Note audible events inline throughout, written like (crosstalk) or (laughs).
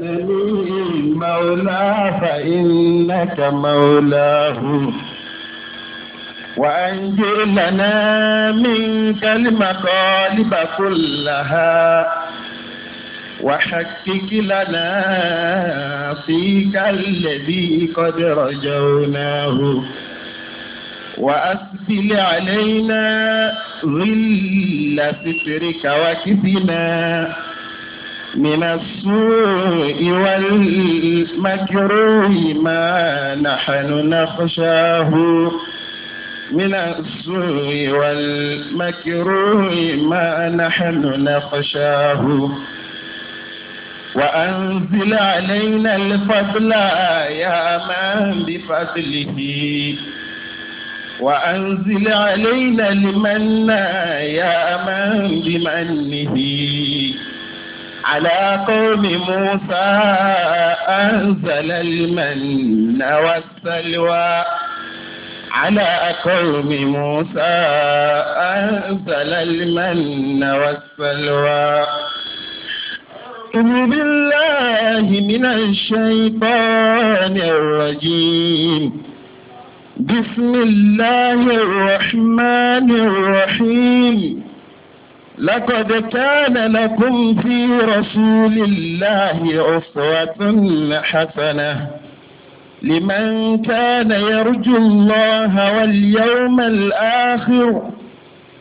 لي مولى فإنك مولاه وأنجر لنا منك المقالب كلها وحقق لنا فيك الذي قد رجوناه وأسبل علينا ظل سترك وكفنا من السوء والمكروه ما نحن نخشاه من السوء والمكروه ما نحن نخشاه وأنزل علينا الفضل يا من بفضله وأنزل علينا المن يا من بمنه على قوم موسى أنزل المن والسلوى على قوم موسى أنزل المن والسلوى أعوذ بالله من الشيطان الرجيم بسم الله الرحمن الرحيم لقد كان لكم في رسول الله أسوة حسنة لمن كان يرجو الله واليوم الآخر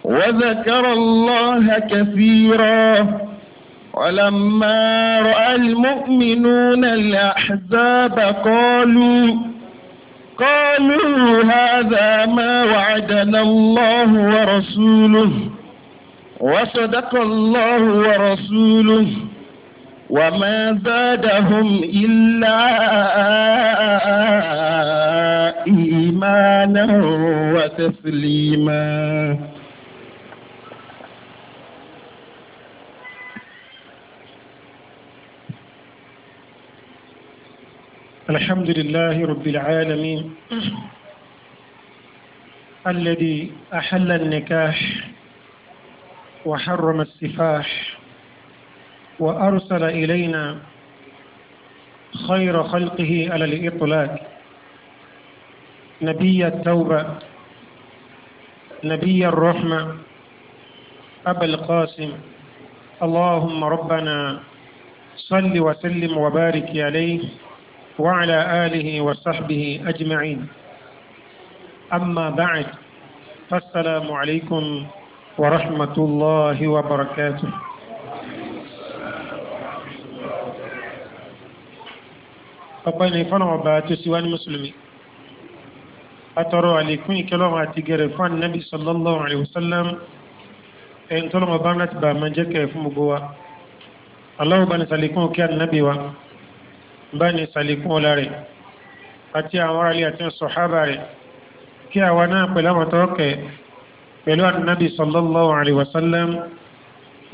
وذكر الله كثيرا ولما رأى المؤمنون الأحزاب قالوا قالوا هذا ما وعدنا الله ورسوله وصدق الله ورسوله وما زادهم إلا إيمانا وتسليما الحمد لله رب العالمين (laughs) الذي أحل النكاح وحرم السفاح وأرسل إلينا خير خلقه على الإطلاق نبي التوبة نبي الرحمة أبا القاسم اللهم ربنا صل وسلم وبارك عليه وعلى آله وصحبه أجمعين أما بعد فالسلام عليكم ورحمة الله وبركاته ọpẹ́ ni fọ́nà ọba tó sì wá ní mùsùlùmí atọrọ àlékún ìkẹlọ́wọ́ àti gẹ̀rẹ̀ fún ànábì sallallahu alayhi wa sallam ẹ̀yìn tó lọ́mọ bá láti bá máa jẹ́ kẹ́ fún gbogbo wa Allahu bá ní sàlékún òkè ànábì wa bá ní sàlékún ọlá rẹ̀ àti àwọn aráàlú àti sọ̀hábà rẹ̀ kí àwa náà pẹ̀lú àwọn tọ́kẹ́ pẹ̀lú ànábì sallallahu alayhi wa sallam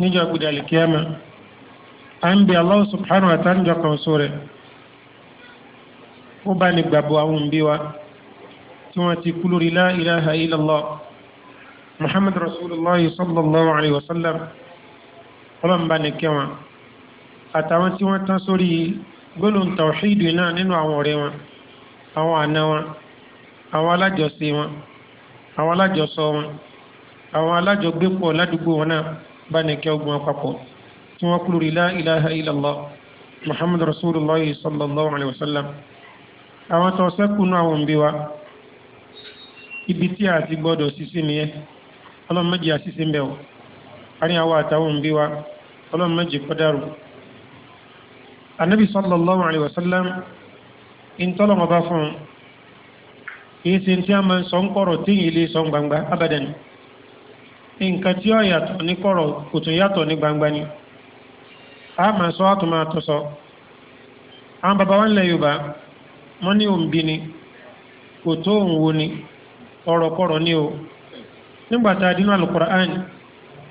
níjọ́ gbọdọ̀ àlìkíyàmà à ń bẹ Allah subhanahu wa ta'ala níjọ́ kan sóore ó bá ní gbàgbọ́ àwọn òbí wa tí wọ́n ti kú lórí la ilaha illallah muhammad rasulullah sallallahu alayhi wa sallam ọlọ́mùbá ní kẹwọn àtàwọn tí wọ́n tán sórí gbólóhùn tawhidu náà nínú àwọn ọ̀rẹ́ wọn àwọn àna wọn àwọn alájọsí wọn àwọn alájọsọ wọn àwọn alájọgbépọ̀ ládùúgbò wọn náà bá ní kẹ́ ogun àpapọ̀ tí wọ́n kú lórí la ilaha illallah muhammad rasulullah sallallahu alayhi wa sallam àwọn tó sẹ́kùnú àwọn òbí wa ibi tí a ti gbọ́dọ̀ sísí nìyẹn ọlọ́run méjì àṣìṣe ń bẹ̀ wọ́n àárín àwọn àtàwọn òbí wa ọlọ́run méjì kọ́ anabi sallallahu alayhi wa ìntọ́lọ́mọba fún un kì í ṣe tí a máa ń sọ ń kọ̀rọ̀ tí ìyìn nǹkan tí ọ yàtọ̀ ní kọ̀rọ̀ kò tún yàtọ̀ ní gbangba ni a máa sọ àtún máa sọ àwọn baba wa ń lẹ yorùbá wọn ní òǹbí ni kò tó òun wo ni ọ̀rọ̀kọ̀rọ̀ ni o nígbà tá a dínú alukur'an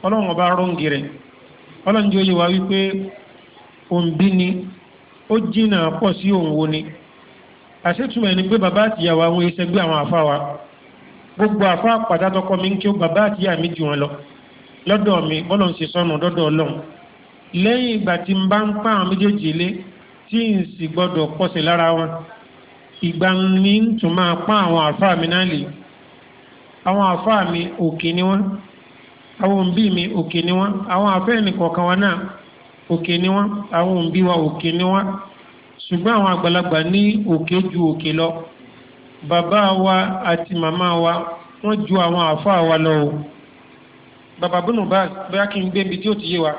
ọlọ́run ọba rọ́ǹgì rẹ̀ ọlọ́run jẹ́ oyè wa wípé ni ó jìnnà pọ̀ sí òun wo ni àṣetúmọ̀ ẹni pé gbogbo àfọ àpàtà tọkọ mi ń kí ó bàbá àti ìyá mi jù wọn lọ lọ́dọ̀ mi bọ́lọ̀ ń ṣe sọnù dọ́dọ̀ ọlọ́run lẹ́yìn ìgbà tí n bá ń pa àwọn méjèèjì lé tí n sì gbọ́dọ̀ pọ̀sẹ̀ lára wọn ìgbà mi ń tún máa pa àwọn àfáà mi náà lè àwọn àfáà mi òkè ni wọ́n àwọn òǹbí mi òkè ni wọ́n àwọn àfẹ́ẹ̀nì kọ̀ọ̀kan wa náà òkè ni wọ́n àwọn òǹbí wa òkè ni wọ́n ṣùgbọ́n àwọn àgbàlagbà ní òkè ju òkè lọ bàbá wa àti màmá wa wọ́n ju àwọn àáfàá wa lọ o bàbá bùnú bá bóyá kí n gbé mi tí ó ti yé wa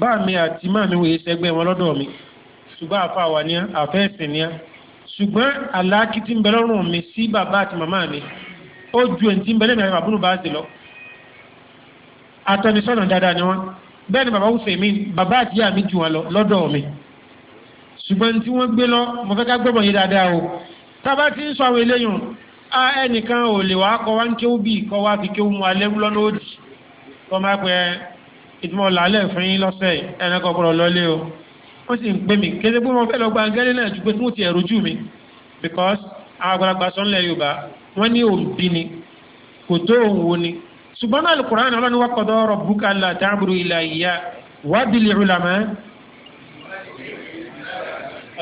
bá mi àti má mi wòye sẹ́gbẹ́ wọn lọ́dọ̀ mi ṣùgbọ́n àáfàá wa ni àfẹ́ ẹ̀sìn ni ṣùgbọ́n àlàákí tí ń bẹ lọ́rùn mi sí bàbá àti màmá mi ó ju èyí tí ń bẹ lẹ́mìí àti bàbá bùnú bá ti lọ atọ́nisọ́nà dáadáa ni wọ́n bẹ́ẹ̀ ni bàbá wùfẹ̀ mi bàbá àti ìyá mi jù wọn lọ lọ́dọ̀ mi ṣùgbọ́n tí wọ́n gbé lọ mo fẹ́ ká gbọ́mọ̀ yé dáadáa o tábà tí ń sọ àwọn eléyìn a ẹnìkan ò lè wá kọ wá ń kéwú bí kọ wá fi kéwú mu alẹ́ lọ́nà òdì tó máa pẹ́ ìtumọ̀ làálẹ̀ fún yín lọ́sẹ̀ ẹnìkan gbọ́dọ̀ lọ́lé o wọ́n sì ń pè mí kéde pé wọ́n fẹ́ lọ gba angẹ́lẹ́ náà ju pé tí wọ́n ti ẹ̀rọ jù mí because àwọn àgbàlagbà sọ́nlẹ̀ Yorùbá wọ́n ní òǹbí ni kò tó òun wo ni ṣùgbọ́n náà alukur'an ọlọ́ni wa qada rabbuka alla ta'budu illa iya wa bil ulama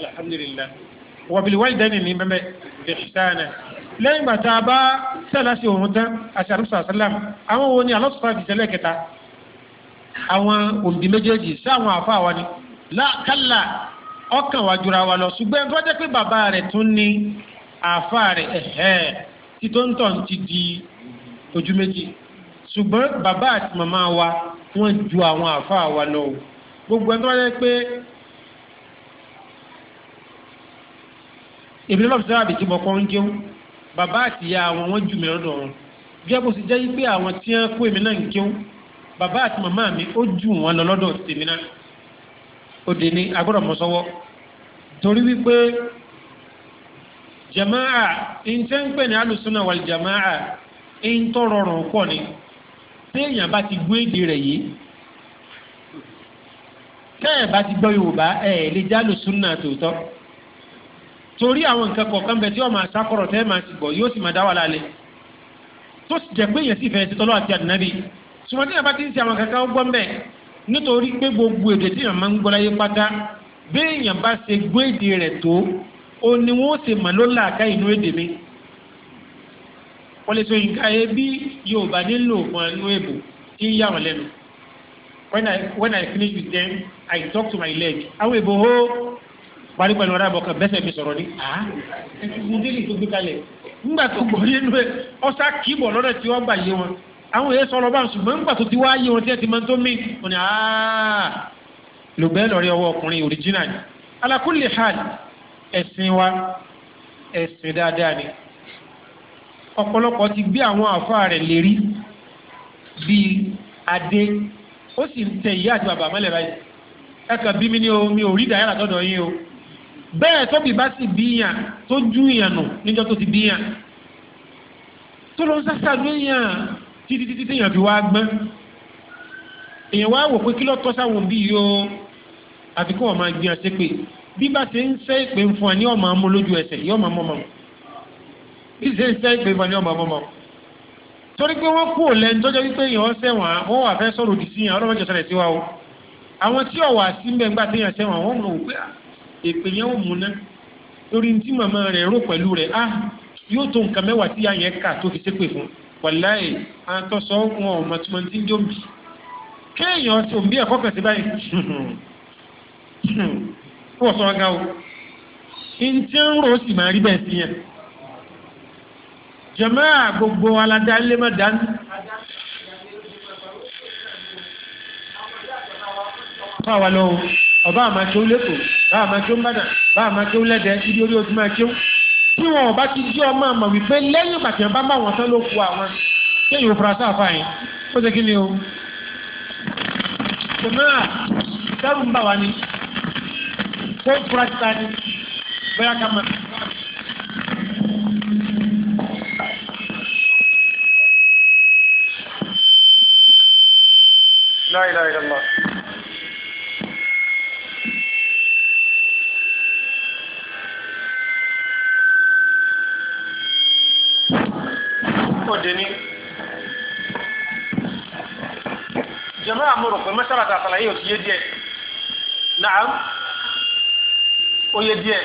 alhamdulillah wàbìlìwálìdẹ́nì ní mẹ́mẹ́ ìṣìṣàánà lẹ́yìn ìgbà tá a bá sẹ́lá sí òun tán àti àrùsọ àsálàm àwọn wo ni alọ́sọ̀tà ti tẹ́lẹ̀ kẹta àwọn òǹdí méjèèjì sí àwọn àfa wa ni kálà ọkàn wa jura wa lọ ṣùgbọ́n tó jẹ́ pé bàbá rẹ̀ tún ní àfa rẹ̀ ẹ̀hẹ́ tí tó ń tọ̀ ti di ojú méjì ṣùgbọ́n bàbá àti màmá wa wọ́n ju àwọn àfa wa lọ gbogbo ẹni tó jẹ́ pé èmi lọ́wọ́ sọ́wọ́ àbí tí mo kọ́ ń jẹun bàbá àti ìyá àwọn wọ́n jù mí lọ́dọ̀ wọn bí ẹ kò sì jẹ́ pé àwọn tí wọ́n kó èmi náà ń jẹun bàbá àti màmá mi ó jù wọn lọ lọ́dọ̀ tèmi náà ó dé ní agbọ́dọ̀ mọ́ sọ́wọ́ torí wípé jamaa ǹjẹ́ ń pè ní alùsùnà wàlì jamaa ń tọ́ rọrùn pọ̀ ni téèyàn bá ti gbé èdè rẹ̀ yìí téèyàn bá ti gbọ́ Yorùbá ẹ̀ alùsùnà tòótọ́ torí àwọn nǹkan kọ̀ọ̀kan bẹ tí wọ́n máa sákọ̀rọ̀ tẹ́ máa ti gbọ̀ yóò sì máa dá wà lálẹ́ tó sì jẹ́ pé èèyàn sì fẹ́ títọ́lọ́ àti àdínábì ṣùgbọ́n tí yàrá ti ń ṣe àwọn kankan gbọ́ mbẹ́ nítorí pé gbogbo èdè tí yàrá máa ń gbọ́ láyé pátá béèyàn bá ṣe gbọ́ èdè rẹ̀ tó o ní wọ́n ṣe mà ló làákà inú èdè mi wọ́n lè so Yorùbá nílò fún ẹnu èbò tí ń yà wọ́n lẹ́nu when I when I finish with them I talk to my leg àwọn èbò hó parí pẹ̀lú ọ̀rẹ́ àbọ̀kan bẹ́sẹ̀ mi sọ̀rọ̀ ni mudili tó gbé kalẹ̀ ńgbà tó gbọ́ nínú ẹ ọ̀sá kìbọ̀ lọ́dọ̀ tí wọ́n gbà yé wọn àwọn èyí sọ̀rọ̀ bá ń ṣùgbọ́n ńgbà tó ti wá yé wọn tí ẹ ti máa ń tó mí wọn ni lùbẹ́ lọ́rí ọwọ́ ọkùnrin òríjínà ni ala kulli hal ẹ̀sìn wa ẹ̀sìn dáadáa ni ọ̀pọ̀lọpọ̀ ti gbé àwọn àfáà rẹ̀ lérí bíi adé ó sì ń tẹ ìyá àti bàbá mọ́lẹ̀ báyìí ẹ̀ka bí mi ní o mi ò rí dàyàrá tọ́dọ̀ yín o bẹ́ẹ̀ tóbi bá sì bíyàn tó jú yàn nù níjọ́ tó ti bíyàn tó lọ ń sásàdúró yàn títí títí téèyàn fi wá gbọ́n èèyàn wá wò pé kí ló tọ́ sáwọn bí yóò àfi kí wọ́n máa gbé ọsẹ pé bí bá ṣe ń sẹ́ ìpè ń fún ẹ ní ọmọ amú lójú ẹsẹ̀ yóò máa mọ́ ọmọ bí ṣe ń sẹ́ ìpè ń fún ẹ ní ọmọ ọmọ torí pé wọ́n kú òlẹ́ni tọ́jọ́ wípé èèyàn ọsẹ wọn wọ́n wà fẹ́ sọ̀rọ̀ òdì sí yàn ọlọ́mọdé sọ̀rọ̀ sí wa o àwọn tí ọ̀wà sí mbẹ́ ńgbà téèyàn sẹ́wọ̀n wọ́n mọ̀ wípé ah, èpè yẹn ò múná torí tí màmá rẹ̀ rò pẹ̀lú rẹ̀ ah yóò tó nǹkan mẹ́wàá tí àyẹ̀ kà tó fi ṣépè fún wàláì àtọ́sọ wọn ò mọ̀túmọ̀ tí ń jó mi kéèyàn ti òun bí ẹ̀kọ́ kan sí báyìí wọ́n sọ ọgá o ntí ń rò ó sì máa rí bẹ́ẹ̀ sí yẹn jàmáà gbogbo aládá lé má dání. fáwa lọ́wọ́ ọba àmà tó lẹ́kọ̀ọ́ bá àmà tó ń bàdà bá àmà tó lẹ́dẹ̀ ibi orí ojú máa tí wọn ò ti di ọmọ àmọ̀ wípé lẹ́yìn bàtì ọba bá wọn tán ló fu àwọn kéèyàn òfurasí àfààyàn ó ṣe kí ni o. jọ̀mọ́à dárú ń bà wá ní kó furasí ta ni bóyá ká máa. yìí ò ti yé díẹ̀ náà ó yé díẹ̀.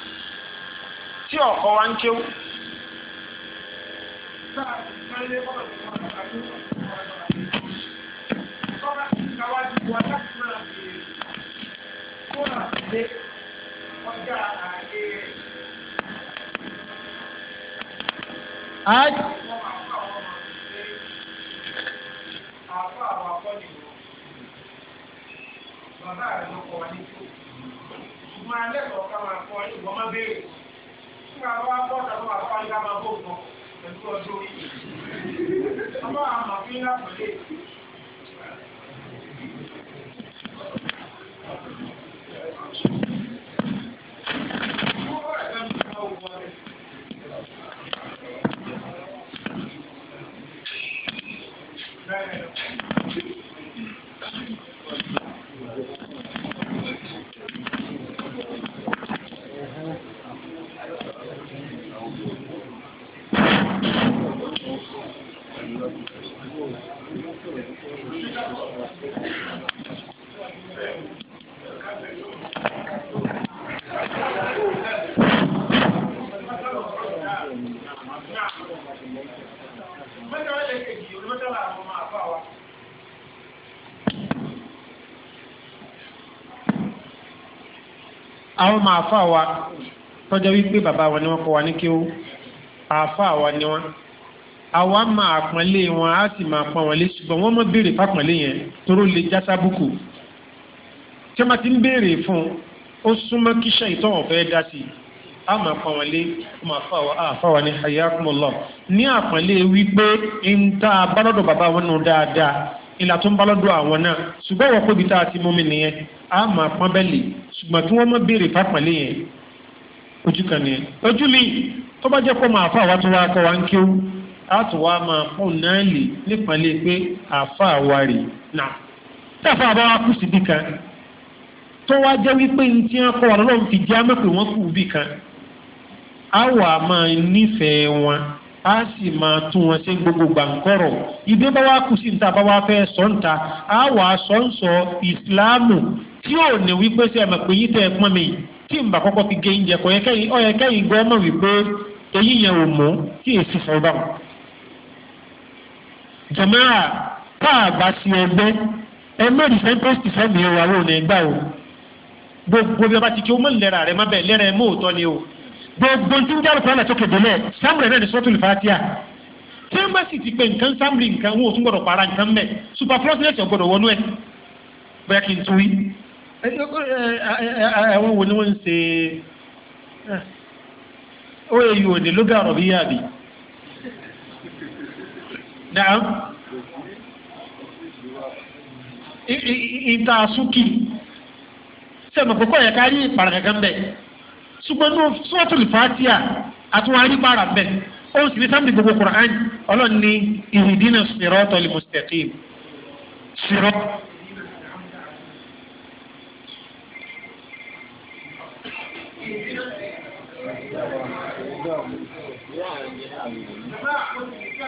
tí ọ̀kọ́ wa ń kéwú. Bàbá rẹ̀ ló wa ní kí o. Ṣùgbọ́n alẹ́ kọ̀ọ̀kan máa kọ́ ẹ̀ ìwọ́n máa béèrè. nígbà tó wá bọ́ ọ̀dà tó wà fún àyíká máa bóògùn náà pẹ̀lú ọjọ́ orí. ọmọ àmọ̀ fi ń lápẹ̀lẹ̀. Thank you. àwọn máa fà wa tọ́jọ́ wípé bàbá wọn ni wọ́n kọ́ wa ní kí ó àfà wa ni wọ́n àwa máa pọ́nlé wọn á sì máa pọ́n wọn lé ṣùgbọ́n wọ́n mọ̀ béèrè fápọ́nlé yẹn toró lè já sábùkù tí wọ́n ti ń béèrè fún ó súnmọ́ kíṣẹ́ ìtọ́wọ̀n fẹ́ dá sí i á máa pọ́n wọn lé ó máa fà wọ́n àfà wọ́n ní hayyakumullah ní àpọ́nlé wípé ń tá a bá lọ́dọ̀ bàbá wọn nù dáadáa ìlà tó ń bá lọ́dọ̀ àwọn náà ṣùgbọ́n wọ́n kóbi tá a ti mú mi nìyẹn á máa pọ́n àtúwà máa fún náà lè nípalẹ̀ pé àfa àwárí náà táfà bá wa kú síbi kan tó wá jẹ́ wípé ní tí wọ́n kọ́ wọn lọ́wọ́ fi jẹ́ àmọ́ pé kú bí kan á wà máa nífẹ̀ẹ́ wọn á sì máa tún wọn ṣe gbogbo ìdí bá wa kú sí níta bá wa fẹ́ sọ níta á wà sọ ń sọ ìsìláàmù tí ò ní wípé sí ẹ̀mọ̀ pé tẹ́ ẹ pọ́n mi tí n bá kọ́kọ́ jọmọ́ra tá a bá sí ẹgbẹ́ ẹ mẹ́rin sẹ́ńtẹ́sì fẹ́mi ẹ̀rọ àwọn ọ̀nà o gbogbo bí a bá ti kí o mọ̀ lẹ́ra rẹ má bẹ́ẹ̀ lẹ́ra ẹ mọ́ ni o gbogbo tí ń dárúkọ náà tókè délẹ̀ sámúrẹ̀ náà ní sọ́tùlù fàtíà tí wọ́n bá sì ti pé nǹkan sámúrì nǹkan wọn ò tún gbọ́dọ̀ para nǹkan mẹ́ superfluosiness ọ̀gbọ́dọ̀ wọnú ẹ̀ bóyá kí n tún wí. àwọn wo ni wọ́n ń ṣe oyè yìí ò ní lóga ọ̀rọ̀ bí yáàbí náà ìta súkì sẹ́mi kókó yẹ ká rí ìpàrọ̀ kankan bẹ́ẹ̀ ṣùgbọ́n ní sọ́tùlù fàtíà àtúwọ̀n àrí bára bẹ́ẹ̀ ó sì ní sáàmì gbogbo Qur'an ọlọ́run ní ihdina siratal mustaqim sírọ́. Thank you.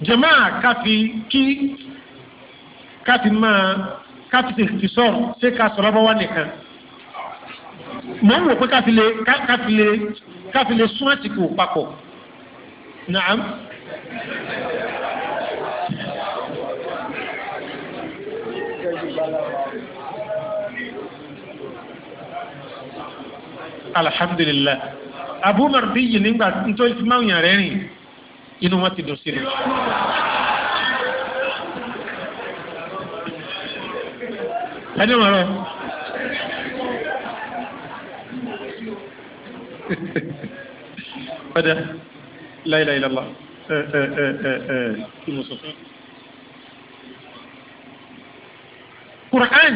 jàmáà káfi kí káfi máa káfi tètè sọ̀rọ̀ ṣé ká sọ̀rọ̀ bá wà nìkan mọ̀ ń wò pé káfi lè káfi lè káfi lè sún àtìkù papọ̀ nàám. alhamdulilayi abu mardiyi nígbà tó ti máa ń yàrá rìn inú wọn ti dùn sí ni. ẹni wọn rẹ. padà láìláì lọ́la ẹ ẹ ẹ ẹ ẹ kí mo sọ fún. Quran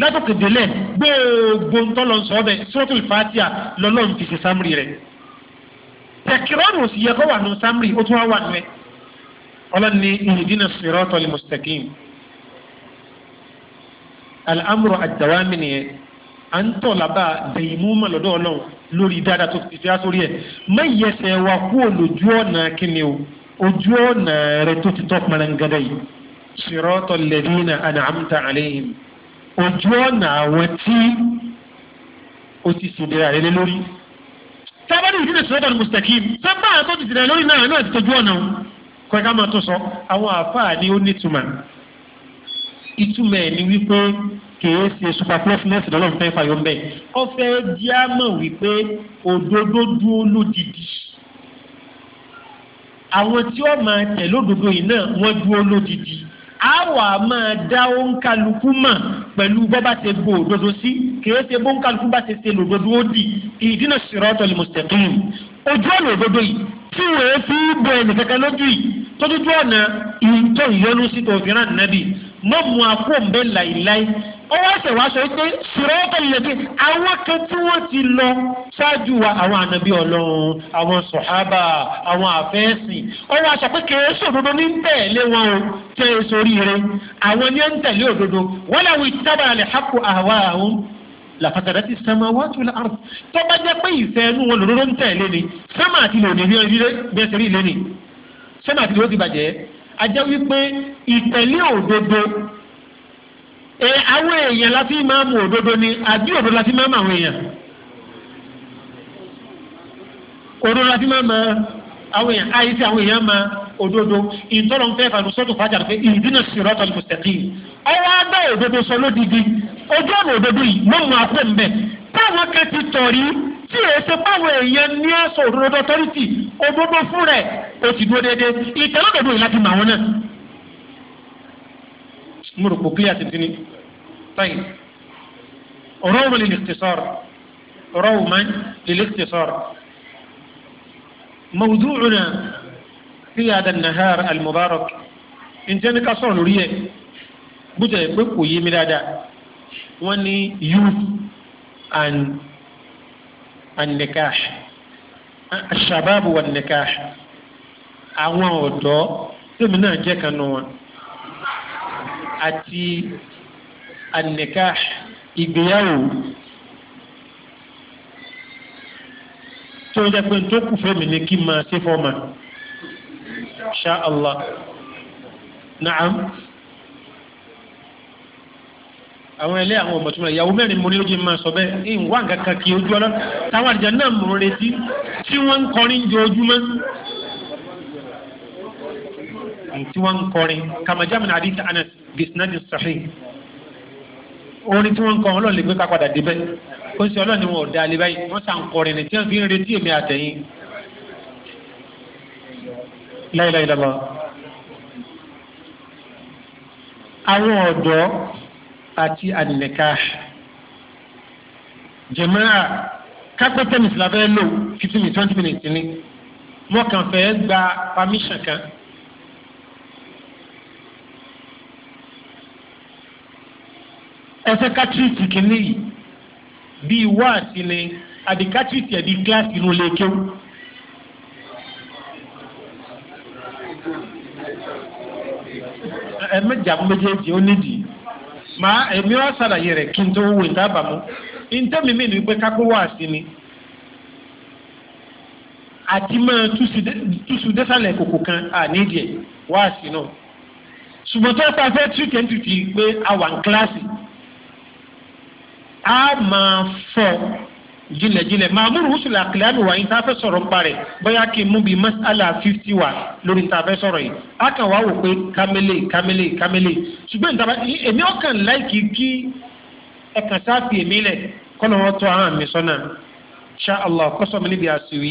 látòkè délẹ̀ gbogbo ntọ́lọ́nsọ́ bẹ̀ sọ́tò ìfàtíà lọ́lọ́run ti ṣe sámúrì rẹ̀ tẹkirọ́nù sì yẹ kó wà nù sámrì ó tún wá wà nù ẹ ọlọ́ni ìdínà siratal mustaqim al'amuru àdáwámi nìyẹn à ń tọ̀ lábà dẹ̀yìmú mà lọ́dọ̀ ọlọ́run lórí dáadáa tó fi fi sórí ẹ̀ má yẹsẹ̀ wa kú olójú ọ̀nà kíni o ojú ọ̀nà rẹ tó ti tọ́ kparangada yìí siratal ladina an'amta alayhim ojú ọ̀nà àwọn tí o ti sèdèrè àrẹ́lẹ́ lórí tábàdì ìlú lè sọ́dọ̀ mustaqim sábà tó ti tẹ̀lé lórí náà náà ti tọ́jú ọ̀nà kọ́ ká máa tó sọ àwọn àfáà ni ó ní ìtumọ̀ ìtumọ̀ ẹ̀ ni wípé kìí ṣe superfluousness lọ́lọ́run fẹ́ fàyọ̀ ń bẹ̀ ọ fẹ́ di á mọ̀ wípé òdodo dúró lódìdí àwọn tí wọ́n máa tẹ̀ lódodo yìí náà wọ́n dúró lódìdí a wà máa dá òǹkàlùkù mọ̀ pẹ̀lú bọ́bá ṣe bo òdodo sí kì í ṣe bóǹkàlùkù bá ṣe ṣe lòdodo ó di ìdínà siratal mustaqim ojú ọ̀nà òdodo yìí tí wọ́n fi bọ̀ ẹnì kankan lójú yìí tó ọ̀nà ìtọ́ ìyọnu sí tòfin rán nàbì mọ́ mu àpò láìláì wọ́n ṣe wá sọ pé ṣùrọ́tọ̀ lẹ́bí àwọn kan tí wọ́n ti lọ ṣáájú wa àwọn ànábì ọlọ́run àwọn sọ̀hábà àwọn àfẹ́sìn wọ́n wá sọ pé kìí sòdodo ní tẹ̀lé wọn o tẹ́ ẹ sórí àwọn ni ń tẹ̀lé òdodo wọ́n làwọn ìtàbà lè hapò àwa àwọn làfàtàdà ti sàmà wá tó la àrùn tó bá jẹ́ pé ìfẹ́ inú wọn lòdòdó ń tẹ̀lé ni sẹ́mà àti lòdì àwọn èèyàn láti máa mú òdodo ni àbí òdodo láti máa mú àwọn èèyàn òdodo láti máa mú àwọn èèyàn àyíṣẹ́ àwọn èèyàn máa òdodo ìtọ́lọ̀ ń fẹ́ fàánù sọ́tò fàájà pé ìdínà sírọ́tọ̀ mùsẹ̀kì ọwọ́ agbá òdodo sọ lódìdí ojú ọ̀nà òdodo yìí ló mú apẹ́ mbẹ́ báwọn kan ti tọ̀rí tí èyí ṣe báwọn èèyàn ní ẹ̀sọ̀ òdodo ọ̀tọ́rìtì òdodo fún rẹ̀ ó ti dúró déédéé ìtẹ́lódodo yìí láti mọ àwọn náà. mo rò pò kílíà tìtìní طيب روما للاختصار روما للاختصار موضوعنا في هذا النهار المبارك إن كان كسر لوريه بوتا يبقوا يميلادا واني يوث عن النكاح الشباب والنكاح àwọn ọ̀dọ́ tèmi náà jẹ́ kan nù wọn àti an-nikah ìgbéyàwó tó jẹ́ pé tó kù fẹ́mi ní Allah na'am àwọn ilé àwọn ọmọ ìyàwó mẹ́rin mo ní ma máa sọ bẹ́ẹ̀ ní ìwà nǹkan kan ojú ọlọ́run táwọn àdìjọ náà mò retí tí wọ́n ń kọrin jojúmọ́ tí wọ́n Anas bisnadi orin tí wọ́n ń kọ́ ọlọ́run lè gbé ká padà débẹ̀ ó sì ọlọ́run ni wọn ò dá alẹ́ báyìí wọ́n sàn kọrin ní tí wọ́n fi ń retí èmi àtẹ̀yìn láyéláyé lọ́wọ́. àwọn ọ̀dọ́ àti ànìkà jẹ̀mọ́ra kápẹ́ tẹ́nìsì la fẹ́ lò fifteen minutes twenty minutes ni wọ́n kàn fẹ́ gba permission kan. ẹsẹ kátírìtì kìíní yìí bíi wáàsí ni àbí kátírìtì ẹbí kíláàsì inú ilé kéwù. ẹ mẹjà mú méjèèjì ó nídìí màá èmi wá sàlàyé rẹ kí n tó wò ní àbámu ntẹ́mi mi ni wípé kápẹ́ wáàsí ni àti máa túṣu désàlẹ̀ kòkò kan àníjẹ wáàsí náà ṣùgbọ́n tó ẹ pa fẹ́ tírìtì ẹ̀ pé a wà ní kíláàsì a máa fọ jinlẹ̀jinlẹ̀ maamuru wusul akilami wa yinta fẹ́ sọ̀rọ̀ npa rẹ̀ bóyá kí n mú bi masala fifty wa lórí nta fẹ́ sọ̀rọ̀ yìí a kan wá wò pé kamele kamele kamele ṣùgbọ́n nta bá èmi ọkàn láìkì kí ẹ̀kan sáfì èmi lẹ̀ kọ́nà wọn tọ́ àwọn àmì sọ́nà ṣá allah kọ́sọ́ mi níbi àṣìwí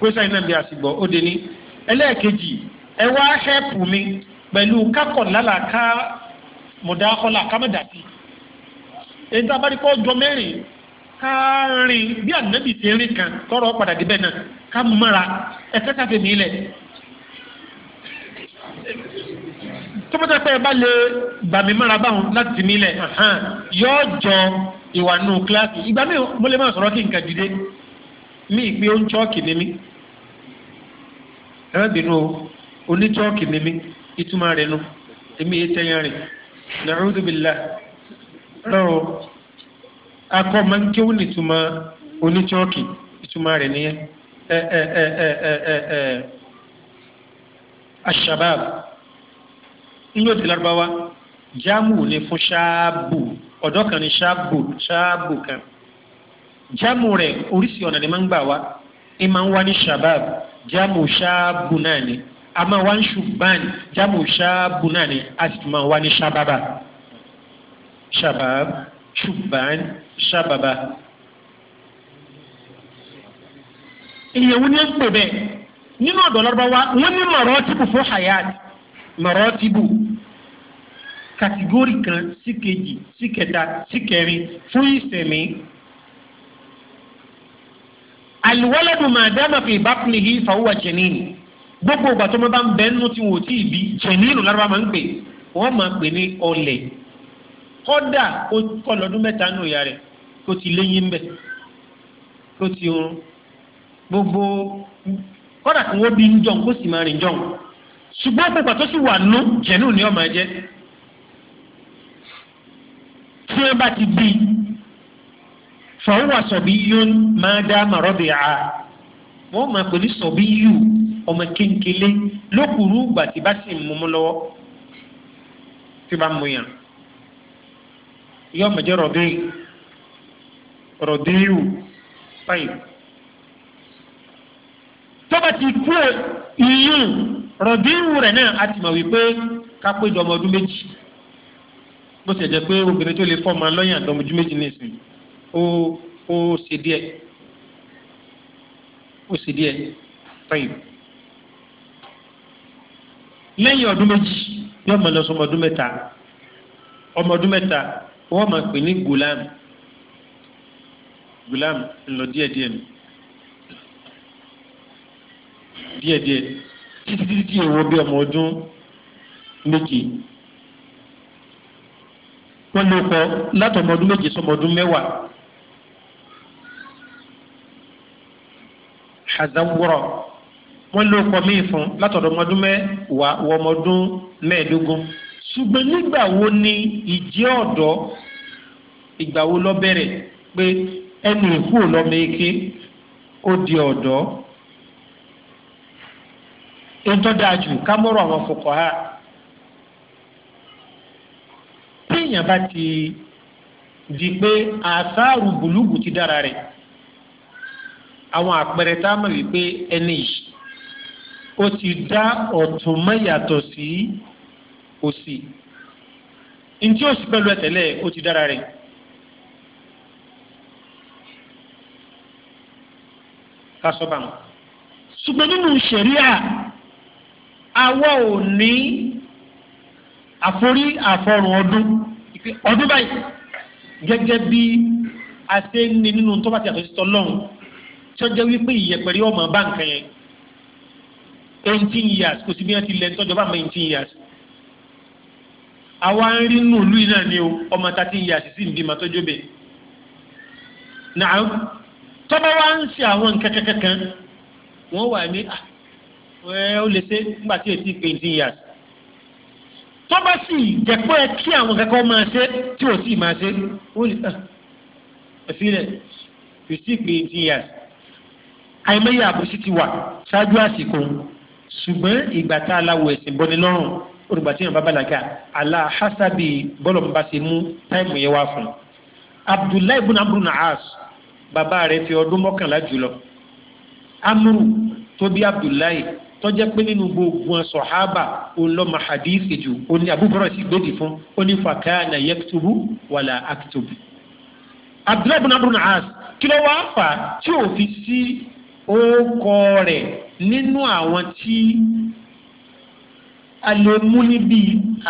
pẹ́sà iná bí àṣìgbọ́ ó dé ní ẹlẹ́ẹ̀kejì ẹ wá hẹ́pù mi pẹ̀lú kákọ̀ lálàá ká mọ̀dá kọ́lá kámẹ́dàtì èyí a bá rí kọ́ jọ mẹ́rin ká rìn bí ànábì ti rìn kan tọrọ padà débẹ̀ náà ká mọ́ra ẹ̀fẹ́ káfí mi lẹ̀. tọ́mọ́tà pé ẹ bá lè gbà mí mọ́ra báwọn láti mi lẹ̀ yọ jọ ìwà nù kíláàsì ìgbà mi mo lè má sọ̀rọ̀ kí n kà dìde mi ìpè ó ń chọ́ọ̀kì ní mi ẹ̀rọ̀bìnú oní chọ́ọ̀kì ìtumọ̀ rẹ̀ nù èmi yé tẹ́yàn rìn nàrúdùbìlá rán o akọ máa ń kéwù ní ìtumọ̀ oníṣọ́ọ̀kì ìtumọ̀ rẹ̀ nìyẹn ẹ ẹ ẹ ẹ ẹ ẹ ashabab iyọ̀ di Lárúbáwá jáàmù ni fún ṣáàbù ọ̀dọ́ kan ní ṣáàbù ṣáàbù kan jáàmù rẹ̀ oríṣi ọ̀nà ni máa ń gbà wá ẹ máa ń wá ní shabab jamu ṣáàbù náà ni a máa wá ní ṣùgbọ́n jáàmù ṣáàbù náà ni a sì máa wá ní ṣábàbà shabab ṣùgbọ́n ṣàbàbà. ìyẹ̀wò ni ẹ ń pè bẹ́ẹ̀ nínú ọ̀dọ̀ lọ́rọ́báwá wọ́n ní mọ̀rọ́tìbù fún hayat mọ̀rọ́tìbù kàtìgórì kan sí kejì sí kẹta sí kẹrin fún ìsẹ̀mí. àlùwọ́lẹ́dùn máa dáná fi ìbákùnìhí fàwọ́ jẹ̀nìnì gbogbo ìgbà tó máa bá ń bẹ́ẹ̀ nù tí wọ́n ò tí ì bí jẹ̀nìnì lọ́rọ́bá máa ń pè wọ́n máa pè ní ọlẹ̀ kọ́dà kọ́ lọ́dún mẹ́ta nù ìyá rẹ̀ kó ti léyìn ń bẹ̀ kó ti oorun gbogbo kọ́dà tí wọ́n bí ń jọ̀ kó sì máa rìn jọ̀ ṣùgbọ́n pípa tó sì wà nù jẹ̀nù ni ọmọ ẹ̀jẹ̀ tí wọ́n bá ti bí fọwọ́ wà sọ̀bí yún máa dá màrọ́bì à wọ́n máa pè ní sọ̀bí yù ọmọ kéńkélé lókùrú gbàtí bá sì mú mú lọ́wọ́ tí bá mú yàn yóò mọ̀ jẹ́ rọ̀dí rọ̀díyù báyìí tó bá ti kú ìyún rọ̀díyù rẹ̀ náà a ti mọ̀ wípé kápẹ́jọ ọmọ ọdún méjì bó ṣe jẹ́ pé obìnrin tó lè fọ́ ọmọ lọ́yìn àdọ́mọdún méjì nísìnyí ó ó ṣe díẹ̀ ó ṣe díẹ̀ báyìí lẹ́yìn ọdún méjì yóò mọ̀ lọ sọ ọmọ ọdún mẹ́ta ọmọ ọdún mẹ́ta wọ́n máa pè ní gulam gulam ńlọ díẹ̀díẹ̀ ni díẹ̀díẹ̀ títí títí tí ìwọ bí ọmọ ọdún méje wọ́n lè kọ́ látọmọ ọdún méje sọmọ ọdún mẹ́wàá. hazawurọ wọ́n lè kọ́ míì fún látọ̀dọ̀ ọmọdún mẹ́wàá wọ ọmọdún mẹ́ẹ̀ẹ́dógún ṣùgbọ́n nígbà wo ni ìjẹ́ ọ̀dọ́ ìgbà wo lọ bẹ̀rẹ̀ pé ẹnu ìkú ò lọ́mọ eke ó di ọ̀dọ́ ìtọ́dájú kámọ́rọ̀ àwọn fòkọ̀ ha téèyàn bá ti di pé àsáàrù bùlùgù ti dára rẹ̀ àwọn àpẹẹrẹ tá a mọ̀ wípé ẹni yìí ó ti dá ọ̀tún mọ́ sí. Si, kò sí ntí o sì pẹ̀lú ẹ̀tẹ̀lẹ̀ o ti dára rẹ̀. kásọ̀bà mọ́. ṣùgbọ́n nínú ṣẹ̀ríà àwa ò ní àforí àfọrùn ọdún ọdún báyìí gẹ́gẹ́ bí a ṣe ń ní nínú tó bá ti àtúnṣe tọ́ lọ́hùn tí ó jẹ́ wípé ìyẹ̀pẹ̀rẹ̀ ọmọ bá nǹkan yẹn eighteen years kò sí bí wọ́n ti lẹ́ ń tọ́jọ́ bá mọ eighteen years àwa ń rí nù lùí náà ni o ọmọ tàti yìí àṣìṣì ń bímọ tọjọ bẹ náà tọ́ba wa ń ṣe àwọn kẹ́kẹ́kẹ́ kan wọ́n wà ní ah, ẹ ó lè ṣe nígbà tí èsì twenty years tọ́ba sì jẹ́pọ̀ ẹ kí àwọn kẹ́kọ̀ọ́ máa ṣe tí ò sì máa ṣe ó lè ah, ẹ fi rẹ̀ fifty twenty years àìmọye àbòsí ti wà ṣáájú àsìkò ṣùgbọ́n ìgbà tá a láwọ ẹ̀sìn bọ́ni lọ́rùn olùgbà tí yàn bá bàlágà àlà hasabi bọ́lọ̀ mu bá ṣe mú táìmù yẹn wá fún abdullahi buna amru na'as bàbá rẹ̀ fi ọdún mọ́kànlá jùlọ amru tó abdullahi tó jẹ́ pé nínú gbogbo sọ̀hábà olọ́mọ hadithi jù ó ní abúbọ̀rọ̀ sì gbèdì fún ó ní fàkànà wàlà aktubu abdullahi buna amru na'as kí ló wá fà tí ò fi sí ó kọ rẹ̀ nínú àwọn tí a bi mú níbi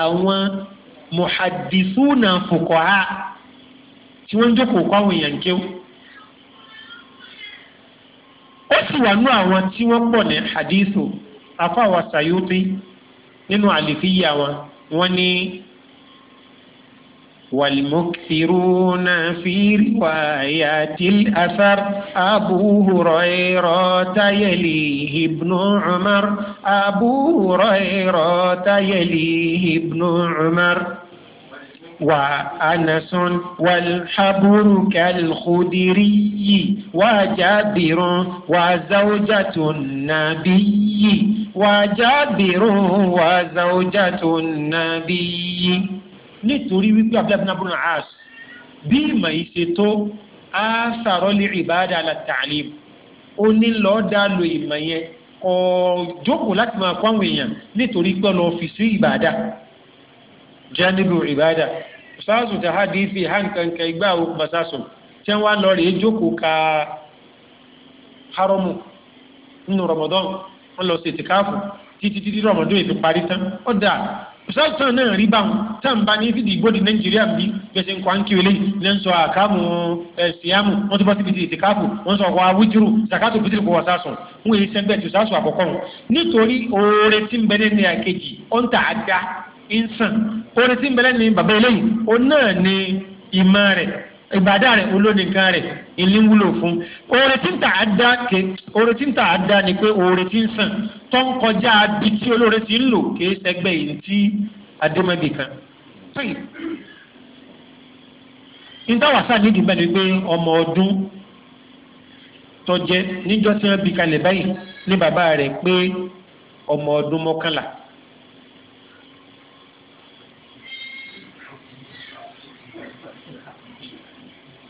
àwọn muhadisuna fuqaha tí wọ́n ń jókòó kọ́ àwọn èèyàn kéw. ó sì wà nú àwọn tí wọ́n pọ̀ ní hadithu afáwa Sayuti nínú àlìfíyà wọn wọ́n ní. والمكثرون في روايات الأثر أبو هريرة يليه ابن عمر أبو هريرة يليه ابن عمر وأنس والحبر كالخدري وجابر وزوجة النبي وجابر وزوجة النبي nítorí wípé abdullahi bin abdullahi as bí ìmọ̀ yìí ṣe tó a sàrọ̀ lè ìbáda ala ta'lim ó ní lọ́ọ́ dá lo ìmọ̀ yẹn kọ́ jókòó láti máa kó àwọn èèyàn nítorí pé lọ́ọ́ fi sí ìbáda jẹ́nìlú ìbáda ṣáàṣù tí a dì í fi hàn kankan igbá òkú masáṣù tí wọ́n lọ rèé jókòó ka haramu nínú ramadan wọ́n lọ sí ìtìkáàfù títí títí ramadan ìfi tán ó dáa sọ́ọ̀tàn náà rí báwọn táwọn bá ní fìdí ìgbòdì nàìjíríà bí gbèsè nǹkan ń kíwèlé lẹ́ ń sọ àkàmù ẹ̀sìámù wọ́n tó bá ti fi ti ìtìkáàfù wọ́n sọ ọkọ̀ awújúrù zakato bìtìlì kò wọ́n sásùn wọ́n èyí sẹ́gbẹ́ tó sásùn àkọ́kọ́ wọn. nítorí oore tí ìbàdà rẹ olóni nǹkan rẹ ìlú ń wúlò fún oore tí ń tà á dá ké oore tí ń tà á dá ni pé oore tí ń sàn tó ń kọjá bí tí olóore ti ń lò ké sẹgbẹ́ yìí tí adémọ́bì kan. ìdáwàsá nídìí bẹ́ẹ̀ ni pé ọmọ ọdún tọjẹ níjọ́ tí wọ́n bí kalẹ̀ báyìí ní bàbá rẹ̀ pé ọmọ ọdún mọ́kànlá.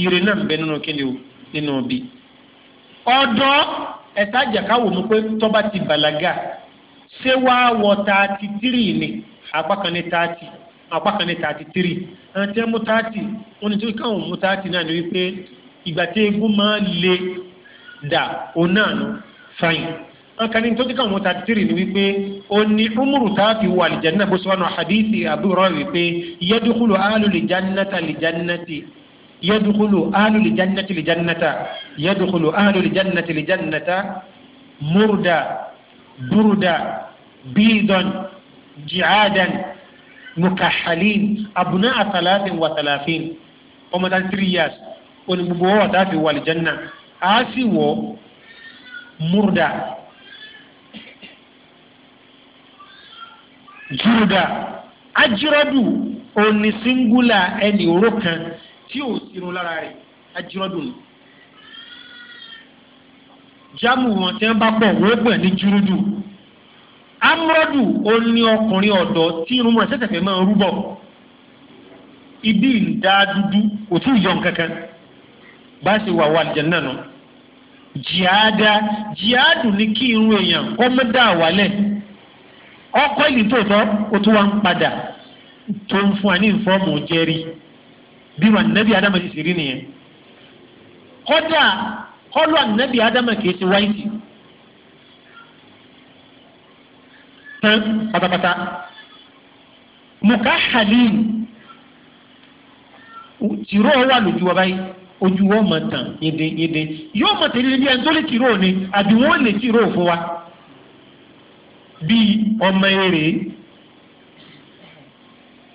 ire náà ń bẹ nínú kíni o nínú bí. ọ̀dọ́ ẹ̀ta àjàkáwò mú pé tọ́ba ti bàlágà ṣé wàá wọ tààtì tírì ni apá kan ní tààtì apá kan ní tààtì tírì àwọn tí wọ́n mú tààtì wọ́n ní tí káwọn mú tààtì náà ni wípé ìgbà tí egun máa le dà òun náà nù fáyìn akani tó ti kàn wọ́n tàbítírì ni wípé ó ní umuru tààfi wà lìjánná bó sọ́nà hadithi àbúrò wípé yẹ́dúkúlù áàlù lìjánnátà lìjánnátì يدخل أهل الجنة الجنة يدخل أهل الجنة الجنة مردا بردا بيضا جعادا مكحلين أبناء ثلاث وثلاثين وما تلترياس ونبوة تافي والجنة آسيو مردا جردا أجردو أني سنجولا أني روكا tí ò sírun lára rẹ̀ ajírọ́dùn ni jámù wọn tí wọn bá pọ̀ wọ́n gbẹ̀ ní júrúdù amúrọ́dù ó ní ọkùnrin ọ̀dọ́ tí irun rẹ̀ ṣẹ̀ṣẹ̀ fẹ́ máa rúbọ ibi ìdá dúdú kò tí ì yọ nǹkankan bá a ṣe wà wà àlìjẹ náà nù jìáda jìádù ni kí irun èèyàn kọ́ mọ́ dá àwálẹ̀ ọkọ̀ ìlú tòótọ́ ó tún wá ń padà tó ń fún wa ní ìfọ́ọ̀mù jẹ́rìí bí wọn nẹ́bí adama ti ṣèrí nìyẹn kọ́dà kọ́lọ́ nẹ́bí adama kìí ṣe wáìtì tán pátápátá mukahalin tìró wà lójú wa báyìí ojú wọn mọ tán yéde yéde yóò mọ tẹ́lẹ̀ bí ẹni tó ni àbí wọn lè tìró fún wa bí ọmọ eré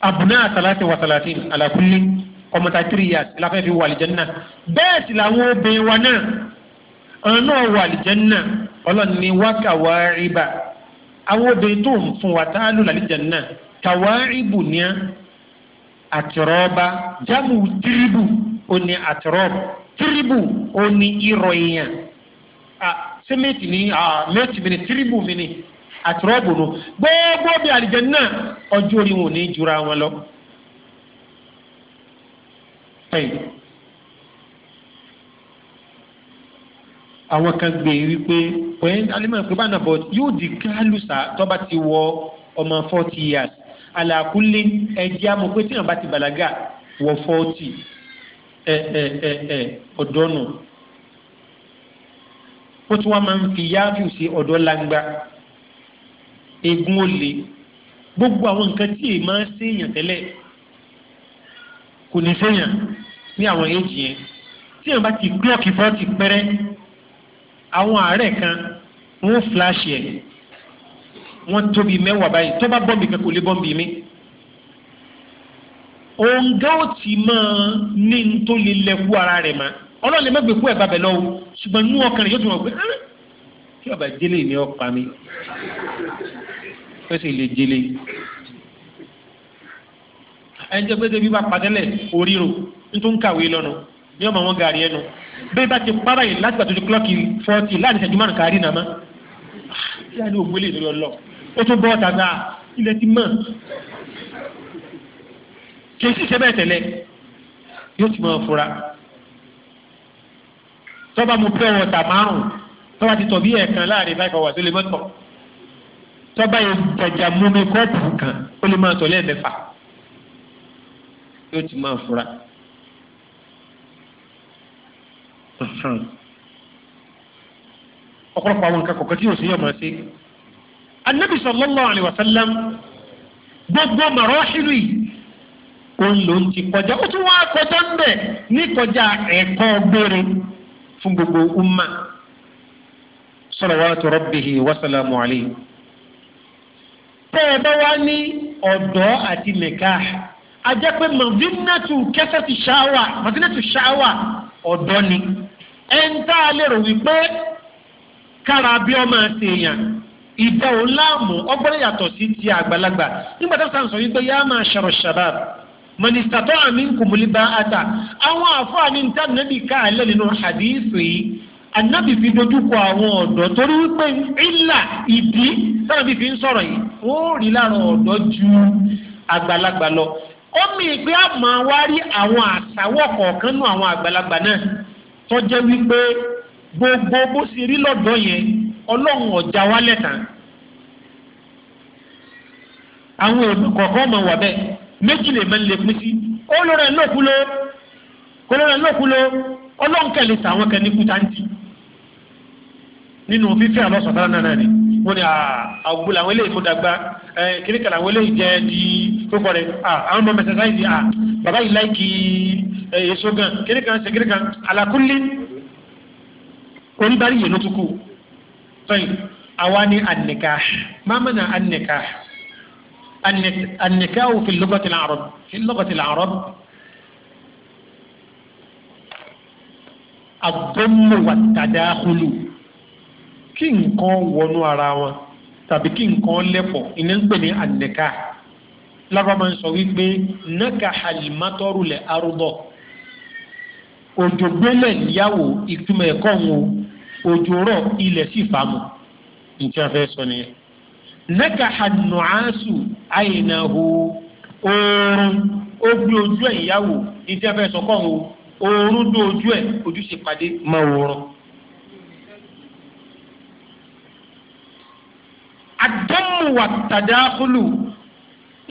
abùnà àtàlàtì wàtàlàtì àlàkùnrin ọmọ ta three years la fẹ́ fi wọ àlìjẹ́nà bẹ́ẹ̀ sì làwọn obìnrin wa náà àwọn náà wọ àlìjẹ́nà ọlọ́run ní wá kàwáríbà àwọn obìnrin tó ń fún wa tá a lò lálìjẹ́nà kàwáríbù ní àtìrọ́ba jámù tìrìbù ó ní àtìrọ́bù tìrìbù ó ní ìrọ̀ èèyàn sẹ́mẹ̀tì ní mẹ́tì mi ní tìrìbù mi ní àtìrọ́bù nù gbogbo bí àlìjẹ́nà ọjọ́ orí wọn ò ní jura wọn lọ àwọn kan gbé e wípé ọ̀yẹ́ alimọ̀ pé báyìí náà bọ̀ yóò di kálùsà tó bá ti wọ ọmọ forty years àlàkúlé ẹ̀jẹ̀ amọ̀ pé tí wọn bá ti bàlágà wọ forty ẹ̀ ẹ̀ ẹ̀ ẹ̀ ọ̀dọ́ nù ó tún wá máa ń fi yááfì sí ọ̀dọ́ langba egun ó le gbogbo àwọn nǹkan tí èèyàn máa ń ṣèèyàn tẹ́lẹ̀ kò ní sẹ́yìn ní àwọn èjì yẹn tí èèyàn bá ti gbé ọ̀kì fọ́ọ̀tì pẹ́rẹ́ àwọn àárẹ̀ kan wọ́n flash ẹ̀ wọ́n tóbi mẹ́wàá báyìí tó bá bọ́m̀bì kan kò lè bọ́m̀bì mi. òǹgá ò tí máa ní n tó lè lẹ́kú ara rẹ̀ mọ́ ọlọ́run lè má gbé kú ẹ̀ bàbẹ̀ lọ́wọ́ ṣùgbọ́n inú ọkàn rẹ̀ yóò tún wọ̀ pé kí ọba jẹ́lẹ̀ ni ọ mi ó sì lè jẹ́lẹ̀ ẹni tó pété bí bá padẹ́lẹ̀ oríro nítorí ń kàwé lọ́nu ní ọmọ wọn gàrí ẹnu bẹ́ẹ̀ bá ti para yìí láti gbàtọ́jú kílọ́ọ̀kì fọ́ọ̀tì láti ṣẹ́jú márùn kárí nàmá yíyá ni òun wọlé ìlú ọlọ ó tún bọ́ ọ̀tàgbà ilẹ̀ ti mọ̀ kì í sì ṣe bẹ́ẹ̀ tẹ̀lẹ̀ yóò ti mọ̀ fura tọ́ba mu pure water márùn tọ́ba ti tọ̀ bí ẹ̀ẹ̀kan láàrin five hours ó lè mọ́tọ̀ tọ́ba yẹn jàjà mú mi kọ́ọ̀pù kan ó lè máa tọ̀ lẹ́ẹ̀mẹ́fà. yóò ti máa fura. ọ̀pọ̀lọpọ̀ àwọn nǹkan kọ̀ọ̀kan tí yóò sí yọ̀ sallallahu alaihi wa sallam gbogbo màrọ́ṣìlì òun ń ti kọjá ó tún wá kọjá ń bẹ̀ ní gbogbo umma salawatu rabbihi wa salamu tẹ́ ẹ bá wá ní ọ̀dọ́ àti ajẹ́ pé mọ̀dínàtù kẹsẹ̀ ti ṣáwà mọ̀dínàtù ṣáwà ọ̀dọ́ ni ẹn tá a lérò wípé kára bí ọmọ àti èèyàn ìdá òun láàmú ọgbọ́n yàtọ̀ sí ti àgbàlagbà nígbà tó sàn sọ wípé yá máa ṣàrọ̀ ṣàbàb mọ̀nìsítà tó àmì ń kùmùlí bá a ta àwọn àfọ̀àní níta nàbì káàlẹ̀ nínú hadith yìí ànábì fi dojúkọ àwọn ọ̀dọ́ torí wípé ìlà ìdí tánàbì fi ń sọ̀rọ̀ yìí ó rí láàrin ọ̀dọ́ ju àgbàlagbà lọ ó mi ìgbé àmọ́ wá rí àwọn àtàwọ̀ kọ̀ọ̀kan nù àwọn àgbàlagbà náà tó jẹ́ wípé gbogbo bó sì rí lọ́dọ̀ yẹn ọlọ́run ọ̀já wa lẹ́tàn àwọn òbí ọmọ wà bẹ́ẹ̀ méjì lè máa ń lè pín sí ọlọ́run kẹ̀lé tàwọn wọ́n ní àwùgbò làwọn eléyìí mú dàgbà kíníkà làwọn eléyìí jẹ́ di fúnfọ́ rẹ̀ àwọn ọmọ mẹsàn-án sáyẹ̀dì bàbá yìí láìkì èso gan kíníkà ṣe kíníkà àlàkúnlé oníbàárì yẹn ló tún kù tọ́yìn àwa ní ànìkà máma na ànìkà ànìkà ò fi lọ́gọ́tì làárọ̀ fi lọ́gọ́tì làárọ̀ àbọ̀mọ̀ wà tàdáhùlù. kí nǹkan wọnú ara wọn tàbí kí nǹkan lẹ́pọ̀ iná ń pè ní ànẹ́ká lábá sọ wípé náka àlìmátọ́rù lẹ̀ itume òjò gbélẹ̀ níyàwó ìtumọ̀ ẹ̀kọ́ wọn òjò rọ̀ ilẹ̀ sì fàmù nǹkan fẹ́ sọ nìyẹn ànùásù oorun ó gbé ojú ẹ̀ níyàwó fẹ́ sọ oorun ojú ẹ̀ ojú sì pàdé máa Adamu wà tàdáhùlù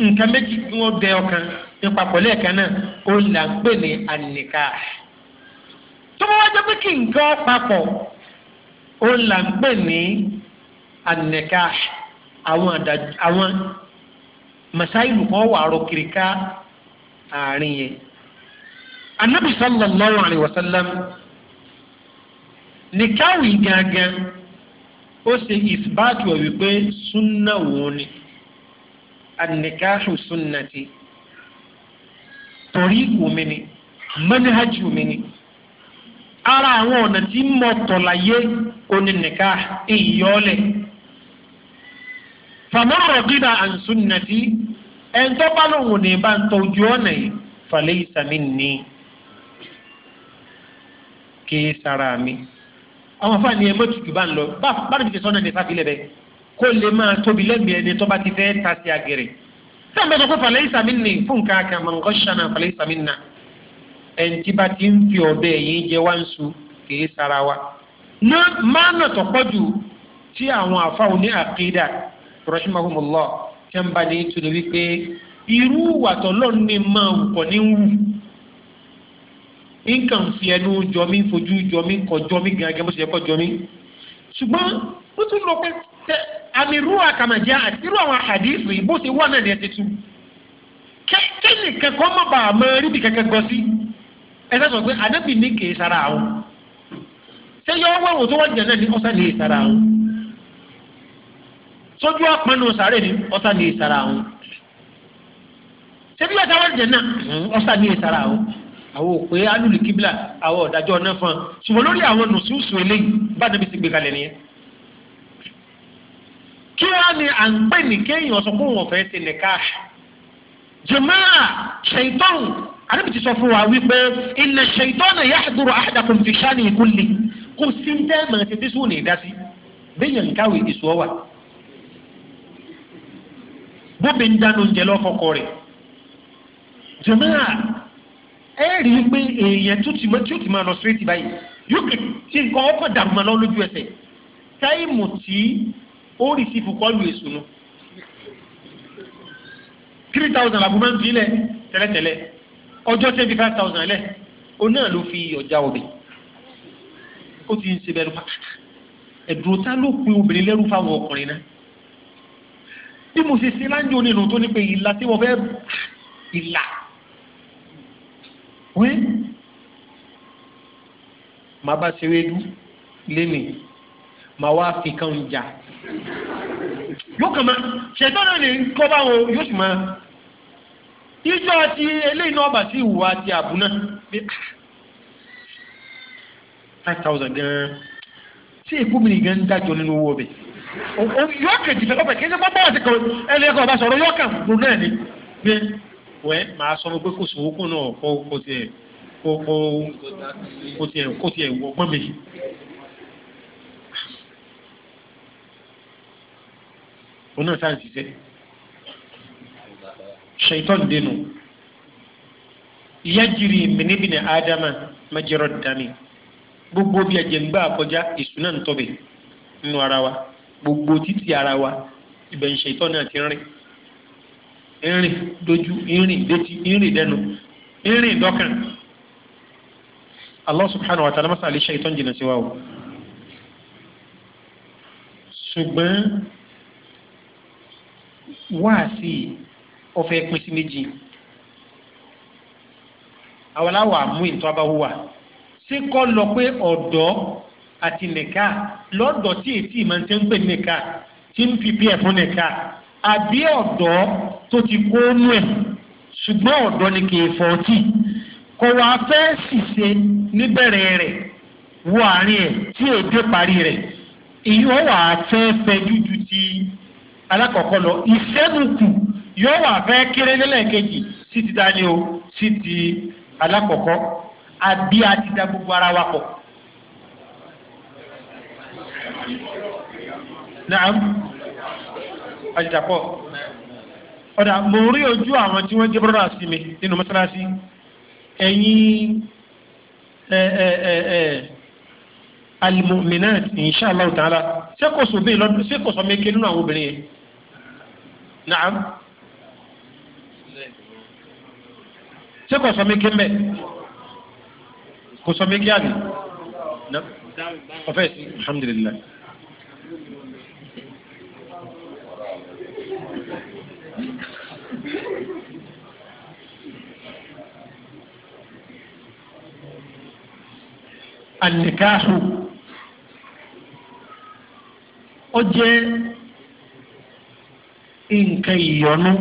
nǹkan méjì tí wọ́n bẹ ọkàn nípa pẹ̀lú ẹ̀kan náà ó là ń pè ní ànìká. tó bá wá pé kí nǹkan papọ̀ ó là ń pè ní ànìká àwọn masáìlù kan wà rọ àárín yẹn. anabi sallallahu alayhi wa sallam nìkáwì gángan ó ṣe ìsbáàtù ẹ̀ wípé súnà òun ni ànìkáṣù súnà ti torí omi ni mẹ́nìhájì omi ni ara àwọn ọ̀nà tí mo tọ̀ láyé onínìká ìyọ́lẹ̀ fàmọ́rọ̀ gíga àǹsúnà ti ẹ̀ńtọ́ bá lòun ní bá ń tọ́jú ọ̀nà yìí falaysa minni kí sára mi àwọn afáàní ẹ mọ́tutù bá ń lọ báwo ti sọ́nà ní fàfilẹ̀ bẹ́ẹ̀ kó lè máa tóbi lẹ́mìí ẹni tó bá ti fẹ́ ta sí agèrè sáà bẹ́ẹ̀ sọ pé falẹ̀ ìsàmì nì fún kankan mọ̀ nǹkan ṣànà falẹ̀ ìsàmì nà ẹnití bá ti ń fi ọ̀bẹ yìí jẹ wá ń su kìí sara wa. ná máa nà tó pọ̀ jù tí àwọn afáwo ní àkídà rahimahumullah tí wọ́n bá ní ìtúni wípé irú wàtọ́ lọ́ọ̀ ni máa wù kọ́ ní wù nǹkan fi ẹnu jọ mí fojú jọ mí kọjọ mí gẹ́gẹ́ bó ṣe yẹ kọjọ mí ṣùgbọ́n ó tún lọ pé tẹ àmì àkàmàjẹ àti irú àwọn àdìsí bó ṣe wà náà ní ẹtí tu kẹ́kẹ́lì kẹ́kọ́ má bàa mọ ríbi kẹ́kẹ́ gbọ́ sí ẹ sọ pé ànábì ní kì í sara àwọn ṣé yọ wọ́n wò tó wọ́n jẹ náà ní ọ̀sán ní ìsara àwọn sójú àpọnù sàárè ní ọ̀sán ní ìsara àwọn ṣé bí wọ́n wọ́n jẹ náà ọ̀sán ní ìsara àwọn òpè alùlù kíbla àwọn ọ̀dájọ́ náà fún un ṣùgbọ́n lórí àwọn nùsùsù eléyìí bá níbi ti gbé kalẹ̀ nìyẹn. kí wàá ní à ń pè ní kéèyàn sọ fún wọn fẹ́ẹ́ ṣe nìka jẹ̀máà ṣèǹtọ́n àdébí ti sọ fún wa wípé inna ṣèǹtọ́n yahduru ahadakum fi shani kulli kò sí ń tẹ́ mọ̀ títí sùn ní ìdásí bẹ́ẹ̀ yẹn káwé ìṣòwò wa bóbi ń dáná oúnjẹ lọ́fọ̀kọ rẹ̀ jẹ̀máà ẹ rí i pé èèyàn tó ti máa lọ síréètì báyìí yóò kè tí nǹkan ọkọ̀ dàrú máa lọ lójú ẹsẹ̀ táìmù tí ó rì sí ìfòkọ́lù èso nu three thousand làbúrò máa ń fi lẹ̀ tẹ́lẹ̀tẹ́lẹ̀ ọjọ́ tẹ́bi five thousand lẹ̀ ó náà ló fi ọjà òbí ó ti ń ṣe bẹ́ẹ̀ lọ́pàá ẹ̀dùn ta ló pin obìnrin lẹ́rú fáwọn ọkùnrin náà bí mo ṣe ṣe láńjọ nínú tó ní pé ìlà tí wọ́n fẹ́ ìlà wí màá bá ṣèwédú lénìí màá wá fi kan jà yóò kàn máa ṣètò náà ní kọ́ bá wọn yóò sì máa ijó àti eléyìí náà bá sí ìwà àti àbúná bí ah, five thousand gan ṣé ìkúmi nìkan ń dájọ nínú owó ọbẹ̀ yóò kejì fẹ́ ọbẹ̀ kí ẹ ṣe pápá àti ẹni ẹ̀kọ́ ọba sọ̀rọ̀ yóò kàn gbòó náà ni fún ẹ máa sọ fún pé kò sówó kùnà kó tiẹ̀ kó tiẹ̀ kó tiẹ̀ wọ́pọ̀ mi. oná sáà ń ṣiṣẹ́ ṣètọ́n dénú yájìrì mìníbìnì ádámà májẹrọ dání gbogbo bí ajẹ̀ǹgbà àkọjá ìṣúná ń tọ́bẹ̀ nínú ara wa gbogbo títí ara wa ibẹ̀ ń ṣètọ́n náà ti rìn ìrìn dojú ìrìn létí ìrìn dẹnu ìrìn dọ́kàn Allah subhanahu wa ta'ala masali shaitan jìnnà sí wa o ṣùgbọ́n wáàsí ọ̀fẹ́ pín sí méjì àwọn aláwọ̀ àmú ìtọ́ abáwúwà ṣé kọ́ lọ pé ọ̀dọ́ àti nìka lọ́dọ̀ tí ètí ìmọ̀ ń tẹ́ ń pè nìka tí ń fi bí ẹ̀fún nìka àbí ọ̀dọ́ tó ti kó nú ẹ̀ ṣùgbọ́n ọ̀dọ́ ni kì í fọ́ọ̀tì kò wá fẹ́ ṣìṣe níbẹ̀rẹ̀ rẹ̀ wọ àárín ẹ̀ tí èdè parí rẹ̀ ìyọ́ wà á fẹ́ fẹ́ jújú ti alákọ̀ọ́kọ́ lọ ìṣẹ́nukù yóò wà fẹ́ kéré lẹ́lẹ́kejì sí ti dání o sí ti alákọ̀ọ́kọ́ àbí a ti da gbogbo ara wa pọ̀. Naam, àjìdàpọ̀ ọ̀dà mo rí ojú àwọn tí wọ́n jẹ́ brọ́dà sí mi nínú mọ́sálásí ẹ̀yin alimuminat inshallah ta'ala ṣé kò sọ bẹ́ẹ̀ lọ́dún ṣé kò sọ mẹ́kẹ́ nínú àwọn obìnrin yẹn naam ṣé kò sọ mẹ́kẹ́ mẹ́ kò sọ mẹ́kẹ́ àná ọ̀fẹ́ sí alhamdulilayi. ànìkáhù ó jẹ́ nǹkan ìyọnu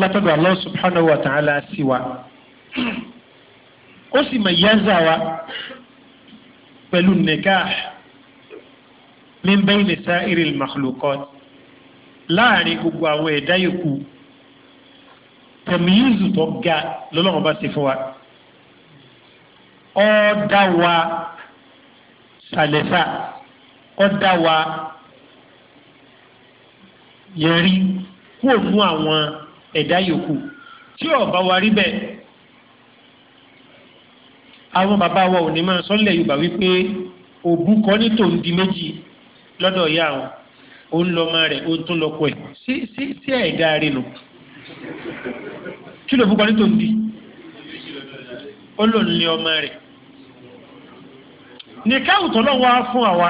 látọ̀dọ̀ Allah subhanahu wa ta'ala sí wa ó sì mọ̀ yáza wa pẹ̀lú nìkáhù min bayni sa'iri al-makhluqat láàrin gbogbo àwọn ẹ̀dá yòókù tẹ̀míyìzù tó ga lọ́lọ́run bá ṣe fún wa ọ̀ọ́dá wa sàlẹ̀sà ọ̀dá wa yẹrí kúrò fún àwọn ẹ̀dá yòókù tí ọba wa rí bẹ́ẹ̀ àwọn bàbá wa ò ní máa sọ́lẹ̀ yorùbá wípé òbú kọ́ ní tòun di méjì lọ́dọ̀ ìyá àwọn ó ń lọ ọmọ rẹ̀ ó ń tún lọ kọ ẹ̀ sí ẹ̀dá rẹ̀ nù kí ló fún kọ́ ní tòun di ó lò ń lé ọmọ rẹ̀ nìkáwù tó lọ́wọ́ á fún àwa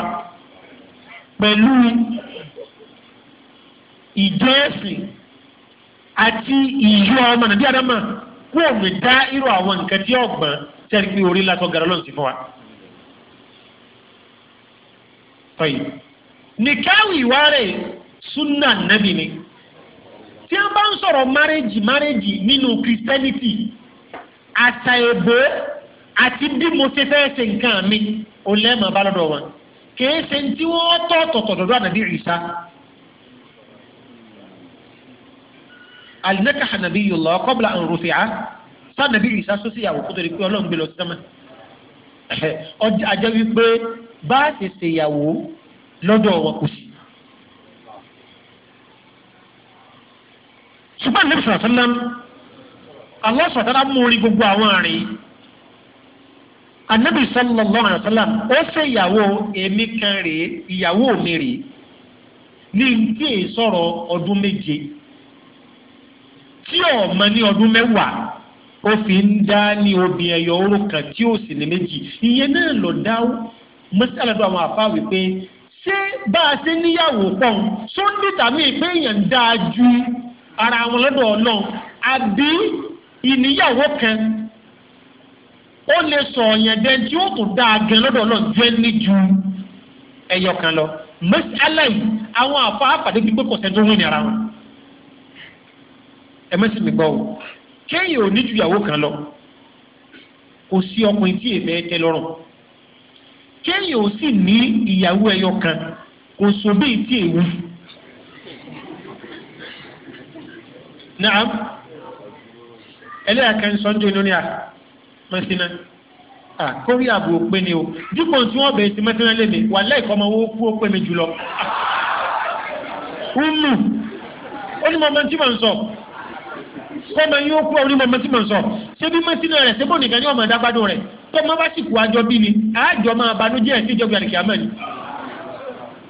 pẹ̀lú ìjọ ẹ̀sìn àti ìyọ ọmọ nàbí àdámà kó omi dá irú àwọn nǹkan tí ọgbọ̀n tẹ́lẹ̀ pé orí lásán gara lọ́nà fún wa. nìkáwù ìwà rẹ̀ súnà nàbì ni tí wọ́n bá ń sọ̀rọ̀ márẹ́jì márẹ́jì nínú Christianity àṣà èbó àti bí mo ṣe fẹ́ ṣe nǹkan mi ò lẹ́mọ̀ bá lọ́dọ̀ wọn kìí ṣe tí wọ́n tọ̀tọ̀tọ̀ dọ̀dọ̀ ànàbí ìṣá. àlìnàkà ànàbí yìí lọ kọ́bùlà àrùnrùfẹ́ á sànàbí ìṣá sọ sí ìyàwó kótó ni pé ọlọ́run gbé lọ sí sẹ́mà. àjọ wípé bá a ṣe ṣèyàwó lọ́dọ̀ wọn kò sí. ṣùgbọ́n àlẹ́ Allah sọ̀tara mórí gbogbo àwọn àrìn anabi sallallahu alayhi wa sallam ó ṣe ìyàwó èmi kan rèé ìyàwó mi rèé ní tí èyí sọ̀rọ̀ ọdún méje tí ọ̀mọ ní ọdún mẹ́wàá ó fi ń dá ní obì ẹ̀yọ̀ oró kan tí ó sì lé méjì ìyẹn náà lọ dá mọ́sálàdó àwọn àfa wípé ṣé bá a ṣe níyàwó pọ̀ sóńdìtàmí pé èèyàn dáa ju ara wọn lọ́dọ̀ ọlọ́run àbí ìníyàwó kan ó lè sọ ọ̀yàn dẹni tí ó tún dáa gan lọ́dọ̀ náà ju ẹni ju ẹyọ kan lọ mẹsì aláì àwọn àfáàfàdé gbígbé kò sẹ́ni tó wí ní ara wọn ẹ mẹsì mi gbọ́ o kéèyàn ò ní ju ìyàwó kan lọ kò sí ọkùnrin tí èèmẹ tẹ́ lọ́rùn kéèyàn ò sì ní ìyàwó ẹyọ kan kò sóbì tí èèwù ẹlẹ́yàkẹ́ ń sọ ń jó ní à mẹ́sìnà àkórí ààbò òpin ni o dípò tí wọ́n bẹ̀rẹ̀ sí mẹ́sìnà lèmi wà lẹ́ẹ̀kọ́ ọmọ owó kú ó pè jùlọ. umu ó ní mọ́mọ́ tí mò ń sọ kọ́mọ yóò kú ọ̀rí mọ́mọ́ tí mò ń sọ ṣé bí mẹ́sìnà rẹ̀ sébò nìkan ní ọmọ ìdágbádùn rẹ̀ tó mọ́ bá sì kú àjọ bí ni àjọ máa banújẹ́ ẹ̀ síjọba àlìkàmọ́ ni.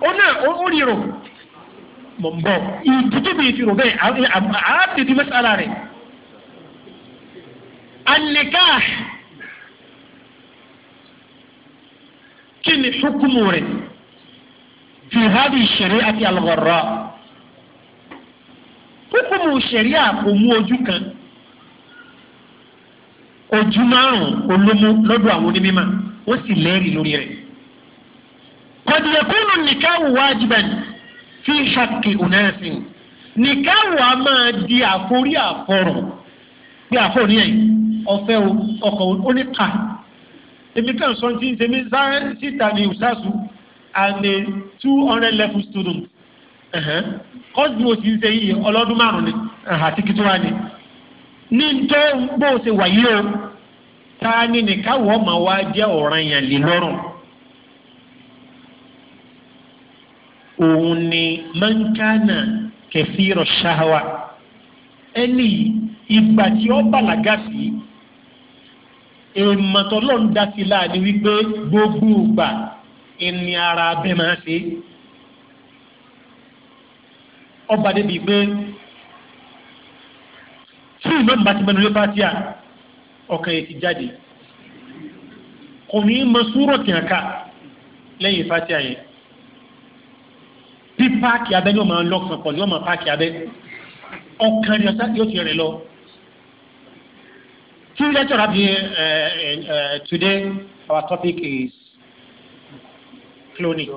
ó náà ó rí mọ̀ ń bọ̀ ìtútù bíi ti rò bẹ́ẹ̀ àá tètè mẹ́sàlá rẹ̀ anikah kí ni hukumu rẹ̀ fi hadi shari'ati al-gharra hukumu sharia kò mú ojú kan ojú márùn-ún olómú lọ́dọ̀ àwọn onímọ̀ ó sì lẹ́rìí lórí rẹ̀. qad yakunu nìkáwù wajiban fi shaqqi unasin nìkáwù a máa di àforí àfọrùn bí àfọ̀níyàn yìí ọ̀fẹ́ o ọkọ̀ ó ní kà èmi kan sọ ti ń ṣe mí síta ní ìṣàṣù and a two hundred level student kọ́sì mo ti ń ṣe yìí ọlọ́dún márùn-ún ni àti kìtúrà ni ní tó ń bó ṣe wà yìí o ta ni nìkáwọ́ ọmọ wa jẹ́ ọ̀ràn yàn lè lọ́rùn. òun ni mankana kẹfì rọ ṣáwa ẹni ìgbà tí ó bàlágà sí ìmọ̀tọ́lọ́ ń dá sí láàdí wípé gbogbo ìgbà ìní ara abẹ́ máa ṣe ọba débi pé tí ìmọ̀ nígbà tí mẹ́nu lé fàtíà ọkàn yìí ti jáde kò ní mọ súrọ̀ kìnàká lẹ́yìn fàtíà yẹn bí páàkì abẹ́ ni wọ́n máa lọ́kàn pọ̀ ni wọ́n máa páàkì abẹ́ ọkàn yóò ti rìn lọ. Student lecture have uh, uh, today, our topic is cloning.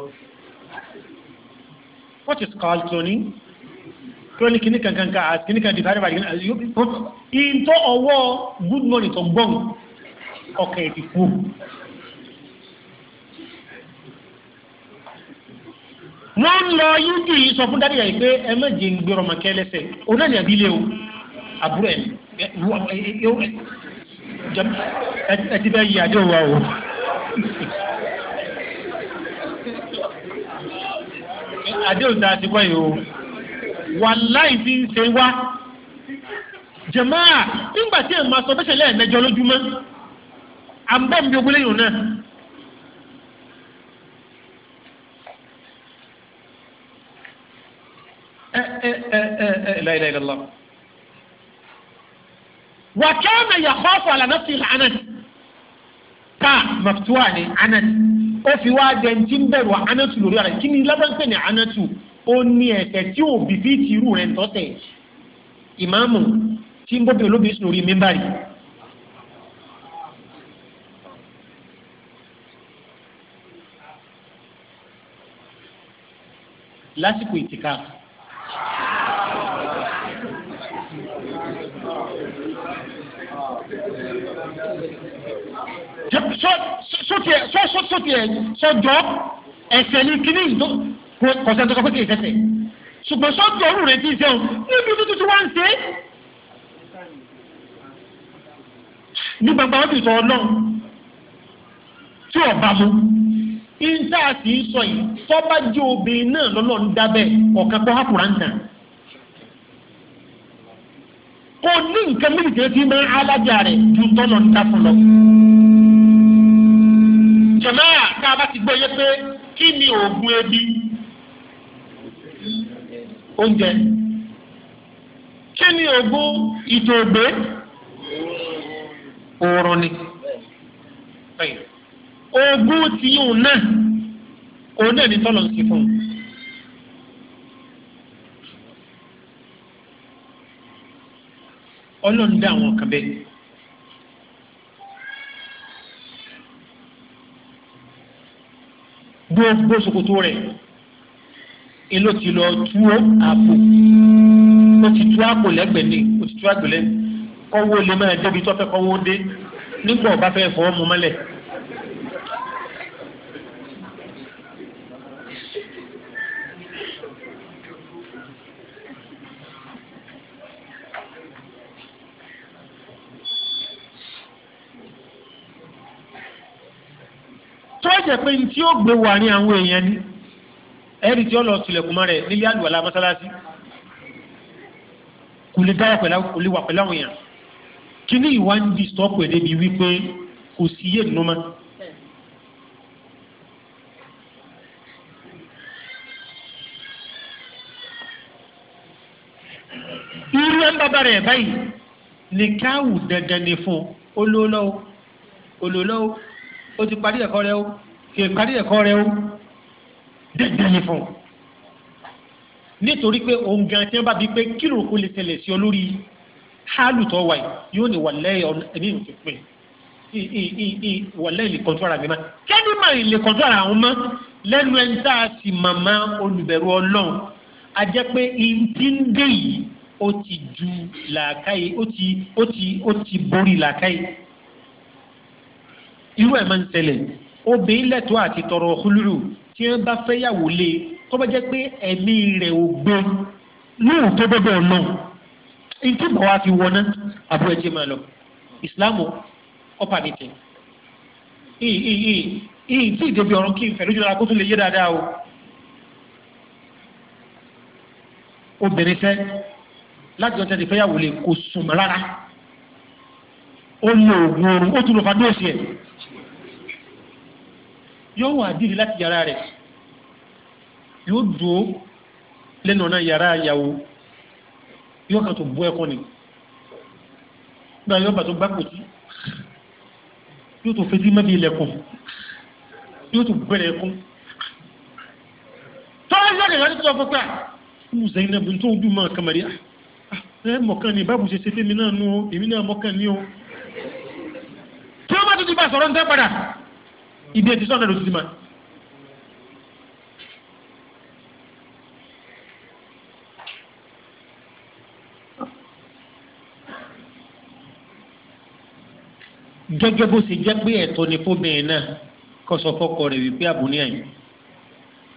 What is called cloning? Cloning kini kan kan kan àti kìíní kan divided by kìíní kan. Ìntọ́ ọwọ́ good morning tó ń gbọ́n ọkàn ètì fún. Wọ́n lọ yídì sọ fún dádì yàrá pé ẹ má jẹ́ ń gbé ọmọ kẹ́lẹ́sẹ̀. Onáni àbílẹ̀ o, àbúrò ẹ ti fẹ́ yí àdéhùn wa o. àdéhùn tá a ti wáyé o wàláì ti ń ṣe wá jẹ̀máà nígbà tí ẹ̀ máa sọ bẹ́sẹ̀ lẹ́ẹ̀mẹjọ lójúmọ́ à ń bọ̀ níbi ogun lẹ́yìn náà. ẹ ẹ ẹ ẹ ẹ la ilaha illallah wàkẹ́ẹ̀nà yàkọ́fù àlànàfì anan ká màfitúwà ni anan ó fi wá dẹ̀ntì ń bẹ̀rù anatu lórí ara kí ni lábẹ́ńpẹ̀ ní anatu ó ní ẹ̀tẹ̀ tí ò bìbí ti rú rẹ̀ tọ́tẹ̀ ìmáàmù tí ń bọ́bí olóbi sùn lórí mímbàrí. lásìkò ìtìká. sọ́tiẹ̀ sọ́jọ́ ẹ̀sẹ̀ ní kíní ìdó kọ̀sẹ̀ tó sọ pé kì í sẹ́sẹ̀ ṣùgbọ́n sọ́jọ́ ọ̀rùn rẹ̀ ti ń sẹ́wọ̀n níbi tuntun tí wọ́n ń ṣe. ní gbàgbà wọn ti sọ ọ náà tí ọba mu ìta àti sọ yìí tọ́ba jẹ́ obìnrin náà lọ́lọ́ ń dábẹ́ ọ̀kan kọ́ hàkùrà ń tàn kò ní nǹkan mílíkì tí máa ń alájà rẹ̀ ju tọ́lọ̀ ń dá fún lọ jàmáà tá a bá ti gbọ́ yé pé kí ni oògùn ebi oúnjẹ kí ni oògùn ìtòògbé oorun ni oògùn tìyún náà òun náà ni tọ́lọ̀ ń ṣe fún un. ọlọ́run dá àwọn kan bẹ́ẹ̀. gbogbo ṣòkòtò rẹ̀ ìlú ti lọ tú àpò ó ti tú àpò lẹ́gbẹ̀ẹ́ ni ó ti tú àgbẹ̀lẹ́ kọ́wọ́ lè máa débi tó fẹ́ kọ́wọ́ dé nígbà ọba fẹ́ fọwọ́ mu mọ́lẹ̀. tó jẹ́ pé ní tí ó gbé wà ní àwọn èèyàn ni ẹ̀rí tí ó lọ tilẹ̀kùn mọ́ rẹ̀ nílé àlùwàlá mọ́sálásí kò lè dáyà kò lè wà pẹ̀lú àwọn èèyàn kí ní ìwà ń di stọ́ọ̀pù ẹ̀ débi wípé kò sí yé nínú mọ́. irú ẹ̀ ń báyìí ní káwù dandan ni fún olólọ́wọ́ olólọ́wọ́ ó ti parí ẹ̀kọ́ rẹ o kì í parí ẹ̀kọ́ rẹ o dẹ́gbẹ́ ni fún un nítorí pé òun gan tí wọ́n bá bí pé kí ló kó lè tẹ̀lẹ̀ sí olórí hálù tó wáyé yóò ní wàlẹ́ ẹ̀mí ìrùtò pé wàlẹ́ ìlè kọ̀ǹtò ara mi mọ́ kẹ́ni mà ìlè kọ̀ǹtò ara àwọn mọ́ lẹ́nu ẹni tá a sì màmá olùbẹ̀rù ọlọ́run a jẹ́ pé ìdí ń dé yìí ó ti ju làákàyè ó ti ó ti ó ti borí làákàyè irú ẹ̀ máa ń tẹ̀lẹ̀ obìnrin lẹ́tọ́ àti tọrọ ọ̀húlùrù tí wọ́n bá fẹ́ yàwó lé tó bá jẹ́ pé ẹ̀mí rẹ̀ ò gbé lóhùn tó bẹ́bẹ̀ ọ̀nà ìtú bọ̀ wá fi wọná àbú ẹ̀jẹ̀ máa lọ ìsìláàmù ọ̀pá ní tẹ̀. ìyí tí ìdèbí ọ̀run kí n fẹ̀ lójú ara kó tún lè yé dáadáa o. obìnrin fẹ́ láti ọjọ́ ti fẹ́ yàwó lé kò sùn rárá ó lo oògùn oorun ó tún lọ fàdúrà sí ẹ̀ yóò wà dìrì láti yàrá rẹ̀ yóò dùn ó lẹ́nu ọ̀nà yàrá ìyàwó yóò kàn tó bú ẹkọ ni gba yóò bàtó gbàgbó tí yóò tó fetí mẹ́bí ilẹ̀kùn yóò tó bẹ̀rẹ̀ ẹkún tọ́lá yóò lè rántí tó fọ́pẹ́ à zẹ́yìn náà bí n tó ń dùn mọ́ kàmàrí ah, ẹ mọ̀kàn ni báàbù ṣe ṣe fẹ́mi náà nù ó èmi náà mọ̀kàn ni ó tí wọ́n bá tó bá sọ̀rọ̀ ń tẹ́ padà ibi ètò sọ̀nà ló ti mọ̀. gẹ́gẹ́ bó ṣe jẹ́ pé ẹ̀tọ́ ni fóbìnrin náà kó sọ fọ́kọ rẹ̀ wípé àbúní àyìn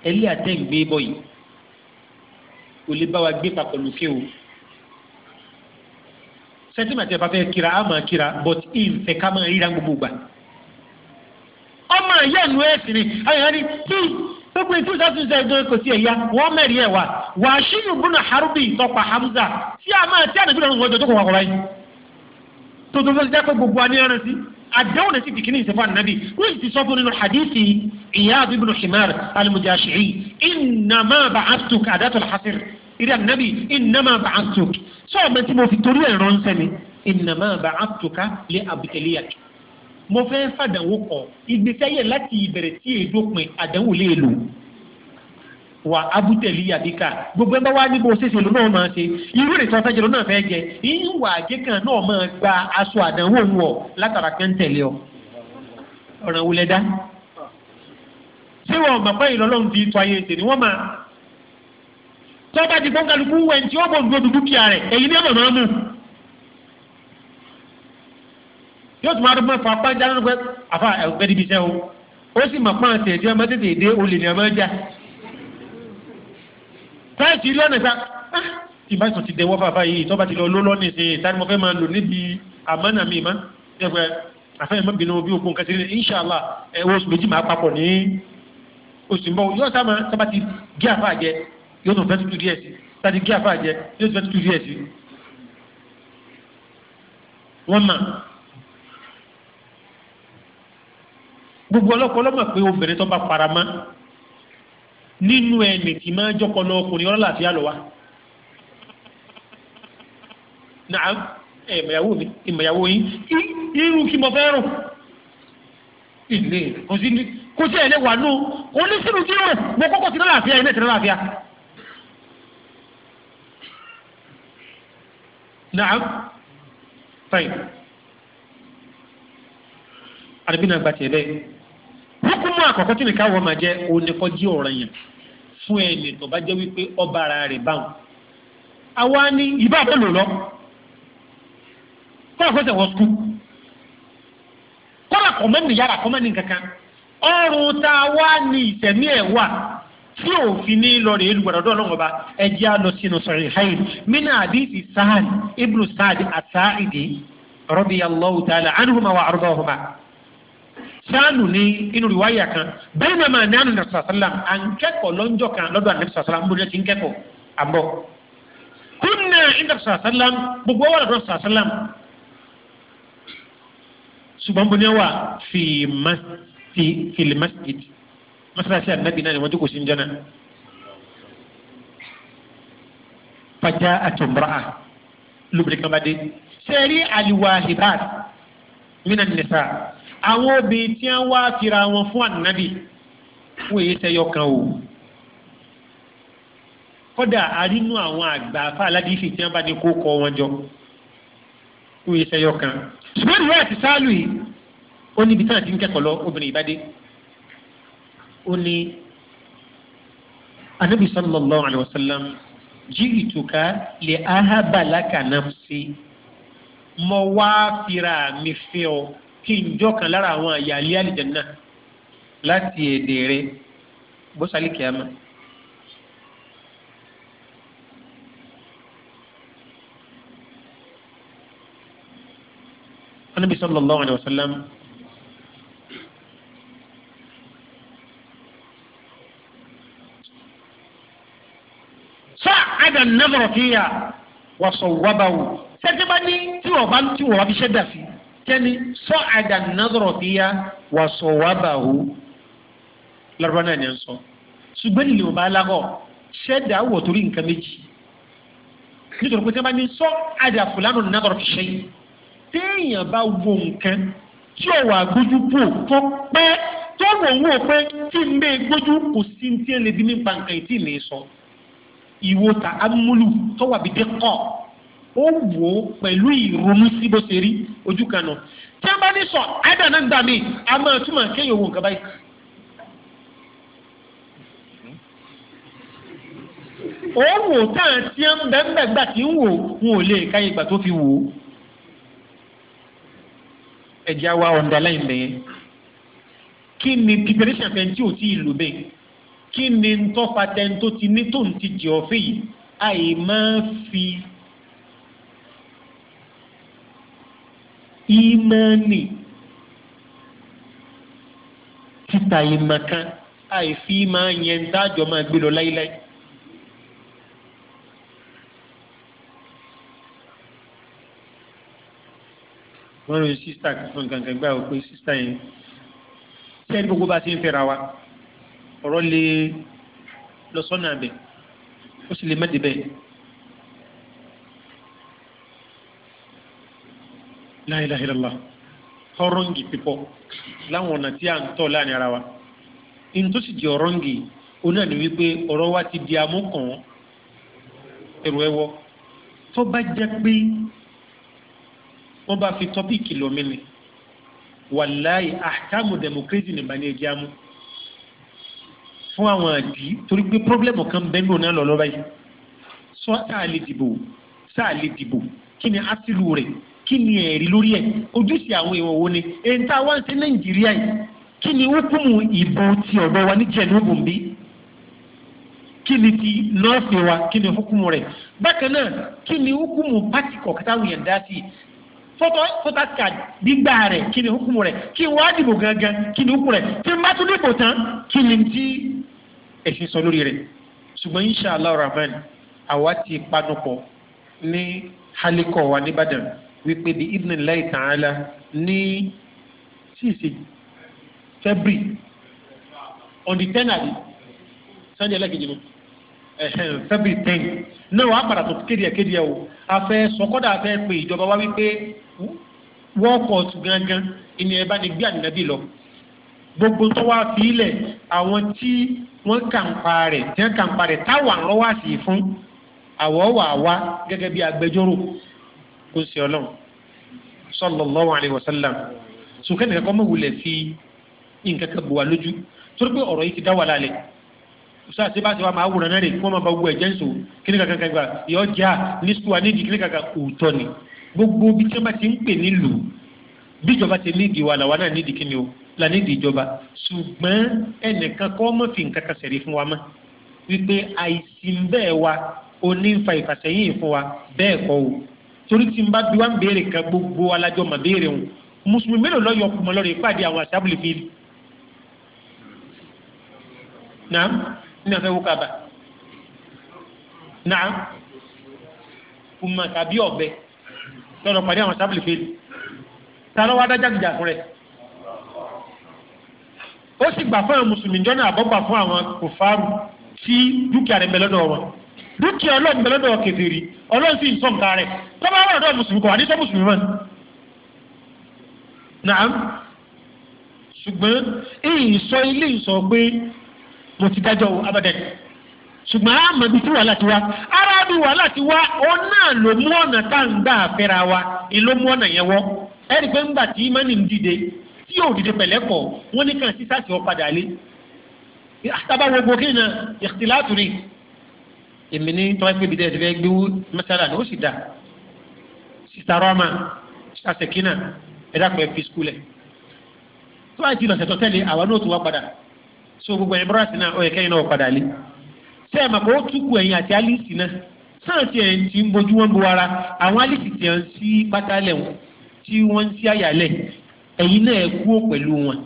ẹlẹ́ àtẹ̀gbé bọ̀ yìí kò lè bá wa gbé papọ̀ lókè o sẹ́tìmẹ̀tì ẹ̀fà fẹ́ kíra á kíra but ìfẹ́ ká máa ríra gbogbo gbà ẹ̀yà ẹ̀nu ẹ̀sìn ni ayọ̀ ni tí gbogbo ètò ìsásùnsẹ̀ ìjọ kò sí ẹ̀yà wọ́n mẹ́rin ẹ̀ wá wà á ṣí ìbúnà harubi ìtọ́pa Hamza tí a máa tí àdàbí lọ́rùn ọjọ́ tó kọ̀ wákọ̀ báyìí tó tó fẹ́ jẹ́ gbogbo wa ní ẹran sí àdéhùn ní síbi kìíní ìsìnkú ànábì wọ́n sì ti sọ fún nínú hadithi Iyad ibn Himar al-Mujashi'i innama ba'athtuka adatul hasir ìrì ànábì innama ba'athtuka sọ́ọ̀mẹ́tí mo fi torí ẹ̀rọ ń sẹ́ni innama ba'athtuka li abtaliyak mo fẹ́ fàdánwò kọ ìgbésẹ̀ yẹ láti ìbẹ̀rẹ̀ tí èdò pin àdánwò lè lò wà abútẹ̀lì àbíkà gbogbo ẹgbẹ́ wa ní bó ṣe ṣe ló náà máa ṣe irú ìrètò ọ̀fẹ́ jẹ ló náà fẹ́ jẹ ìyún wà àjẹkàn náà máa gba aṣọ àdánwò ń wọ̀ látara kẹ́ńtẹ̀lé ọ ọ̀ràn wulẹ̀ dá tí wọn mọ̀ pé ìlọ́lọ́run fi tó ayé tèmi wọ́n máa tọ́ bá ti fọ́nkálukú wẹ̀ ní tí wọ́n bọ̀ ń gbódù dúkìá rẹ̀ èyí ni ọ̀nà náà mú. yóò tún máa dọ́gbọ́n fún apá ìjà lọ́dún pé àfa ẹ̀gbẹ́ níbi iṣẹ́ o ó sì mọ̀ pọ́n àti ẹ̀dí ọmọ tètè dé olè ní ọmọ ẹja táìsì ilé ọ̀nà ìta ah, ìbáṣọ ti dẹwọ́ fàfà yìí tọ́ba ti lọ ló lọ́nà ìṣe ìtàn mo fẹ́ máa lò níbi àmọ́nà mi mọ́ ẹgbẹ́ àfẹ́ mọ́ bínú bí okun kẹsì ní inṣàlá ẹ̀wọ́ oṣù méjì máa papọ̀ ní oṣù mbọ́ yóò sá máa tọ́ba ti gé àfà jẹ yóò tún fẹ́ tutù díẹ̀ sí tàbí gé àfà jẹ yóò tún fẹ́ tutù díẹ̀ sí. wọ́n mọ̀ gbogbo ọlọ́kọ lọ́mọ̀ pé obìnrin tó bá fara mọ́ nínú ẹnì tí máa jọkọ lọ ọkùnrin ọlọ́lá àti àlọ́wà. náà ẹ ìmọ̀yàwó mi ìmọ̀yàwó yín irú kí mo fẹ́ rùn ilé kò sí kò sí ẹ̀lẹ́ wà nù oníṣirò tí ó rẹ̀ mo kọ́kọ́ ti lálàáfíà ilé ìtẹ̀lẹ́ láàfíà. náà fine àdébínà gbàtì ẹ̀lẹ́yìn. hukumu àkọ́kọ́ tí nìkan wọ́n máa jẹ́ oníkọ́jí ọ̀rọ̀ yẹn fún ẹni tó bá jẹ́ wípé ọba ara rẹ̀ báwọn. àwa ni ìbá àbọ̀lò lọ kó tẹ̀ wọ́n kú kọ́ra kọ́ mọ́ ní yàrá kọ́ kankan ọrùn tá a wá ní ìtẹ̀mí ẹ̀ wà tí òfin ní lọ́ọ̀rì elùgbàdàn ọ̀dọ́ ọlọ́run ọba ẹjẹ́ á lọ sínú sọ̀rọ̀ àdìsí sáànù ní inú ìwáyà kan bẹ́ẹ̀ náà máa ní àná nàṣà sálà à ń kẹ́kọ̀ọ́ lọ́njọ́ kan lọ́dọ̀ àná nàṣà sálà ń bójú ti ń kẹ́kọ̀ọ́ àbọ̀. kúnnà ìnà nàṣà sálà gbogbo wà lọ́dọ̀ nàṣà ṣùgbọ́n bóni wà fìlì masjid masalasi anabi náà ni wọ́n jókòó sí ń jẹ́nà. fàjà àtúmọ̀ràn lóbìnrin kan bá dé. sẹ́rí àlùwà mí àwọn obìnrin tí wọ́n wá fira wọn fún ànábì fún èyí tẹ́yọ kan o kódà arínú àwọn àgbà afá aládìísì tí wọ́n bá ní kó kọ wọn jọ fún èyí tẹ́yọ kan ṣùgbọ́n ìwé àti sáàlù yìí ó ní ibi tí wọ́n ti ń kẹ́kọ̀ọ́ lọ obìnrin ìbádé ó ní anabi sallallahu alayhi wa sallam lè áhábà lákànáfsí mo wá fira mi fẹ́ ọ kí n jọ́kan lára àwọn àyàlẹ́ àlìjẹ́nà láti èdè rẹ bọ́sálì kìámà. anabi sallallahu alayhi wa sallam sa'ada an-nazara fiha wa sawwabahu sẹ́tẹ́ bá ní tí wọ́n bá ń tí wọ́n bá fi kẹ́ni sọ àdànàdọ̀rọ̀ bí yá wà sọ wà bà hù lọ́rọ́ náà ni ẹ̀ ń sọ ṣùgbọ́n ìlú ọba alágọ̀ ṣẹ́dá wọ̀ torí nǹkan méjì nítorí pé tí wọ́n bá ní sọ àdàfùlánù nàdọ̀rọ̀ fi ṣe yìí téèyàn bá wo nǹkan tí ò wà gbójú bò tó pẹ́ tó wò ń wò pé tí n bẹ́ẹ̀ gbójú kò sí ní tí lè bí nípa nǹkan ìtì ní sọ ìwò ta amúlù tó wà bí dé kọ́ ó wò ó pẹ̀lú ìrònú sí bó ṣe rí ojú kan náà tí a bá ní sọ àìdá náà ń gbà mí a máa túmọ̀ kéèyàn owó nǹkan báyìí. òwò táà tí ń bẹ́ẹ̀ gbà tí ń wò wọn ò lè káyé ìgbà tó fi wò ó. ẹ̀jẹ̀ wa ọ̀ǹda láì bẹ̀yẹn kí ni preparation fẹ́ tí ò tí ì lò bẹ́ẹ̀ kí ni ń tọ́pa tẹ́ ń tó ti ní tó ń ti jẹ́ ọ̀fẹ́ yìí àì máa fi. ìmánì títa ìmọ̀kan àìfi máa yẹn dájọ́ máa gbé lọ láíláí. wọ́n lóye sísá fún kankan gbáwó pé sísá yẹn sẹ́ni gbogbo bá ti ń fẹ́ra wa ọ̀rọ̀ lè lọ sọ́nà abẹ ó sì lè má débẹ̀. láìláìlá ọrọ́ǹgì pípọ̀ láwọn ọ̀nà tí a ń tọ̀ láàrin ara wa in tó sì di ọrọ́ǹgì ó náà ní wípé ọ̀rọ̀ wa ti di amúkàn ẹ̀rù ẹ̀wọ́ tó bá jẹ́ pé wọ́n bá fi tọ́pìkì lọ mí ni wàláì àkàmù democracy ní ìbànú ẹ̀jẹ̀ amú fún àwọn àdí torí pé pírọ́blẹ́mù kan bẹ́ẹ̀ lónà lọ́lọ́ báyìí sọ́ọ́ tá a lè dìbò tá a lè dìbò kí ni ásìlù rẹ̀ kí ni ẹ̀rí lórí ẹ̀ ojúṣe àwọn èèyàn wo ni èyí tá a wá ń ṣe nàìjíríà yìí kí ni hukumu ìbò ti ọ̀dọ̀ wa ní jẹ̀núbù bí kí ni ti nọ́ọ̀sì wa kí ni hukumu rẹ̀ bákan náà kí ni hukumu pátì kọ̀ọ̀kan táwọn èèyàn dá sí i fọ́tọ̀ fọ́tà kàdì gbígbà rẹ̀ kí ni hukumu rẹ̀ kí wàá dìbò gangan kí ni hukumu rẹ̀ tí n bá tún dìbò tán kí ni ti ẹ̀sìn sọ lórí rẹ̀ ṣùgbọ́n insha rahman àwa ti panupọ̀ ní halikọ̀ wa ní wípé bí ibùdó láì tààlà ní sísè february on the ten àbí sunday ẹlẹ́kejì ló february ten náà wàá padà tó kéde ẹ̀ kéde ẹ̀ o afẹ́ sọkọ́dà afẹ́ pé ìjọba wa wípé wọ́ọ̀kọ̀t gangan ìní ẹ̀ bá ní gbé ànínàbí lọ gbogbo tó wá fi ilẹ̀ àwọn tí wọ́n kàǹpa rẹ̀ tí wọ́n kàǹpa rẹ̀ táwọn àrọ́wà sí fún àwọ̀ wà wá gẹ́gẹ́ bí agbẹjọ́rò kó sí ọlọ́run sallallahu alaihi wasallam sùkẹ́ nìkan kọ́ mọ̀ wulẹ̀ fi nǹkan kan bò wá lójú torí pé ọ̀rọ̀ yìí ti dá wà lálẹ́ sáà tí bá ti wá máa wùrọ̀ náà rè kí wọ́n máa bá gbogbo ẹ̀jẹ̀ ń sò kíní kankan kan gbà yọ jà ní sùwà nídìí kíní kankan òótọ́ ni gbogbo bí tí wọ́n bá ti ń pè nílùú bíjọba ti nídìí wa làwa náà nídìí kíni o la nídìí ìjọba ṣùgbọ́n ẹnìkan kọ́ mọ̀ fi nǹkan kan sẹ̀rí fún wa mọ́ wípé àìsí bẹ́ẹ̀ wa onífa ìfàsẹ́yìn fún wa bẹ́ẹ̀ kọ́ o torí tí n bá bí wá ń béèrè kan gbogbo alájọ mà béèrè wọn mùsùlùmí mélòó lọ yọ kùmọ̀ lọ́rọ̀ ìpàdé àwọn àṣàbùlì fi naam nínú afẹ́ wọ́kà bá naam kùmọ̀ tàbí ọ̀bẹ lọ́rọ̀ pàdé àwọn àṣàbùlì fi ta lọ́wọ́ adájà gíga fún rẹ̀ ó sì gbà fún àwọn mùsùlùmí jọ́nà àbọ̀gbà fún àwọn kòfàrù tí dúkìá rẹ̀ mẹ́lọ́dọ̀ wọn. dúkìá ọlọ́run bẹ lọ́dọ̀ ọlọ́run sì ń nǹkan rẹ̀ tọ́ba wà lọ́dọ̀ mùsùlùmí kọ̀ wá mùsùlùmí mọ́. ṣùgbọ́n èyí sọ ilé ìsọ pé mo ti dájọ́ abẹ́dẹ́ ṣùgbọ́n àmọ́ ibi tí ara bí wàhálà wá náà ló mú ọ̀nà tá à ń gbà fẹ́ra wa èló mú ọ̀nà yẹn wọ́ ẹ̀rí pé ńgbà tí tí yóò dìde wọ́n ní kàn sí lé èmi ní tí wọ́n gbé ibi dẹ́ẹ̀dẹ́ fẹ́ gbé wú mẹ́tàlá ni ó sì dà sista rọ́mà sista sẹ̀kínà ẹ̀dá pẹ̀ fi skulẹ̀ tó bá ti lọ̀sẹ̀ tó tẹ̀lé àwọn náà tó wá padà so gbogbo ẹ̀yin bọ́rọ̀sì náà ó yẹ kẹ́yìn náà padà lé ṣé ẹ̀ màkà ó túkù ẹ̀yìn àti alice náà sáà tiẹ̀ ń ti ń bojú wọn bu ara àwọn alice tiẹ̀ ń sí pátálẹ̀ wọn tí wọ́n ń sí àyàlẹ̀ ẹ̀yin náà ẹ̀ kú pẹ̀lú wọn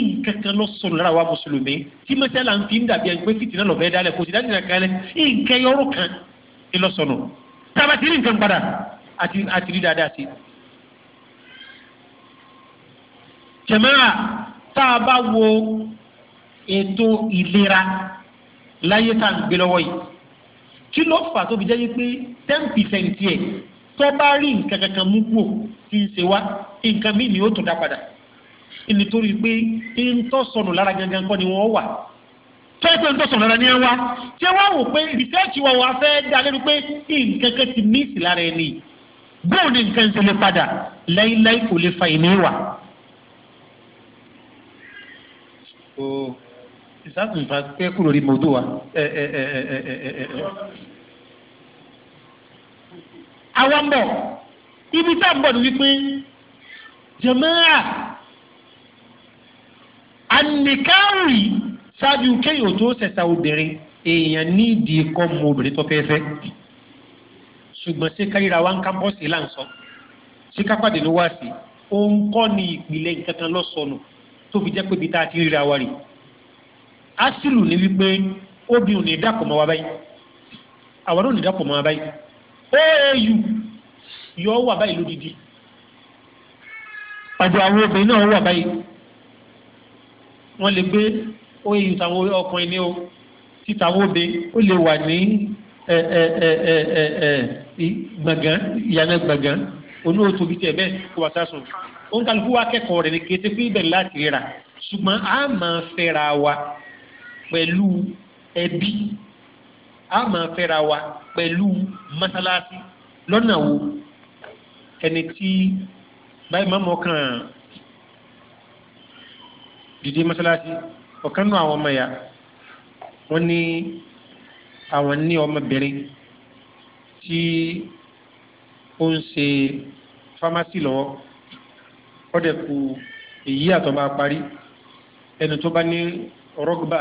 nkankan lọ sọ̀rọ̀ lára wa mùsùlùmí tí mẹsàlá ń fi ń dàbí ẹgbẹ́ fìtínà lọ́fẹ́ dálẹ̀ kò sì dájú náà kalẹ̀ nkan yọrọ kan ni lọ sọnù tábàtì ní nkan padà àti àti rí dáadáa sí. jẹ̀mẹ́rà tá a bá wo ètò ìlera láyé tá à ń gbé lọ́wọ́ yìí kí ló fà tó jẹ́ pé ten percent yẹ tó bá rí nǹkan mú kúò tí ń ṣe wá nǹkan míì ni ó tún dá padà nítorí pé ń tọ́ sọnù lára gangan kọ́ ni wọ́n wà tẹ́lifẹ̀ ń tọ́ sọnù lára ni ẹ wá ṣé wàá wò pé rìsẹ́ẹ̀tì wa wà fẹ́ dá lẹ́nu pé nǹkan kan ti míìsì lára ẹni bóun ni nǹkan ṣe lè padà láíláí kò lè fa ìní wà. o ìsàkùn ìfà pé kúrò rí mọ́tò wa. àwọn ń ibi tá à ń bọ̀ ni wípé jẹ̀mẹ́rà ànìkárì ṣáájú kéèyàn tó ṣẹ̀ṣà obìnrin èèyàn nídìí kọ́ mọ obìnrin tó fẹ́ẹ́ ṣùgbọ́n ṣé káyìrá wa ń ká bọ́ọ̀sì là ń sọ ló wá sí òun kọ́ ni ìpìlẹ̀ nǹkan kan lọ́sọ̀nù tó fi jẹ́ pé ibi tá a ti ríra wa rè ásìlù ni wípé obì ò ní dàpọ̀ mọ́ wa báyìí àwọn ò ní dàpọ̀ mọ́ wa báyìí au yọ wà báyìí lódìdí pàdé àwọn obìnrin náà wà báyìí wọ́n lè gbé oyin ìtàwọn ọkùnrin ní o títàwọn obè ó lè wà ní gbọ̀ngàn ìyànà gbọ̀ngàn onú òtò bíi tẹ̀ bẹ́ẹ̀ kó wà sásùn òun kálukú wa kẹ́kọ̀ọ́ rẹ̀ ní kété pé ìbẹ̀rẹ̀ láti rà ṣùgbọ́n a máa fẹ́ra wa pẹ̀lú ẹbí a máa fẹ́ra wa pẹ̀lú mọ́sálásí lọ́nà wo ẹni tí báyìí máa mọ̀ kàn án dìde mọ́sálásí ọ̀kan nù àwọn ọmọ ya wọ́n ní àwọn ní ọmọbìnrin tí ó ń ṣe fámásì lọ́wọ́ ó dẹ̀ kù èyí àtọ́ bá parí ẹni tó bá ní rọ́gbà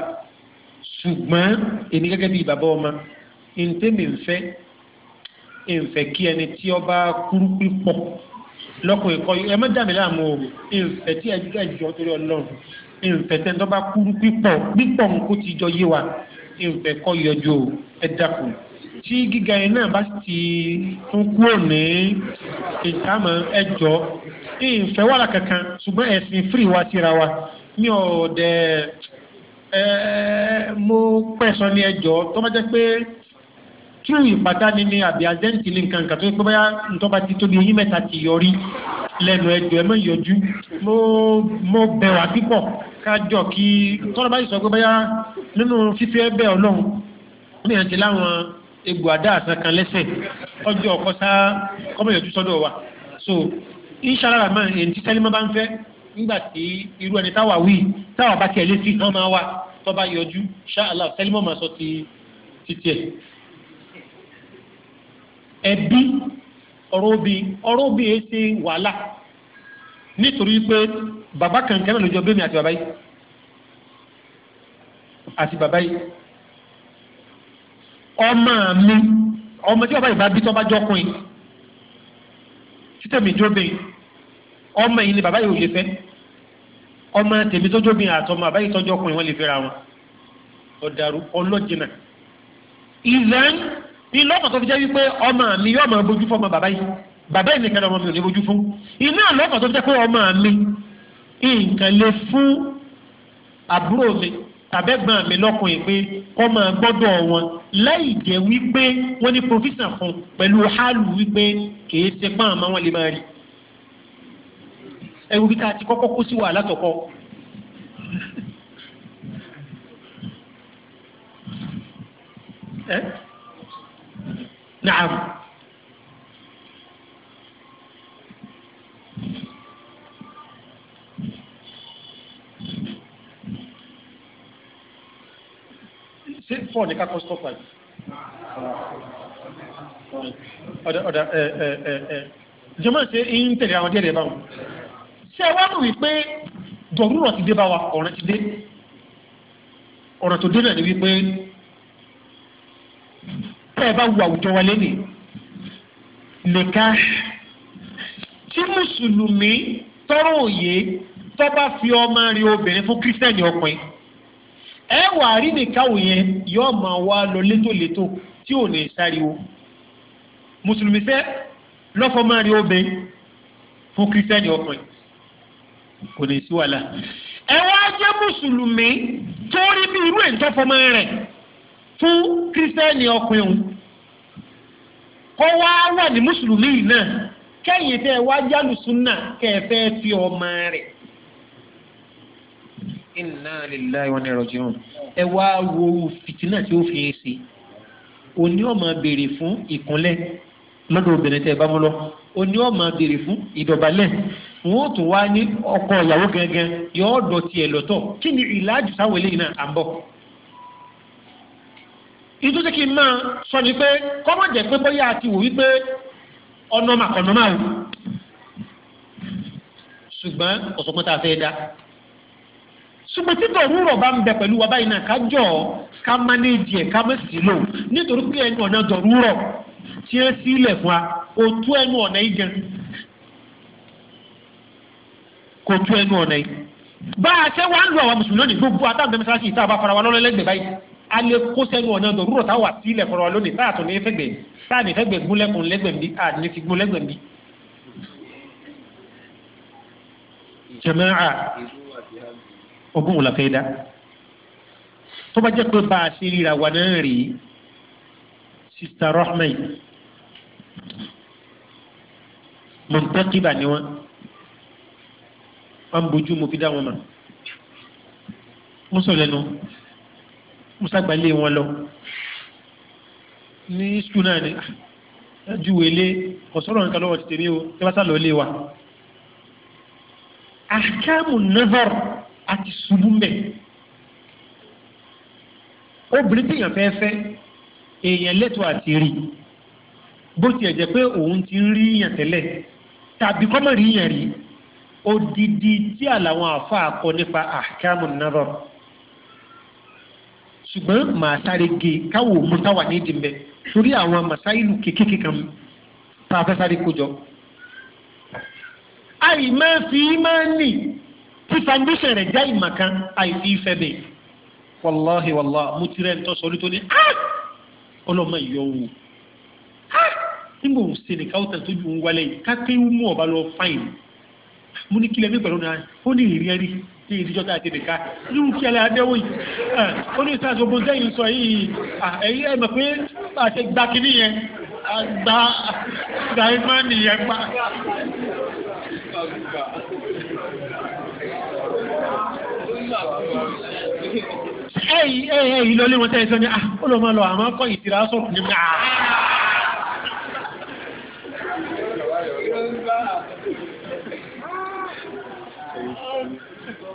ṣùgbọ́n èmi gẹ́gẹ́ bíi bàbá ọmọ ntẹ́mi nfẹ́ nfẹ́ kí ẹni tí ó bá kúrú pípọ̀ lọ́kùnrin kọ́ ẹ má dàmí láàmú o nfẹ́ tí ẹ jọ torí ọlọ́run ìfẹ́ tẹ́ tó bá kúrú pípọ̀ pípọ̀ ń kó ti jọ yé wa ìfẹ́ kọ́ yọjú ẹ dákun tí gíga yẹn náà bá ti tún kúrò ní ìtàmọ́ ẹjọ́ ìfẹ́ wàrà kankan ṣùgbọ́n ẹ̀sìn fírì wa síra wa mi ò dẹ̀ ẹ́ mo pẹ̀sọ́ ní ẹjọ́ tó bá jẹ́ pé tí ìpàdá ni ni àbí àjẹ́ǹtì lè nǹkan nǹkan tó ń pẹ́ bá ntọ́ba ti tó ní oyún mẹ́ta ti yọrí lẹ́nu ẹjọ́ ẹ mọ̀yọjú mo bẹ̀rù àbípọ̀ kájọ kí tọ́lọ́ba yìí sọ pé báyà nínú fífi ẹbẹ̀ ọlọ́run ní àti láwọn egbò àdá àṣà kan lẹ́sẹ̀ ọjọ́ ọ̀kọ́sá kọ́mọ̀yọjú sọ́dọ̀ wa so inshallah man èyí tí sẹ́lẹ̀ máa bá ń fẹ́ nígbà tí irú ẹni táwa wí táwa bá tiẹ̀ lé sí tán máa wà tọ́ba yọjú inshallah sẹ́lẹ̀ máa sọ ti tiẹ̀ ẹbí ọ̀rọ̀ obì ọ̀rọ̀ obì yẹn ṣe wàhálà nítorí pé bàbá kankan náà ló jọ bẹ́mi àti bàbá yìí àti bàbá yìí ọmọ mi ọmọ tí bàbá yìí bá bí tó bá jọkùnrin títẹ̀mí jóbìn ọmọ yìí ni bàbá yìí ò lè fẹ́ ọmọ tèmi tó jóbìn àtọmọ bàbá yìí tó jọkùnrin wọn lè fẹ́ra wọn ọ̀dàrú ọlọ́jìnà ìlẹ́yìn ilé ọ̀pọ̀ tó fi jẹ́ wípé ọmọ mi yóò máa bójú fún ọmọ bàbá yìí bàbá yìí nìkan ọmọ mi ò ní bójú fún ilé ọ̀pọ̀ tó fi jẹ́ pé ọmọ mi nǹkan lè fún àbúrò mi tàbẹ́gbọ́n mi lọ́kùnrin pé kọ́ máa gbọ́dọ̀ wọn láì jẹ́ wípé wọ́n ní provision fún pẹ̀lú hálù wípé kìí ṣe pọ́n àmọ́ wọn lè máa rí ẹ̀rù bí ká ti kọ́kọ́ kó sí wàhálà tọ̀kọ́. Eh? Naam. ṣé fọ ní kakọ stop five. ọ̀dà ọ̀dà ẹ ẹ ẹ ẹ jẹ́mọ̀ ṣe ń tẹ̀lé àwọn díẹ̀ díẹ̀ báwọn. ṣé ẹ wá mọ̀ wípé dọ̀rúrọ̀ ti dé bá wa ọ̀ràn ti dé ọ̀ràn tó dé náà ni wípé tẹ́ ẹ bá wo àwùjọ wa lé nìí nìkan tí mùsùlùmí tọrọ òye tó bá fi ọmọ rí obìnrin fún kírísítẹ́nì ọkùnrin ẹ wà rí nìkan òyìn yóò máa wá lọ létòlétò tí ò ní sáriwo mùsùlùmí fẹ́ lọ́fọ̀ọ́mọ rí obìnrin fún kírísítẹ́nì ọkùnrin kò ní sí wàhálà ẹ wá jẹ́ mùsùlùmí tó rí bí irú ẹ̀ ń tọ́fọ́mọ rẹ̀. fún kírísítẹ́nì ọkùnrin òun kọ́ wá rà ní mùsùlùmí náà kẹ́yìn tẹ́ wá jálùsùn náà fi ọmọ rẹ̀ inna lillahi wa inna rajiun ẹ wá tí ó fi ń ṣe fún ìkúnlẹ̀ lọ́dọ̀ obìnrin tẹ́ ẹ bá fún ìdọ̀bálẹ̀ wọn ò tún ní ọkọ ìyàwó gangan yọ ọ̀dọ̀ lọ́tọ̀ kí ni ìlàjù sáwọn eléyìí náà ìtúsí kí n máa sọ ni pé kọ́mọ̀ jẹ́ pé bóyá àti wò wípé ọ̀nà màkànnà máa wù ṣùgbọ́n ọ̀sọ̀pọ̀ tá a fẹ́ dá ṣùgbọ́n títọ̀ rúrọ̀ bá ń bẹ pẹ̀lú wa báyìí náà ká jọ ká mánéèjì ẹ̀ ká má sì lò nítorí pé ẹnu ọ̀nà dọ̀ rúrọ̀ tí ó sílẹ̀ fún wa kò tú ẹnu ọ̀nà yìí gan kò tú ẹnu ọ̀nà yìí bá a ṣe wá ń lo àwọn mùsùlùmí lónìí gbogbo àtàwọn mẹsàlásì ìta àbá fara báyìí alẹ́ kó sẹ́nu ọ̀nà dọ̀rúrọ̀ táwà sílẹ̀ fọ̀rọ̀ lónìí táà tó ní fẹ́gbẹ̀ táà ní fẹ́gbẹ̀ gúnlẹ́kùn lẹ́gbẹ̀mí àní fi gúnlẹ́gbẹ̀mí. jẹ̀mẹ́rà ogún wò la fẹ́ dá tó bá jẹ́ pé bá a ṣe ríra wà náà rí sista rahman mọ̀ntẹ́kìbà ni wọ́n wọ́n bójú mo fi dá wọn mọ̀ mo sọ lẹ́nu musa gbalẹ wọn lọ ní sùn ni ju wele ọsọrọ nǹkan lọ́wọ́ ti tèmi o tí wọn wa ahkamu nazar àti ṣubú mbẹ obìnrin tí èèyàn fẹ́ fẹ́ èèyàn lẹ́tọ̀ọ́ àti rí bó tiẹ̀ jẹ́ pé òun ti ń rí yàn tẹ́lẹ̀ tàbí kọ́mọ̀ rí yàn rí odidi tí àlàwọn àfa àkọ nípa ahkamu nazar ṣùgbọ́n màá sáré ge káwọ òun táwà ní ìdí mbẹ torí àwọn masáìlù kékeré kan tá a fẹ́ sáré kójọ. àì máa fi máa nì tí foundation rẹ̀ já ìmọ̀ kan àì fi fẹ́ bẹ́ẹ̀ wàláhi wàlá mo ti rẹ̀ ń tọ́ sọ́rí tó ní ọlọ́mọ ìyọ̀ wò nígbà òun ṣe nìkan ó tẹ̀ tójú òun wálé yìí kákéwú mú ọ̀bá lọ fáìn mo ní kílẹ̀ mi pẹ̀lú náà ó ní ìrírí sí ìdíjọ́ tá a ti lè ká irú kí ẹlẹ́ adéwò yìí ó ní sáà gbogbo sẹ́yìn sọ yìí ẹ̀yìn ẹ̀mọ̀ pé àṣẹ gba kínní yẹn gba gba ẹgbẹ́ nìyẹn pa. ẹ̀yìn ẹ̀yìn lọ́lé wọn sẹ́yìn sọ ni ó lọ́ máa lọ àmọ́ kọ́ ìtìrà sọ̀rọ̀ nígbà.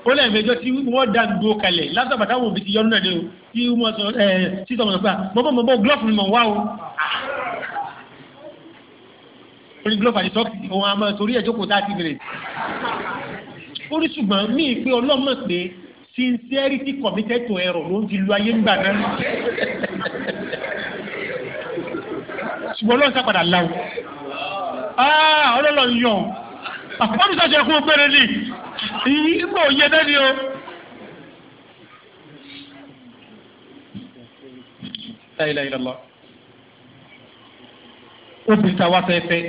pọ́lẹ̀ mẹjọ tí wọ́n dá ń do kalẹ̀ látọ̀ bàtà wò fi ti yọnu náà o tí wọ́n sọ ẹ títọ̀ mọ̀ nípa mọ́bọ̀ mọ́bọ̀ glove ni mọ̀ wá o. orí glove àti sọ́ọ̀kì òun àmọ́ torí ẹ̀ jókòó tá a ti bẹ̀rẹ̀. orí ṣùgbọ́n mí pé ọlọ́mọ pé sincerity committed to error ló ń ti lu ayé ńgbà náà. ṣùgbọ́n ọlọ́run sápadà láwù. Ah, ọlọ́run yọ̀ ọ́ ìgbò yẹ dẹ́ni o. láìla ìlọlọ obìnrin tá a wá fẹ́ẹ́ fẹ́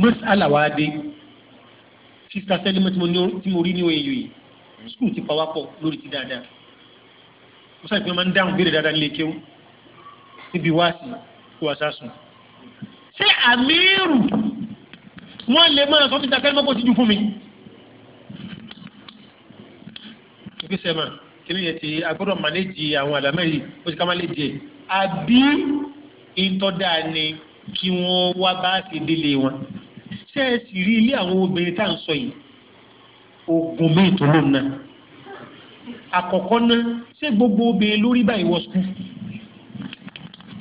mọ́sálà wa dé sísá sẹ́lẹ̀mọ́ tí mo rí ní oyè yìí sukùl ti pa wá pọ̀ lórí ti dáadáa musa ìpínlẹ̀ máa ń dáhùn béèrè dáadáa nílé kéwú níbi wáàsì kó wá sásùn. ṣé àmírù wọ́n lè máa sọ títà kẹ́lẹ́mọ́ kò síjú fún mi. ìbí sẹ́mà kí ló yẹ ti agbọ́dọ̀ mànéjì àwọn àdámẹ́rì ó ti ká má lè jẹ àbí ìtọ́dá ni kí wọ́n wá bá ti délé wọn. ṣé ẹ sì rí ilé àwọn obìnrin tá à ń sọ yìí oògùn míì tó lóun náà àkọ́kọ́ náà ṣé gbogbo obìnrin lórí báyìí wọ sùkúl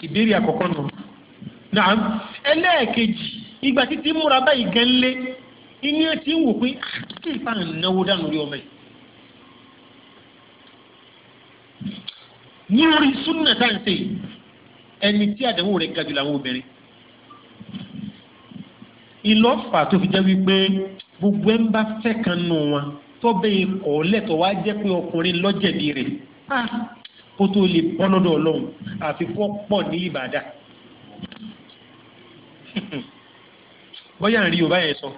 ìbéèrè àkọ́kọ́ náà. Nàá ẹlẹ́ẹ̀kejì ìgbà tí tí múra báyìí gan lé iní ẹ ti ń wò pé ah, kí ìfà náwó dànù rí ọmọ yìí. ní orí súnà tá à ń ṣe ẹni tí àdánwò rẹ̀ ga jù làwọn obìnrin. ìlọ́fà tó fi jẹ́ wípé gbogbo ẹ̀ ń bá fẹ́ kan nù wọn tọ́bẹ̀ ikọ̀ lẹ́tọ̀ wá jẹ́ pé ọkùnrin lọ́jẹ̀bi rẹ̀ ah, kó tó lè bọ́ lọ́dọ̀ ọlọ́run àfi pọ̀ ní ìbàdàn. (laughs) bóyá ń rí Yorùbá yẹn sọ.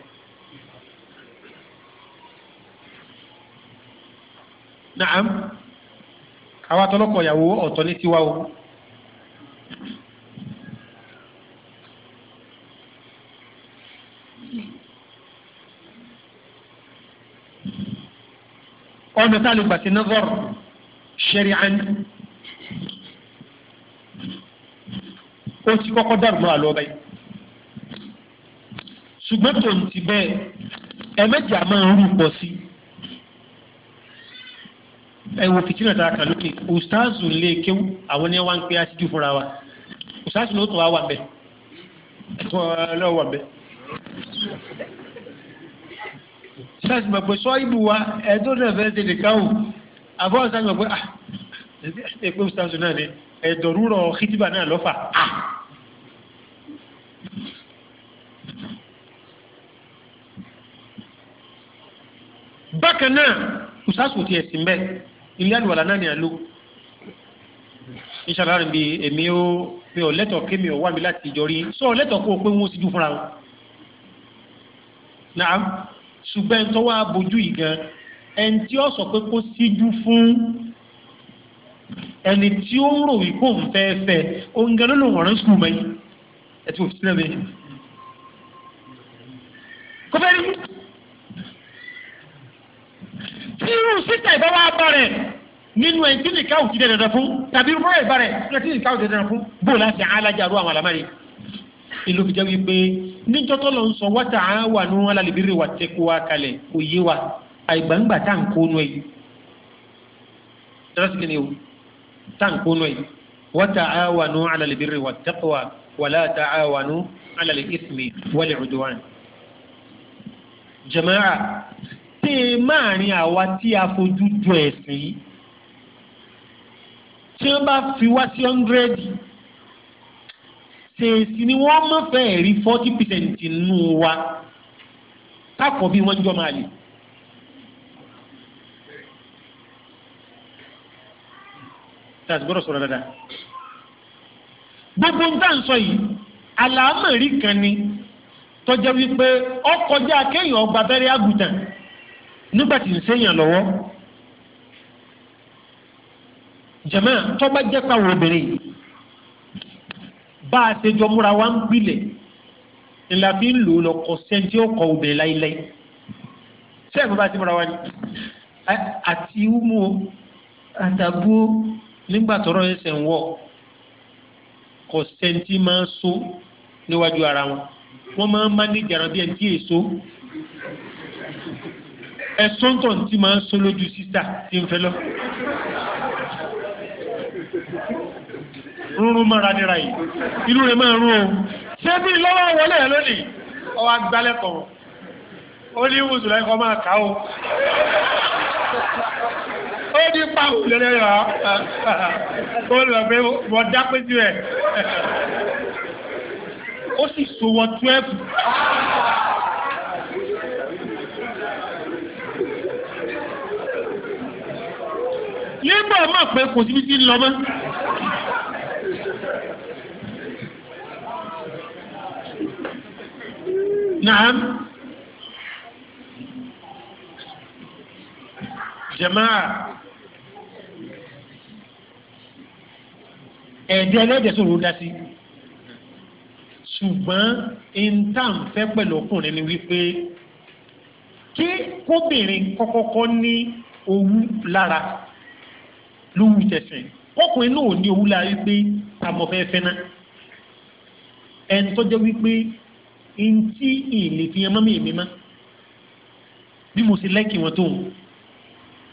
naam àwa tọlọ́kọ ìyàwó ọ̀tọ̀ ní tiwa o. ọ̀nà tá a lè gbà sí nazar shari'an ó ti kọ́kọ́ dàrú mọ́ àlọ́ báyìí ṣùgbọ́n tó ń ti bẹ́ẹ̀ ẹ̀mẹ́jà máa ń rú pọ̀ sí i ẹ wo fìtínà tá a kà lókè ustaazu lè kéwú àwọn ní wá ń pè aṣíjú fúnra wa ustaazu ló tún wá wà bẹ ẹtún ọlọ́wọ́ wà bẹ. ustaazu mọ̀ pé sọ ibù wa ẹ̀dọ́ náà fẹ́ẹ́ tètè káwù àbọ̀ ustaazu mọ̀ pé ah ẹ ni ẹ̀dọ̀rúrọ̀ kìtìbà náà lọ́fà bákan náà kùsàsù tiẹ̀ sí mbẹ́ ilé àlùwàlà náà ni àlò ìṣàlá rẹ̀ bí èmi ó mi ò lẹ́tọ̀ kémi ò wá mi láti ìjọ rí sọ lẹ́tọ̀ kó o pé wọ́n ti dún fúnra wọn. náà ṣùgbọ́n tó wá bójú yìí gan ẹni tí ó sọ pé kó síjú fún ẹni tí ó rò wípé òun fẹ́ fẹ́ òun gan ló wọ̀n rán sùkúù mọ́ ẹ̀ tí ò fi sílẹ̀ bẹ́ẹ̀. kọ́fẹ́ tí irú síta ìbá wa bá rẹ̀ nínú ẹni tí nìkan ò ti dẹ̀ dandan fún tàbí irú bọ́rẹ̀ ìbá rẹ̀ nínú ẹni tí nìkan ò ti dẹ̀ dandan fún bó láti alájà ru àwọn àlámárì ìlú fi jẹ́ wípé níjọ́tọ́ lọ ń sọ wọ́tà wà ní wọn lálẹ́ bírí wa kalẹ̀ kò yé wa àìgbàǹgbà tá à ń kónú ẹ̀ tẹ́lẹ̀ sìkìnnì o tá à ń kónú ẹ̀ wọ́tà wà ní wọn lálẹ́ bírí wà tẹ́kù wa wàlá tá a wà ní alẹ́ ìsmi wal ṣe é àwa tí a fojú jọ ẹ̀sìn yìí tí wọ́n bá fi wá sí ọ́ngírẹ́dì ṣèèṣì ni wọ́n mọ̀ fẹ́ẹ́ rí fọ́tí pìsẹ̀ǹtì nù wa kákọ̀ọ́ bí wọ́n jọ máa lè. tàbí gbọ́dọ̀ sọ̀rọ̀ dáadáa. gbogbo ń tà ń sọ yìí àlàámọ̀ rí kan ni tọ́jà wípé ọkọjá kéèyàn ọgbà abẹ́rẹ́ àgùntàn nígbà tí ń séèyàn lọ́wọ́ jẹ̀mọ́ tọ́ba jẹ́ káwọn obìnrin bá a ṣe jọ múra wá ń gbilẹ̀ ńlá fi ń lò lọ kọ sẹ́ńtì ọkọ̀ obìnrin láíláí ṣé ẹ̀fọ́ bá ti múra wá ní àti umu àtàbú nígbà tọrọ ẹsẹ̀ ń wọ̀ kọ sẹ́ńtì máa ń so níwájú ara wọn wọ́n máa ń má ní jàrán bí ẹni tí èso ẹ̀sùn tó ń ti máa ń sọ lójú sísá ti ń fẹ́ lọ. rúnrún mọ́ra nira yìí inú rẹ̀ máa ń rún o. ṣé bí lọ́wọ́ wọlé ẹ̀ lónìí ọwọ́ agbálẹ́kọ̀ọ́ ó ní wùsùn láì kọ́ máa kà ó. ó ní pàwọ́ lẹ́lẹ́ yọ̀ ọ́ ó lọ pé wọ́n dápẹ́ sí rẹ̀ ó sì so wọ́n túwẹ́fù. Lébọ̀ mọ̀ pé kò síbi tí ń lọ mọ́. Nàám. Jẹ̀máà. Ẹ̀dí ẹlẹ́dẹ̀ sòrò dá sí. Ṣùgbọ́n intan fẹ́ pẹ̀lú ọkùnrin ni wípé kí kóbìnrin kọ́kọ́kọ́ ní owú lára lówù tẹ̀sán ọkùnrin náà ò ní owó la wípé amọ̀fẹ́fẹ́ náà ẹni tó jẹ́ wípé ntí ìlè fi ẹmọ́ mi mímá bí mo sì lẹ́kì wọn tó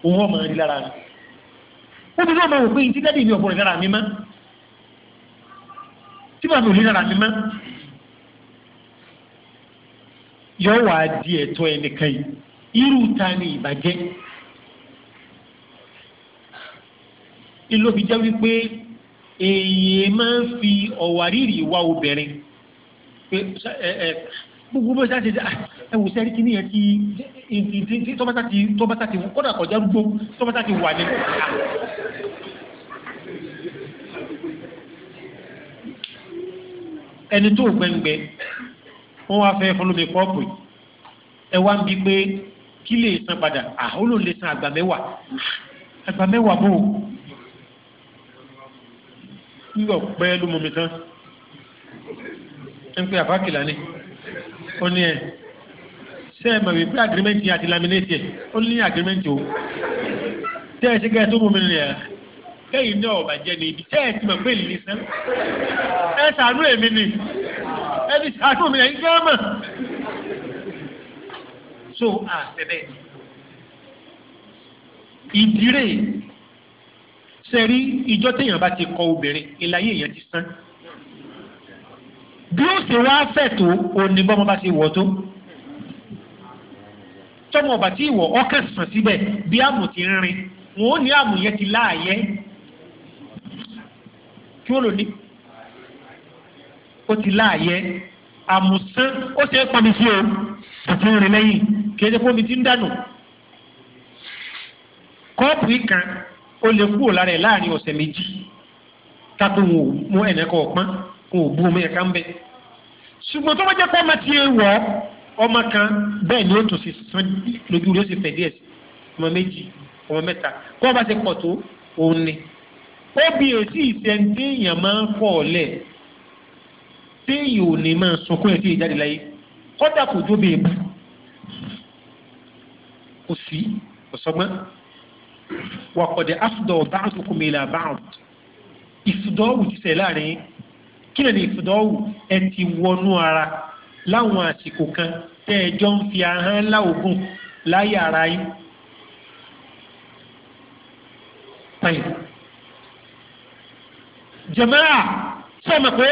òun ọmọ rí lára mi ó fi náà máa wò pé ntí dádì mi ọ̀pọ̀ rẹ̀ lára mi tí màá ò rí lára mi yọ wàá di ẹ̀tọ́ ẹnìkan yìí irú ta ni ìbàjẹ́. ìlò fi jẹ́ wípé èèyàn máa ń fi ọ̀wárìrì wá obìnrin gbogbo bó ṣe ṣe ẹ wò sẹ́rí kí nìyẹn ti tọ́bátà ti tọ́bátà ti kọ́dà kọjá gbó tọ́bátà ti wà ní. ẹni tó gbẹngbẹ wọn wá fẹ́ fún lómi kọ́ọ̀pù ẹ wá ń bi pé kí lè san padà àhólò lè san àgbà mẹ́wàá àgbà mẹ́wàá bò ó kí ọ̀pẹ́ ló mọ̀ mi tán ń pe àfákìlà ni ó ní ẹ ṣé ẹ mọ̀ wípé agirimẹ́ntì àti laminate ẹ̀ ó ní agirimẹ́ntì o tẹ́ ẹ ṣe kẹ́ ẹ tó mú mi nìyà kẹ́yìn náà ọ̀bà jẹ́ ní ibi tẹ́ ẹ ti mọ̀ pé lè sẹ́ ẹ ṣàánú èmi ni ẹ ti ṣàánú mi ẹ̀yìn gẹ́mà so àṣẹ bẹ́ẹ̀ ìdírè sẹ́rí ìjọ téèyàn bá ti kọ obìnrin ìlàyé èèyàn ti sán bí ó sì wá fẹ̀ tó òní bọ́mọ bá ti wọ̀ tó tọmọ ọba tí ìwọ ọkẹsàn síbẹ̀ bí àmù ti rin wọn ò ní àmù yẹn ti láàyè kí wọn lò ní ó ti láàyè àmùsán ó ṣe é pọnmi sí o kò tí lẹ́yìn kì í ṣe pọnmi tí ń dànù kọ́ọ̀pù yìí kan ó lè kúrò lára ẹ̀ láàrin ọ̀sẹ̀ méjì kátó wọn ò mú ẹ̀nẹ́kọ̀ ọ̀pọ́n wọn ò bú omi ẹ̀ka ń bẹ. ṣùgbọ́n tó bá jẹ́ pé ọmọ ti wọ̀ ọmọ kan bẹ́ẹ̀ ni ó tún sí sàn lójú ló sì fẹ̀ díẹ̀ sí ọmọ méjì ọmọ mẹ́ta kó o bá ti pọ̀ tó òun ni. ó bí èsì ìṣẹ̀ǹtì èèyàn máa ń fọ̀ ọ̀lẹ̀ téèyàn ò ní máa sunkún ètò ìjáde láyé kọ́dà kò jó bèèbù kò sí ọ̀sọ́gbọ́n wàkọ̀dẹ̀ afdọ̀ báńkì kùmìlà báńkì ìfùdọ́wù ti tẹ̀ kina ni lè ní ìfùdọ́wù ẹ ti wọnú ara láwọn àsìkò kan tẹ́ ẹ jọ ń fi ahọ́n láògùn láyé ara yín. jẹ̀mẹ́rà sọ̀mọ̀ pé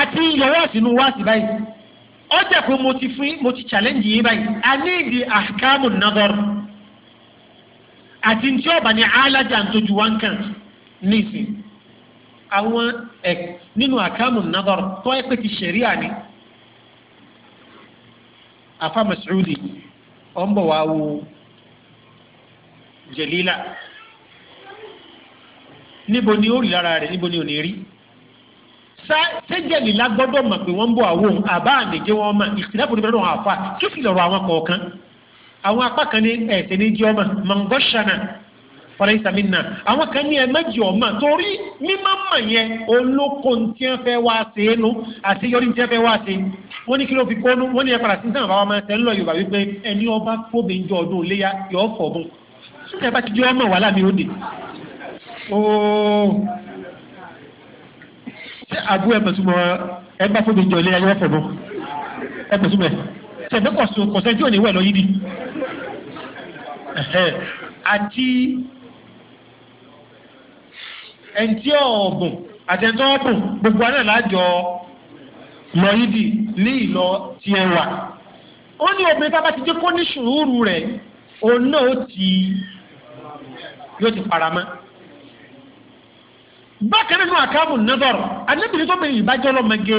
a ti ń yọ wáàsí inú wáàsí báyìí ọjà mo ti fún mo ti challenge yín báyìí a ní ìdí ahkamu nadar àti ntí ọba ní alájà ntójú wá ń kàn nísìn àwọn ẹ nínú àkàmù nàbọrọ tó ẹ pé ti ṣẹríà ni afa Mas'udi ọ̀nbọ wa wo jẹlíla níbo ni ó rí lára rẹ̀ níbo ni ò ní rí sẹ́jẹ̀lì la gbọ́dọ̀ mọ̀ pé wọ́n ń bọ̀ àwọn àbá àmì jẹ́ wọ́n mọ̀ ìsìlẹ̀ kò wọn àfa kí sì lọ́rọ̀ àwọn kọ̀ọ̀kan àwọn apá kan ní ẹ̀sẹ̀ ní jọ́mà mọ̀ngọ́ṣánà fọlẹ́ ìsàmìnà àwọn kan ní ẹ̀mẹ́jì ọ̀mà torí mímọ́ mọ̀ yẹn olóko tí wọ́n fẹ́ wá sí inú àti yọrí tí wọ́n fẹ́ wá sí wọ́n ní kí ló fi kónú wọ́n ní ẹ̀ padà sí sáà bá wa máa tẹ́ ń lọ Yorùbá wípé ẹni ọba fóbi jọ ọdún léyà yọ fọ̀ bùn ṣé bá ti jọ ọmọ wàhálà mi ó dé ooo ṣé àbú ẹ̀ pẹ̀sùn mọ́ ẹ bá fóbi jọ léyà yọ fọ̀ bùn ẹ pẹ̀sùn mẹ́ ṣẹ̀dẹ́kọ̀sùn kọ̀sẹ́jú àti ẹ̀ǹtí ọ̀ọ̀bùn àti ẹ̀ǹtí ọ̀ọ̀bùn gbogbo àná lájọ lọ yídì ní ìlọ ti ẹwà ó ní obìnrin tá a bá ti jẹ́ kó ní sùúrù rẹ̀ òun náà ó ti yóò ti faramọ́ bákan nínú àkàbù nọ́dọ̀rọ̀ anábìrin tó bẹ̀rẹ̀ ìbájọ́ lọ́mọge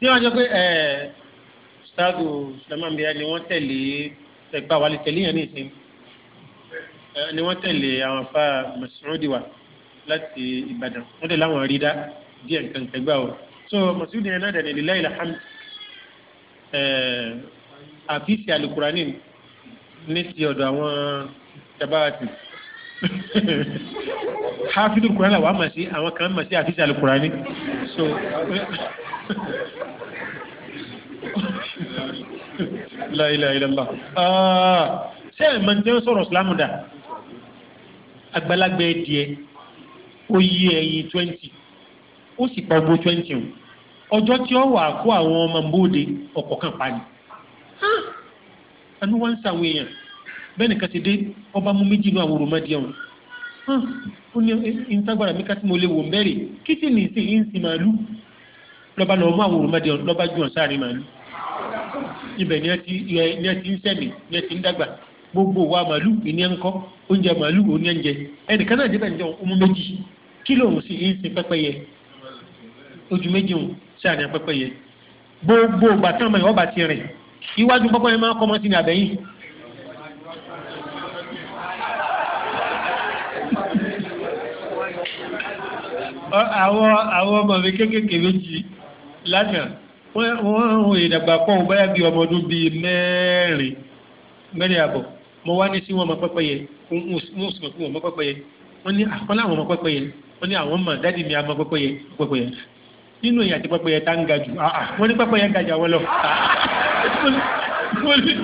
ní wọ́n jẹ́ pé ẹ̀ẹ́ ṣáàgù ni wọ́n tẹ̀lé ẹgbà wà lè tẹ̀lé yẹn ní ìsìn ni wọ́n tẹ̀lé àwọn afá Mas'udi wa láti Ìbàdàn wọ́n tẹ̀lé àwọn rídá díẹ̀ nǹkan gbà o so Mas'udi yẹn náà dẹ̀ nílẹ̀ láì làhámd àfíìsì alukurani ní ti ọ̀dọ̀ àwọn tabaati (laughs) hafidu kurani làwọn àmà sí àwọn kan mà sí àfíìsì alukurani so. (laughs) (laughs) la ilaha illallah ah, ṣé ẹ̀ máa ń jẹ́ sọ̀rọ̀ ìsìlámù dà àgbàlagbà ẹ̀dìẹ̀ ó yí ẹyin twenty ó sì pa ogbó twenty o ọjọ́ tí ó wà kó àwọn ọmọ mbóde ọkọ̀ kan pa ni ẹnu ah, wá ń sàwọn èèyàn bẹ́ẹ̀ nìkan ti dé ọba mú méjì inú àwòrán má díẹ̀ wọn ah, ó ní ìtagbára eh, mi ká tí mo lè wò mẹ́rin kí sì ní sí ìsìn màálù lọ́ba lọ́ọ́ mú àwòrán má díẹ̀ lọ́ba jù ọ̀sáàrin màálù ibẹ̀ ni ẹ ti ni ẹ ti ń sẹ́mi ni ẹ ti ń dàgbà gbogbo wa màálù ìní ẹ ń kọ́ oúnjẹ màálù òní ẹ ń jẹ ẹnìkan náà débẹ̀ ń jẹun ọmọ méjì kí lòun sì ń sin pẹ́pẹ́yẹ ojú méjì òun sí àná pẹ́pẹ́yẹ gbogbo ìgbà tí ọmọ ìwọ́ba ti rìn iwájú pẹ́pẹ́yẹ máa kọ́ ọmọ sí ní àbẹ̀yìn àwọn àwọn ọmọ mi kéékèèké méjì lánàá wọ́n ìdàgbà kan báyà bíi ọmọ ọdún bíi mẹ́rin mẹ́rin àbọ̀ mo wá ní sí wọn ọmọ pẹ́pẹ́yẹ mo sì mọ̀ fún wọn ọmọ pẹ́pẹ́yẹ wọ́n ní àkọ́lá ah, àwọn ọmọ pẹ́pẹ́yẹ wọ́n ní àwọn ọmọ dádì mi àmọ́ pẹ́pẹ́yẹ pẹ́pẹ́yẹ nínú èyí àti pẹ́pẹ́yẹ tá ń ga jù wọ́n ah, ah, ní pẹ́pẹ́yẹ ga jù àwọn lọ (laughs)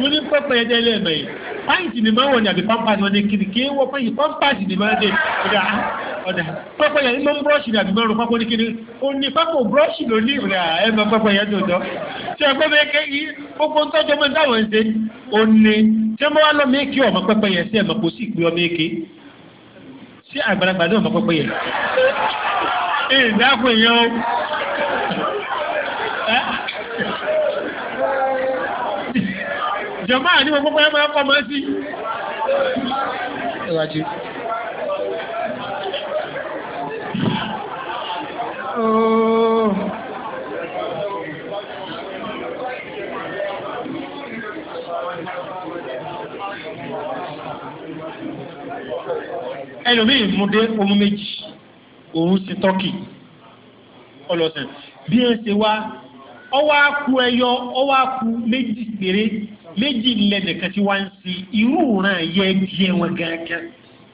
mo ní pẹ́pẹ́yẹ jẹ́ ilé fáyìntì ni máa wọ̀ ní àbí pampers wọn ní kiri kí wọ́n fáyìntì pampers ni máa dé ọ̀dà ah, ọ̀dà pápá yẹn ló ń búrọ́ọ̀ṣì ní àbí máa ń ro pápá ní kiri ó ní pápá búrọ́ọ̀ṣì ló ní ìrìn àyẹ̀ máa pápá yẹn tó tọ́ ṣé ẹgbẹ́ bẹ́ẹ̀ kẹ́ yí gbogbo ń tọ́jú ọmọ táwọn ń ṣe ó ní ṣé mo wá lọ méèkì ọmọ pápá yẹn sí ẹ̀mọ́ kò sí ìpè ọmọ èké ṣé àgbàlagbà náà mọ pápá yẹn jọmọ́ àní mo gbogbo ẹ máa kọ́ máa sí. ẹlòmíì mú dé omi méjì òun sí tọ́kì ọlọ́sẹ̀ bí ẹ ṣe wá ọwọ́ á ku ẹyọ ọwọ́ á méjì péré méjì lẹ́nìkan tí wọ́n ń ṣe irú ìran yẹ díẹ̀ wọn gángan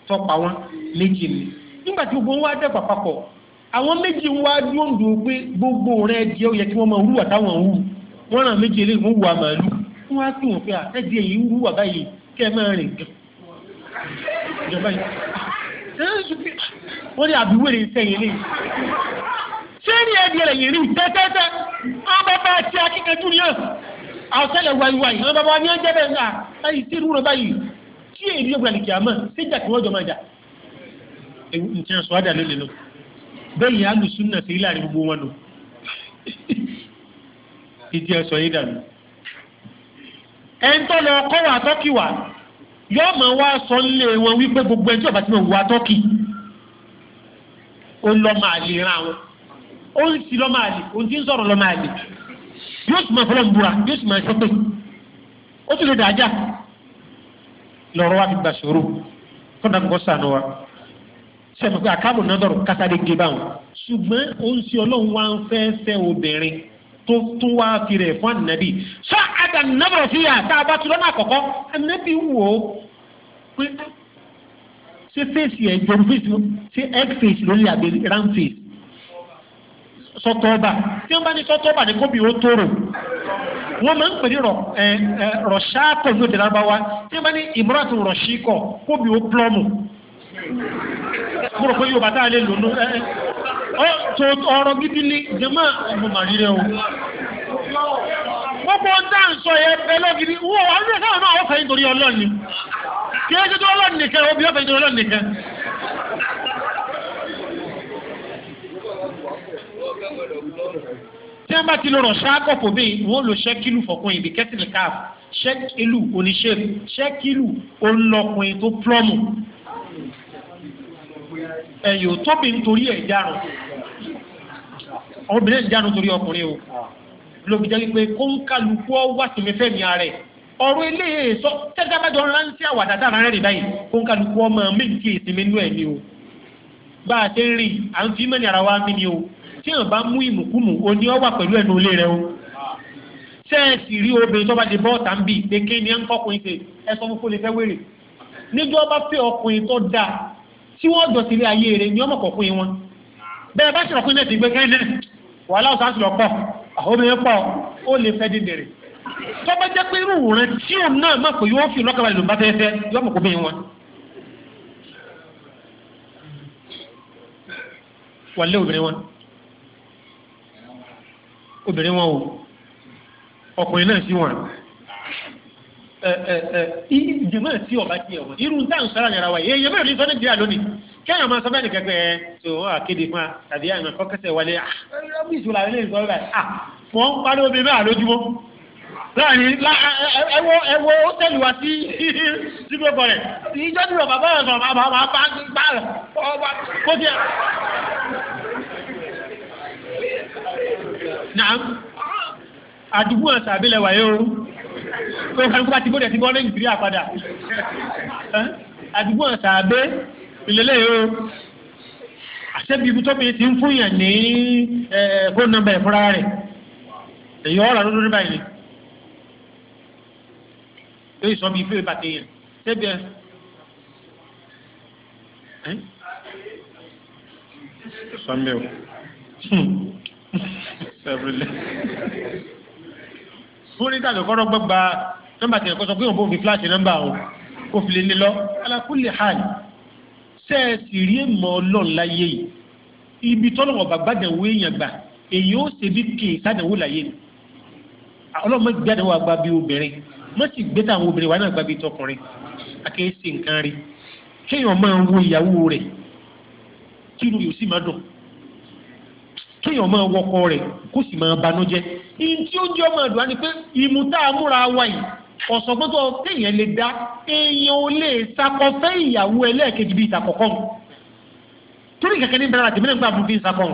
tọ́pa wọn méjì ni nígbà tí gbogbo wọn wá dẹ́pà papọ̀ àwọn méjì ń wá dúró ń dùn pé gbogbo rẹ díẹ̀ ó yẹ kí wọ́n máa wúwà táwọn wù wọ́n ràn méjì eléyìí wọ́n wù àmàlù wọ́n wá sí wọn pé àtẹ́jì èyí wúwà báyìí kẹ́ ẹ máa rìn gan wọ́n ní àbíwé rẹ̀ sẹ́yìn lé ṣé ní ẹ̀dí ẹ̀rẹ̀ yìí rí tẹ́tẹ́tẹ́ àwọn sẹ́lẹ̀ wáyíwáyí ọ̀nà bàbá ní ọjọ́ bẹ́ẹ̀ náà láyé tí irú rẹ̀ báyìí tí èyí yóò gbàlìkì àmọ́ síjà kí wọ́n jọ máa jà ewu ní tiẹ̀ sọ́dà lónìí lọ bẹ́ẹ̀ yà á lù súnà sí láàrin gbogbo wọn lò ìdí ẹ̀sọ́ yìí dànù. ẹ̀ńtọ́ lọ kọ́ wà tọ́kì wà yóò máa wá sọ nílé wọn wípé gbogbo ẹjọ́ bá ti mọ̀ wà tọ́kì ó lọ́ máa lè ra wọn ó ń sì lọ́ máa lè ó ń ti ń sọ̀rọ̀ lọ́ máa lè yóò sì máa fọlọ́n búra yóò sì máa ṣépè ó sì lè dàájà lọ́rọ́ wa ti gbà sòrò kọ́ńtà kò sànù wa sẹ́mi pé àkàbò náà dọ̀rọ̀ kásáde gé báwọn ṣùgbọ́n ó ń ṣe ọlọ́run wá ń fẹ́ fẹ́ obìnrin tó tún wá fi rẹ̀ fún ànábì sọ àdà nàbọ̀rọ̀ sí yà tá a bá tún lọ́nà àkọ́kọ́ ànábì wò ó pé ah, ṣé fèsì ẹ̀ jọ̀rọ̀ fèsì ṣé egg face ló lè àbẹ̀ round sọtọọba tí wọn bá ní sọtọọba ní kóbi ó tóró wọn máa ń pè ní rọṣáàtọ ní òde lárúbáwá tí wọn bá ní ìmúratù rọṣíkọ kóbi ó plọmù mo rò pé yorùbá tá a lè lò nù ọ̀rọ̀ gidi ni jẹmọ ọmọ màrírẹ o gbogbo dáǹsọ yẹ ẹlọ́gidi wo àwọn ẹ̀ka àwọn ọ̀fẹ́ nítorí ọlọ́ọ̀ni kí ẹ jẹ́ tó ọlọ́ọ̀nì nìkan obì ọ̀fẹ́ nítorí ọlọ́ọ̀nì nìkan. tí wọ́n bá ti lọ rọ̀ ṣáàkọ̀ fún mi wọ́n lò ṣẹ́kìlù fọkùnrin ibi kẹ́tìlì káàfù ṣẹ́kìlù oníṣẹ́lù ṣẹ́kìlù olùlọkùnrin tó plọ́mù ẹ̀yìn ò tóbi nítorí ẹ̀ jarun obìnrin ń jarun torí ọkùnrin o lóbi jẹ́ pé kó ń kálukú ọ wá sí mi fẹ́ mi ara ẹ̀ ọ̀rọ̀ eléyè sọ tẹ́tẹ́ bá jọ rántí àwàdà dára rẹ̀ báyìí kó ń kálukú ọmọ méjì ìsinmi nú ẹ̀ o bá a ṣe ń rìn à ń fi mẹ́ni ara wa mí ni o tí wọn bá mú ìmùkúmù oní ọwà pẹ̀lú ẹnu ilé rẹ o sẹ́ẹ̀sì rí obìnrin tó bá di bọ́ọ̀tà ń bì pé kí ni ẹ ń kọ́kùnrin ṣe ẹ sọ fún fúnni fẹ́ wèrè níjọ́ bá fẹ́ ọkùnrin tó dáa tí wọ́n jọ sílé ayé rẹ ni ọmọ kọ̀ọ̀kùnrin wọn bẹ́ẹ̀ bá ṣe ọkùnrin náà ti gbé kẹ́hìn náà wàhálà ọ̀sán ṣùlọ pọ̀ obìnrin pọ̀ ó lè fẹ́ dídèrè tó bá jẹ́ pé irú rẹ tí òun náà mọ̀ pé yóò fi lọ́kàbalẹ̀ ló bá fẹ́ fẹ́ yọmọ kó bẹ́ẹ̀ wọn. wàlẹ́ obìnrin wọn obìnrin wọn o ọkùnrin náà sí wọn ìjùmọ̀ tí ọba jẹ wọn irú tá à ń sọ́ra yàrá wa yẹ yẹ mẹ́rin sọ́dọ̀ díẹ̀ lónìí kẹ́hìn máa sọ bẹ́ẹ̀ nìkan pé tó àkéde fún wa tàbí àmì kọ́kẹ́sẹ̀ wálé ọbí ìṣòro àwọn eléyìí sọ́dọ̀ báyìí wọ́n ń parí obìnrin náà lójúmọ́ láàrin ẹwọ ẹwọ ó tẹ̀lé wa sí sígbókọ rẹ̀ ìjọ tí wọ́n bàbá ọ̀sán bàbá máa bá gbà ọba kó tiẹ̀ náà àdúgbò àtàbílẹ̀ wáyé o pé kálukú bá ti bóde ti bọ́ ní nàìjíríà padà àdúgbò àtàbẹ́ ìlélẹ̀ o àṣẹ́bí ibi tóbi ti ń fún yàn ní fóònù nọ́mbà ìfúnra rẹ̀ èyí ọ̀rọ̀ ló lórí báyìí lórí sọ mi ìfẹ́ ìbàtẹ́ yẹn ṣẹ́bi ẹ̀ sọ́mbẹ́ o sẹ́fúrẹ́lẹ́. fúnni tàbí kọ́rọ́ gbọ́gba nọ́mbà tẹ̀lé kọ́sọ́ pé òun bò fi fíláṣì nọ́mbà o kò fi lè lé lọ. alákùnlé hàn ṣe é sì rí èèmọ̀ ọlọ́run láyé yìí ibi tọ́lọ̀wọ̀ bàbá dẹ̀wò èèyàn gbà èyí ó ṣe bí kì í sádẹ̀wò láyé ni. ọlọ́run mọ̀tì gbàdẹ̀wò àgbà bíi obìnrin mọ̀tì gbé táwọn obìnrin wà náà gbà bíi tọkùnrin akéésì nǹkan rí kéèyàn máa ń wo ìyàwó rẹ̀ kí inú yóò sì máa dùn kéèyàn máa wọkọ rẹ̀ kó sì máa banújẹ́ ìyìn tí ó jẹ́ ọmọ àdúrà ni pé ìmúta àmúra wa yìí ọ̀sọ̀gbọ́n tó kéèyàn lè dá èèyàn ò lè sakọfẹ́ ìyàwó ẹlẹ́ẹ̀kejì bíi ìtàkọ̀kọ́ torí kẹ̀kẹ́ ní bẹ̀rẹ̀ àtìmílẹ̀ nígbà fún fi ń sakọ̀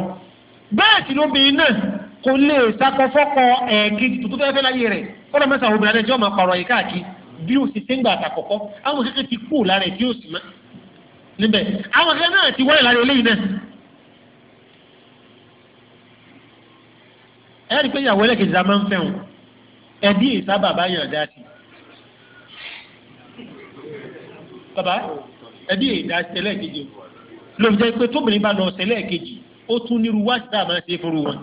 bẹ́ẹ̀ sì ló bẹ̀rẹ̀ náà kò lè sakọfọ́kọ ẹ̀ẹ̀kejì tó tó fẹ́ fẹ́ láyé rẹ̀ kọ́lọ́ ẹ rí i pé ìyàwó ẹlẹ́kejì ta máa ń fẹ́hùn ẹbí ìsábà bá yàn dá sí bàbá ẹbí ìdá ẹlẹ́kejì lóbi jẹ́ pé tóbìnrin bá lọ ẹlẹ́kejì ó tún nírú wáṣí tá a máa ṣe fúru wọn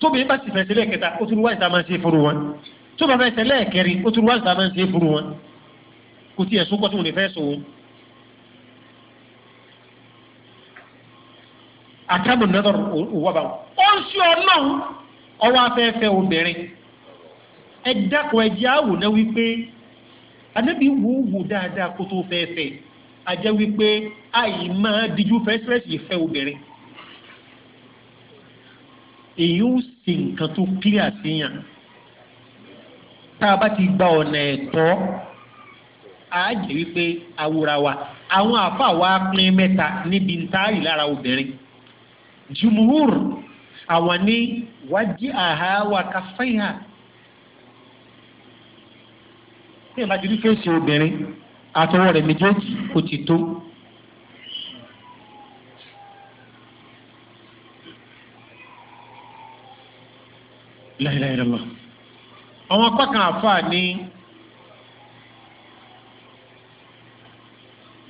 tóbìnrin bá ti fẹ́ ṣẹlẹ̀ kẹta ó tún wáyé tá a máa ṣe fúru wọn tó bá fẹ́ ṣẹlẹ̀ kẹrin ó tún wáyé tá a máa ṣe fúru wọn kò tiẹ̀ sókọ́ tí mo lè fẹ́ sọ wọn. àtàmù nọ́dọ̀ òwò bá wọn. ó ń ṣe ọlọ́run ọwọ́ afẹ́fẹ́ obìnrin ẹ dákun ẹjẹ́ àwòná wípé anábì wò wò dáadáa kó tó fẹ́ẹ́fẹ́ àjẹ́ wípé àyè máa díjú fẹ́ẹ́fẹ́ẹ́sì fẹ́ obìnrin. èyí ó sì nǹkan tó kílíà sí yàn tá a bá ti gba ọ̀nà ẹ̀tọ́ a jẹ́ wípé awúra wa àwọn àfa wa pín mẹ́ta níbi ntaari lára obìnrin jùmùhúr àwọn ní wájí àháwà káfáyà ní ìbájú ní fèsì obìnrin àtọwọ́ rẹ̀ méjèèjì kò ti tó. La ilaha illallah àwọn apá kan àfa ní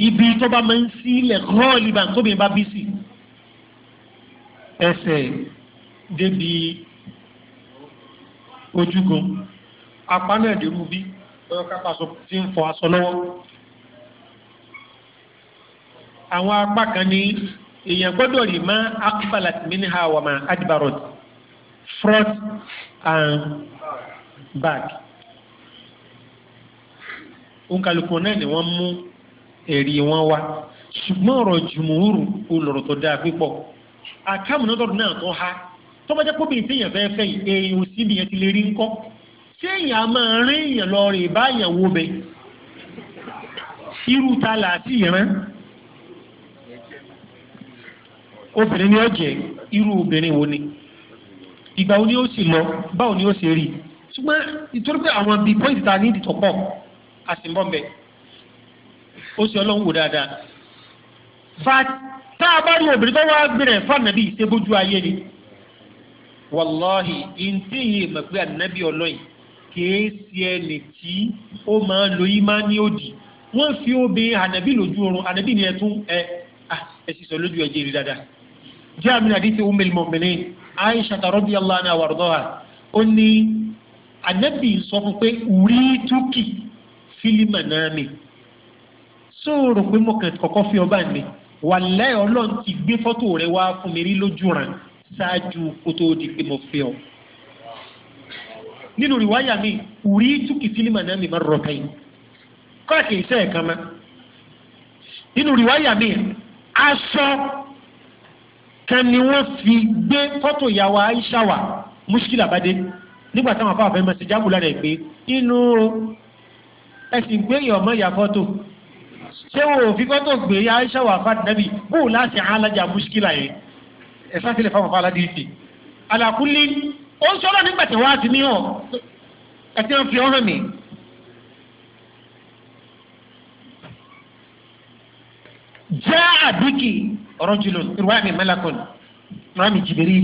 ibi tó bá máa ń sílẹ̀ rọ́ọ̀lì bá ń tóbi bá bí sí i ẹsẹ̀ débi ojúgun apá náà dérú bí ọyọ kápá sọ tí ń fọ aṣọ lọ́wọ́ àwọn apá kan ní èèyàn gbọ́dọ̀ rí má akpala minha wa ma adbarat front and back òǹkàlùkù náà ni wọ́n mú ẹ̀rí wọn wá ṣùgbọ́n ọ̀rọ̀ jùmùúrù olùrọ̀ tó dáa pípọ̀ àkàmù nọ́dọ̀dù náà tó ha tó bá jẹ́ pé obìnrin téèyàn fẹ́ fẹ́ èèyàn ò síbi yẹn ti lè rí ńkọ́ téèyàn á máa rí èèyàn lọ rè báyàn wo bẹ irú ta là á sì rán obìnrin ni ó jẹ irú obìnrin wo ni ìgbà wo ni ó sì lọ báwo ni ó sì rí ṣùgbọ́n ìtorí pé àwọn bíi pọ́ìntì ta ní ìdìtọ̀pọ̀ àsìmbọ̀nbẹ ó sì ọlọ́run wò dáadáa tá a bá rí obìnrin tó wá gbìrẹ̀ fànàbí ìṣebójú ayé ni wàláhì ìntì yìí mọ̀ pé ànábì ọlọ́yìn kìí ṣe ẹni tí ó máa lo ìmání òdì wọ́n fi obìnrin ànábì lójú oorun ànábì ni ẹ̀tún ẹ̀ ẹ̀ sì sọ lójú ẹ̀jẹ̀ rí dáadáa jẹ́ àmì àdìsí ummul mu'minin Aisha radiyallahu anha warḍaha ó ní ànábì sọ fún pé rí túkì fílímà náà mi sóòrò pé mo kàn kọ́kọ́ fi ọba mi wàlẹ́ ọlọ́run ti gbé fọ́tò rẹ wá fún mi rí lójú ràn ṣáájú kó tó di pé mo fẹ́ ọ. nínú ìwáyà mi rí túkì fílímù náà mi máa rọ̀ kẹ́yìn kọ́ra kì í sẹ́ ẹ̀kan mọ́. nínú ìwáyà mi aṣọ kan ni wọ́n fi gbé fọ́tò ìyàwó Aisha muskila bade nígbà táwọn afáfẹ́ mọ̀ sí jábùlá rẹ̀ pé inú ẹ̀sìn gbé ìyọ̀mọ́ ìyá fọ́tò ṣé o ò fi kọ́tò gbé aisha wà fún àdínábì bóò láti alájà muskila yẹn ẹ̀sán tilẹ̀ fáwọn fáwọn aládìí ti àlàkúlí ó ń sọ̀rọ̀ nígbà tí wọ́n á ti ní hàn ẹ̀tí wọn fi ọ̀rọ̀ mi. jẹ́ àbíkì ọ̀rọ̀ jùlọ ìrọ̀wá mi mẹ́lákùn ìrọ̀wá mi jìbìrì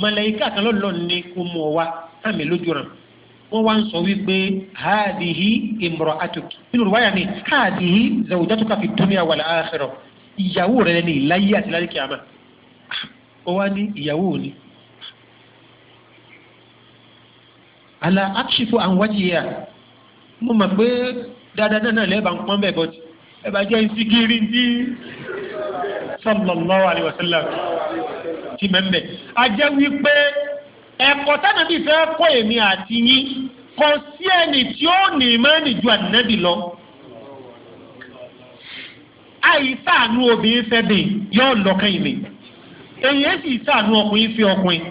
mọ̀lẹ́yìká kan lọ́lọ́ ní kó mú wá sáàmì lójú rẹ̀ wọ́n wá ń sọ wípé hadihi imra'atuki nínú ìwáyà ni hadihi zawjatuka fi dunya wal akhirah ìyàwó rẹ̀ ní ìláyé àti láyé kìámà ó wá ní ìyàwó ni. àlà àkṣìfò àwọn wájú yẹ mo mọ̀ pé dáadáa náà lẹ́ẹ̀bà ń pọ́n bẹ́ẹ̀ bọ́tì ẹ jẹ́ ìsígiri tí sallallahu alaihi wasallam ti mẹ́mẹ́ a jẹ́ wípé ẹ̀kọ́ tánàbí fẹ́ kọ́ èmi àti yín kò sí ẹni tí ó ní ìmánì ju ànábì lọ. àìsàánú obìnrin fẹ́ bẹ́ẹ̀ yóò lọ́kàn ìmì èyí ẹ̀ sì sàánú ọkùnrin fi ọkùnrin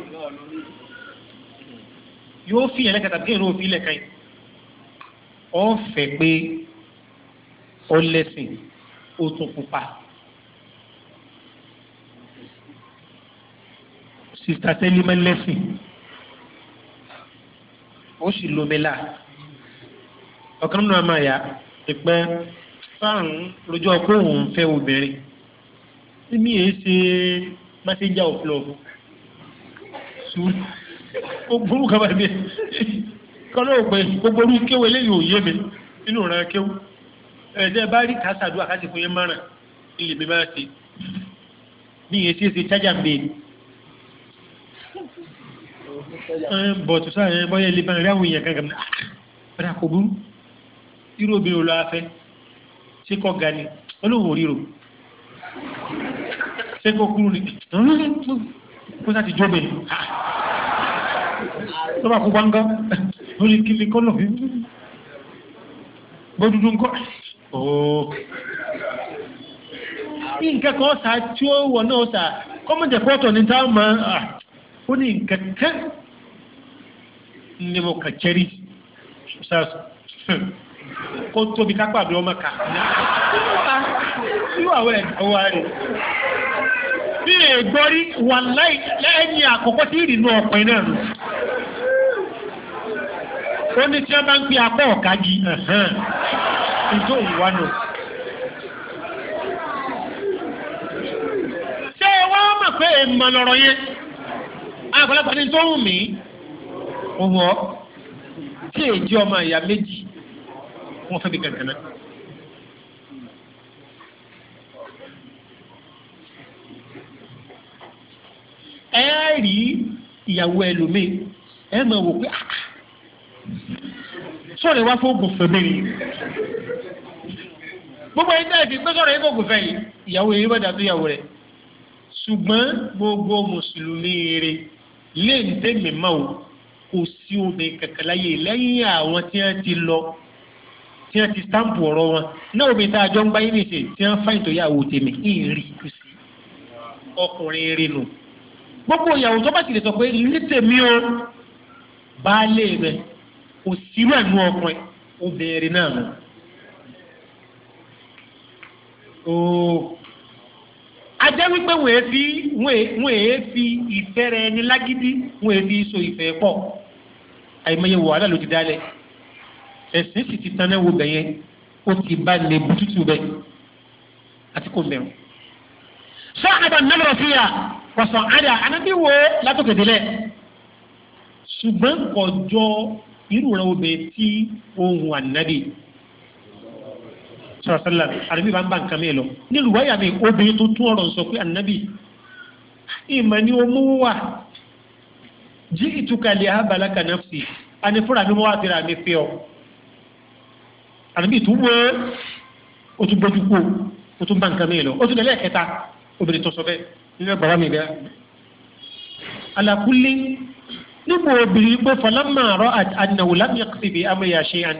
yóò fi yẹn lẹ́kẹ̀ẹ́ tàbí èrò òfin lẹ́kẹ̀ẹ́ ọ̀ fẹ́ pé ó lẹ́sìn ó tún pupa. sista tẹ́lẹ̀ mẹ́lẹ́sìn ó sì lómi là ọ̀kan nínú àmà yá ìpẹ́ fáàrùn lójú ọkọ òun fẹ́ obìnrin tí mi èé ṣe messenger of love sùúrù ó burú kaba bí kọ́lọ́ òpè gbogbo orí kéwù eléyìí ò yé mi nínú ìran kéwù ẹ̀ẹ́dẹ́ bá rí kásádùá kásìkò yẹn márùn-ún ilé mi máa ṣe mi èé ṣe ṣe chájà mi. Eh, bọ̀tù sáà yẹn eh, bọ́yá ilé báyìí ráwọ̀ èèyàn kankan náà padà kò burú irú obìnrin olú afẹ́ ṣé kọ́ ga ni olóhùn oríro ṣé kọ́ kúrú ni kó sáà ti jó bẹ́ẹ̀ tó ah, bá kó gbáǹgá lórí kílí kọ́lọ̀ bó dúdú ńkọ́ ooo nǹkan kan sáà tí ó wọ̀ náà sáà kọ́mọ̀jẹ̀ pọ́tọ̀ ní táwọn máa ah, ń ó ní nǹkan kan ní mo kàn kẹ́rì kó tóbi kápá mi ọmọ kà irú àwọn ẹ̀dá wa rẹ̀ bí ègbọ́rí wà lẹ́yìn àkọ́kọ́ tí ìrìnnà ọ̀pẹ náà ó ní tí wọ́n bá ń pe apá ọ̀ka gi ìjọ ìwà náà. ṣé wọ́n mọ̀ pé èèmọ̀ lọ̀rọ̀ yẹn àgbàlagbà ni tó wù mí ọwọ́ tí èjì ọmọ ìyá méjì wọ́n fẹ́ bí kankan náà. ẹ rí ìyàwó ẹlòmíì ẹ máa wò pé ah, ah. sọ̀rọ̀ wá fún ògùn fẹ́mi ni gbogbo ẹni náà ti gbé sọ̀rọ̀ yìí fògùn fẹ́ yìí ìyàwó yìí bá dàbí ìyàwó rẹ̀ ṣùgbọ́n gbogbo mùsùlùmí rẹ̀ lè ń tẹ̀mí mọ́ o kò sí obìnrin kankan láyé lẹ́yìn àwọn tí wọ́n ti lọ tí wọ́n ti sáǹpù ọ̀rọ̀ wọn náà obìnrin tá a jọ ń gbáyé nìṣe tí wọ́n fáyìn tó yàwó tèmi ìrì kù sí ọkùnrin rinu gbogbo ìyàwó tó bá ti lè sọ pé ilé tèmi o baálé rẹ kò sí rẹ̀ nú ọkùnrin obìnrin náà nù ajẹ́ wípé wọ́n èé fi wọ́n èé fi ìfẹ́ rẹ ní lágídí wọ́n èé fi so ìfẹ́ pọ̀ àìmọye wàhálà ló ti dálẹ̀ ẹ̀sìn sì ti taná wo bẹ̀yẹn ó ti bá lè bututu bẹ̀ àti kò mẹ́rin. sọ àdá nàbẹ̀rẹ̀ sí ya wọ̀sán àdá ànábì wo látòkè ṣùgbọ́n kọjọ irú rẹ̀ wo bẹ̀ tí ohun ànábì sọ̀rọ̀sọ̀lá àdébí bá ń bá nǹkan mìíràn ní ìrùwáyà mi obìnrin tó tún ọ̀rọ̀ sọ pé ànábì ìmọ̀ ni omú wà jí ìtukàlẹ̀ àbálàkà náà fi àní fúnra mi wá tẹ̀ra mi fi ọ́ ànábì tó wọ́ ó tún gbójú kú ó tún bá nǹkan mìíràn ó tún lẹ́lẹ́ kẹta obìnrin tó sọ bẹ́ẹ̀ nínú bàbá mi bẹ́ẹ̀. àlàkúlé nígbà obìnrin pé fọlámàárọ̀ àdìnàwó lámìyàn kìsìbì amúyàṣe àná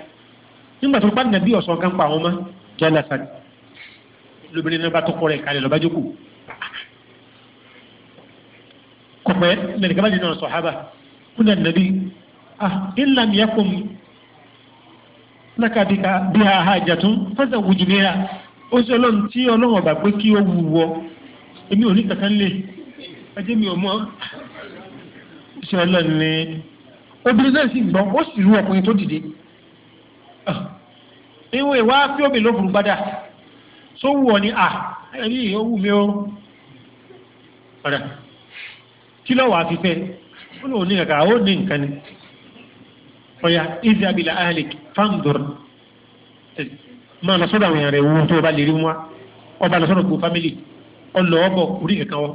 nígbà tó bá nàbí ọ̀sán kan pa àwọn máa jẹ́nàfàdì lóbìnrin náà bá tó kọ́ rẹ̀ kalẹ̀ lọ́ba jókòó kọ̀pẹ́ lẹ́nìkan bá jẹ́ náà sọ̀hábà kúnlẹ̀ nàbí ah ilà mi yẹ kó mi lákàbíkà bí a hajà tún fẹsẹ̀ wùjú mi ra ó sọ lọ́run tí ọlọ́run ọ̀bà pé kí ó wù wọ èmi ò ní kankan lè ẹjẹ́ mi ò mọ́ ṣe ọlọ́run ní obìnrin náà sì gbọ́ ó sì rú ọkùnrin tó dìde. Ah, ìwọ̀n ìwà fí omi ló burú gbádà tó wù ọ ní à ẹ̀rí ó wù mí ó ọ̀rẹ́ kí lọ́wọ́ àfifẹ́ ó lóun ní kàkà ó ní nǹkan ni ọ̀yà ìzàbílà ahlik fáńdùr máa lọ sọ́dọ̀ àwọn èèyàn rẹ̀ wọ́n tó o bá lè rí wọn ọba lọ sọ́dọ̀ gbogbo fámìlì ọlọ́ ọbọ̀ orí kankan wọn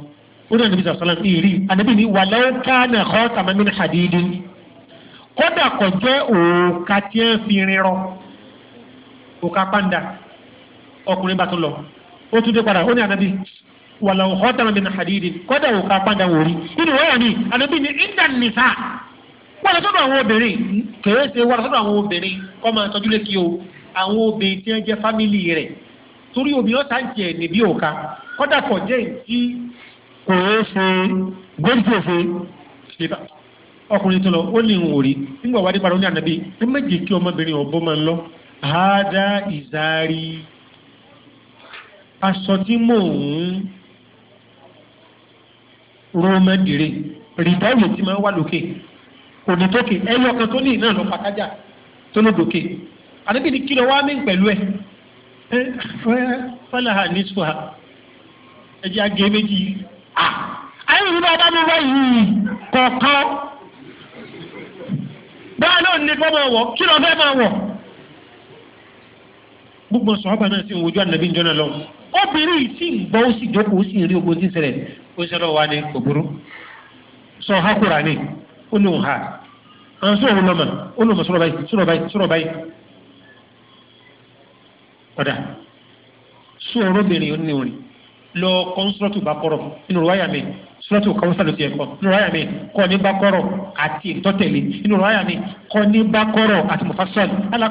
ó náà níbi sàṣọlá ìrí ànábì ní wàlẹ́ kánà kọ́ tàmámínà hadidi kódà kọjá òòkà tí ń fi rin rọ. oka pàǹdà ọkùnrin bá tún lọ ó tún dé padà ó ní ànábì wàlà òkò tàbí nà hadidi kọ́dà òkà pàǹdà wò rí nínú wọ́yà ni ní ìdá nìsa wọ́n lọ àwọn obìnrin wọ́n àwọn obìnrin kọ́ máa tọ́jú o àwọn obìnrin tí wọ́n jẹ́ fámìlì rẹ̀ torí obìnrin ń tiẹ̀ kọ́dà jẹ́ ìdí hádá ìzárí aṣọ tí mò ń romẹdìrè rìbáwò tí máa ń wà lókè òdìtókè ẹyọ kan tó ní iná lọ pàtàjà tó ló dòkè àdébí ni kí lọ wá mí pẹ̀lú ẹ fọláhà ní sùhà ẹjẹ agé méjì ayé ìlú bá mi wá yìí kọ̀ọ̀kan báyìí náà ní kọ́ máa wọ̀ kí lọ fẹ́ máa wọ̀ gbogbo sọ̀rọ̀bà náà sì ń wojú ànàbí ìjọ́nà lọ. obìnrin yìí sì gbọ́ ó sì jókòó ó sì rí ogun tí ń ṣẹlẹ̀ ó ṣẹlẹ̀ wá ní kòkòrò sọ ha kura ni ó lóun ha àwọn sọ̀rọ̀ wọn mọ̀ ó lóun mọ̀ sọ̀rọ̀ báyìí sọ̀rọ̀ báyìí sọ̀rọ̀ báyìí. ọ̀dà sọ̀rọ̀ obìnrin yìí ní orin lọ kọ́ sọ́tù bá kọ́rọ̀ nínú wáyà mi sọ́tù kọ́wọ́sà ló ti ẹ̀kọ́ nínú wáyà mi kọ́ ní bá àti ìtọ́tẹ̀lé nínú wáyà mi kọ́ ní bá àti mufasal ala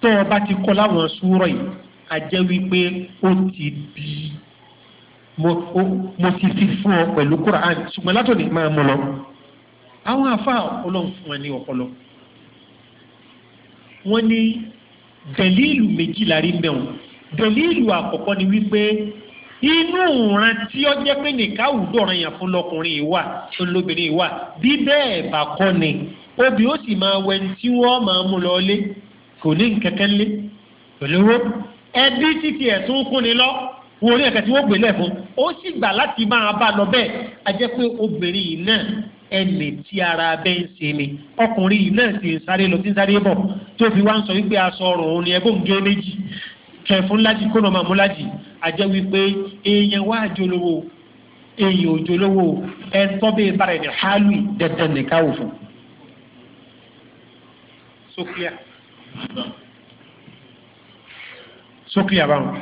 tó o bá ti kọ́ láwọn súrọ̀ yìí a jẹ́ wípé ó ti di mo ti fi fún ọ pẹ̀lú Qur'an ṣùgbọ́n látòdì máa mú lọ àwọn afa ọlọ́run fún wọn ní ọpọlọ wọ́n ní dẹ̀líìlù méjìlá rí mẹ́wọ̀n dẹ̀líìlù àkọ́kọ́ ni wípé inú ìran tí ó jẹ́ pé nìkan àwùjọ ọ̀ràn yẹn fún lọkùnrin ìwà tó lóbìnrin ìwà bí bẹ́ẹ̀ bá kọ́ ni obì ó sì máa wẹ̀ tí wọ́n máa mú lọ lé kò ní nkẹ́kẹ́ lé pẹ̀lú ẹbí títí ẹ̀ tó ń kún ni lọ wo orí ẹ̀kẹ́ tí wọ́n gbélé fún ó sì gbà láti máa bá lọ bẹ́ẹ̀ a jẹ́ pé obìnrin yìí náà ẹnì tí ara abẹ́ ń ṣe ni ọkùnrin yìí náà sì ń sáré lọ sí ń sáré bọ̀ tó fi wá ń sọ wípé aṣọ ọ̀rọ̀ òun ni ẹgbọ́n gé méjì kẹfún lájì kónà máa mú lájì a jẹ́ wípé èèyàn wá àjọlówó èèyàn òjòlówó ẹ̀ tọ́ bẹ́ẹ̀ bára ẹ̀ ní hálùì dandan nìkan òfò. so clear sókè àbáwọn.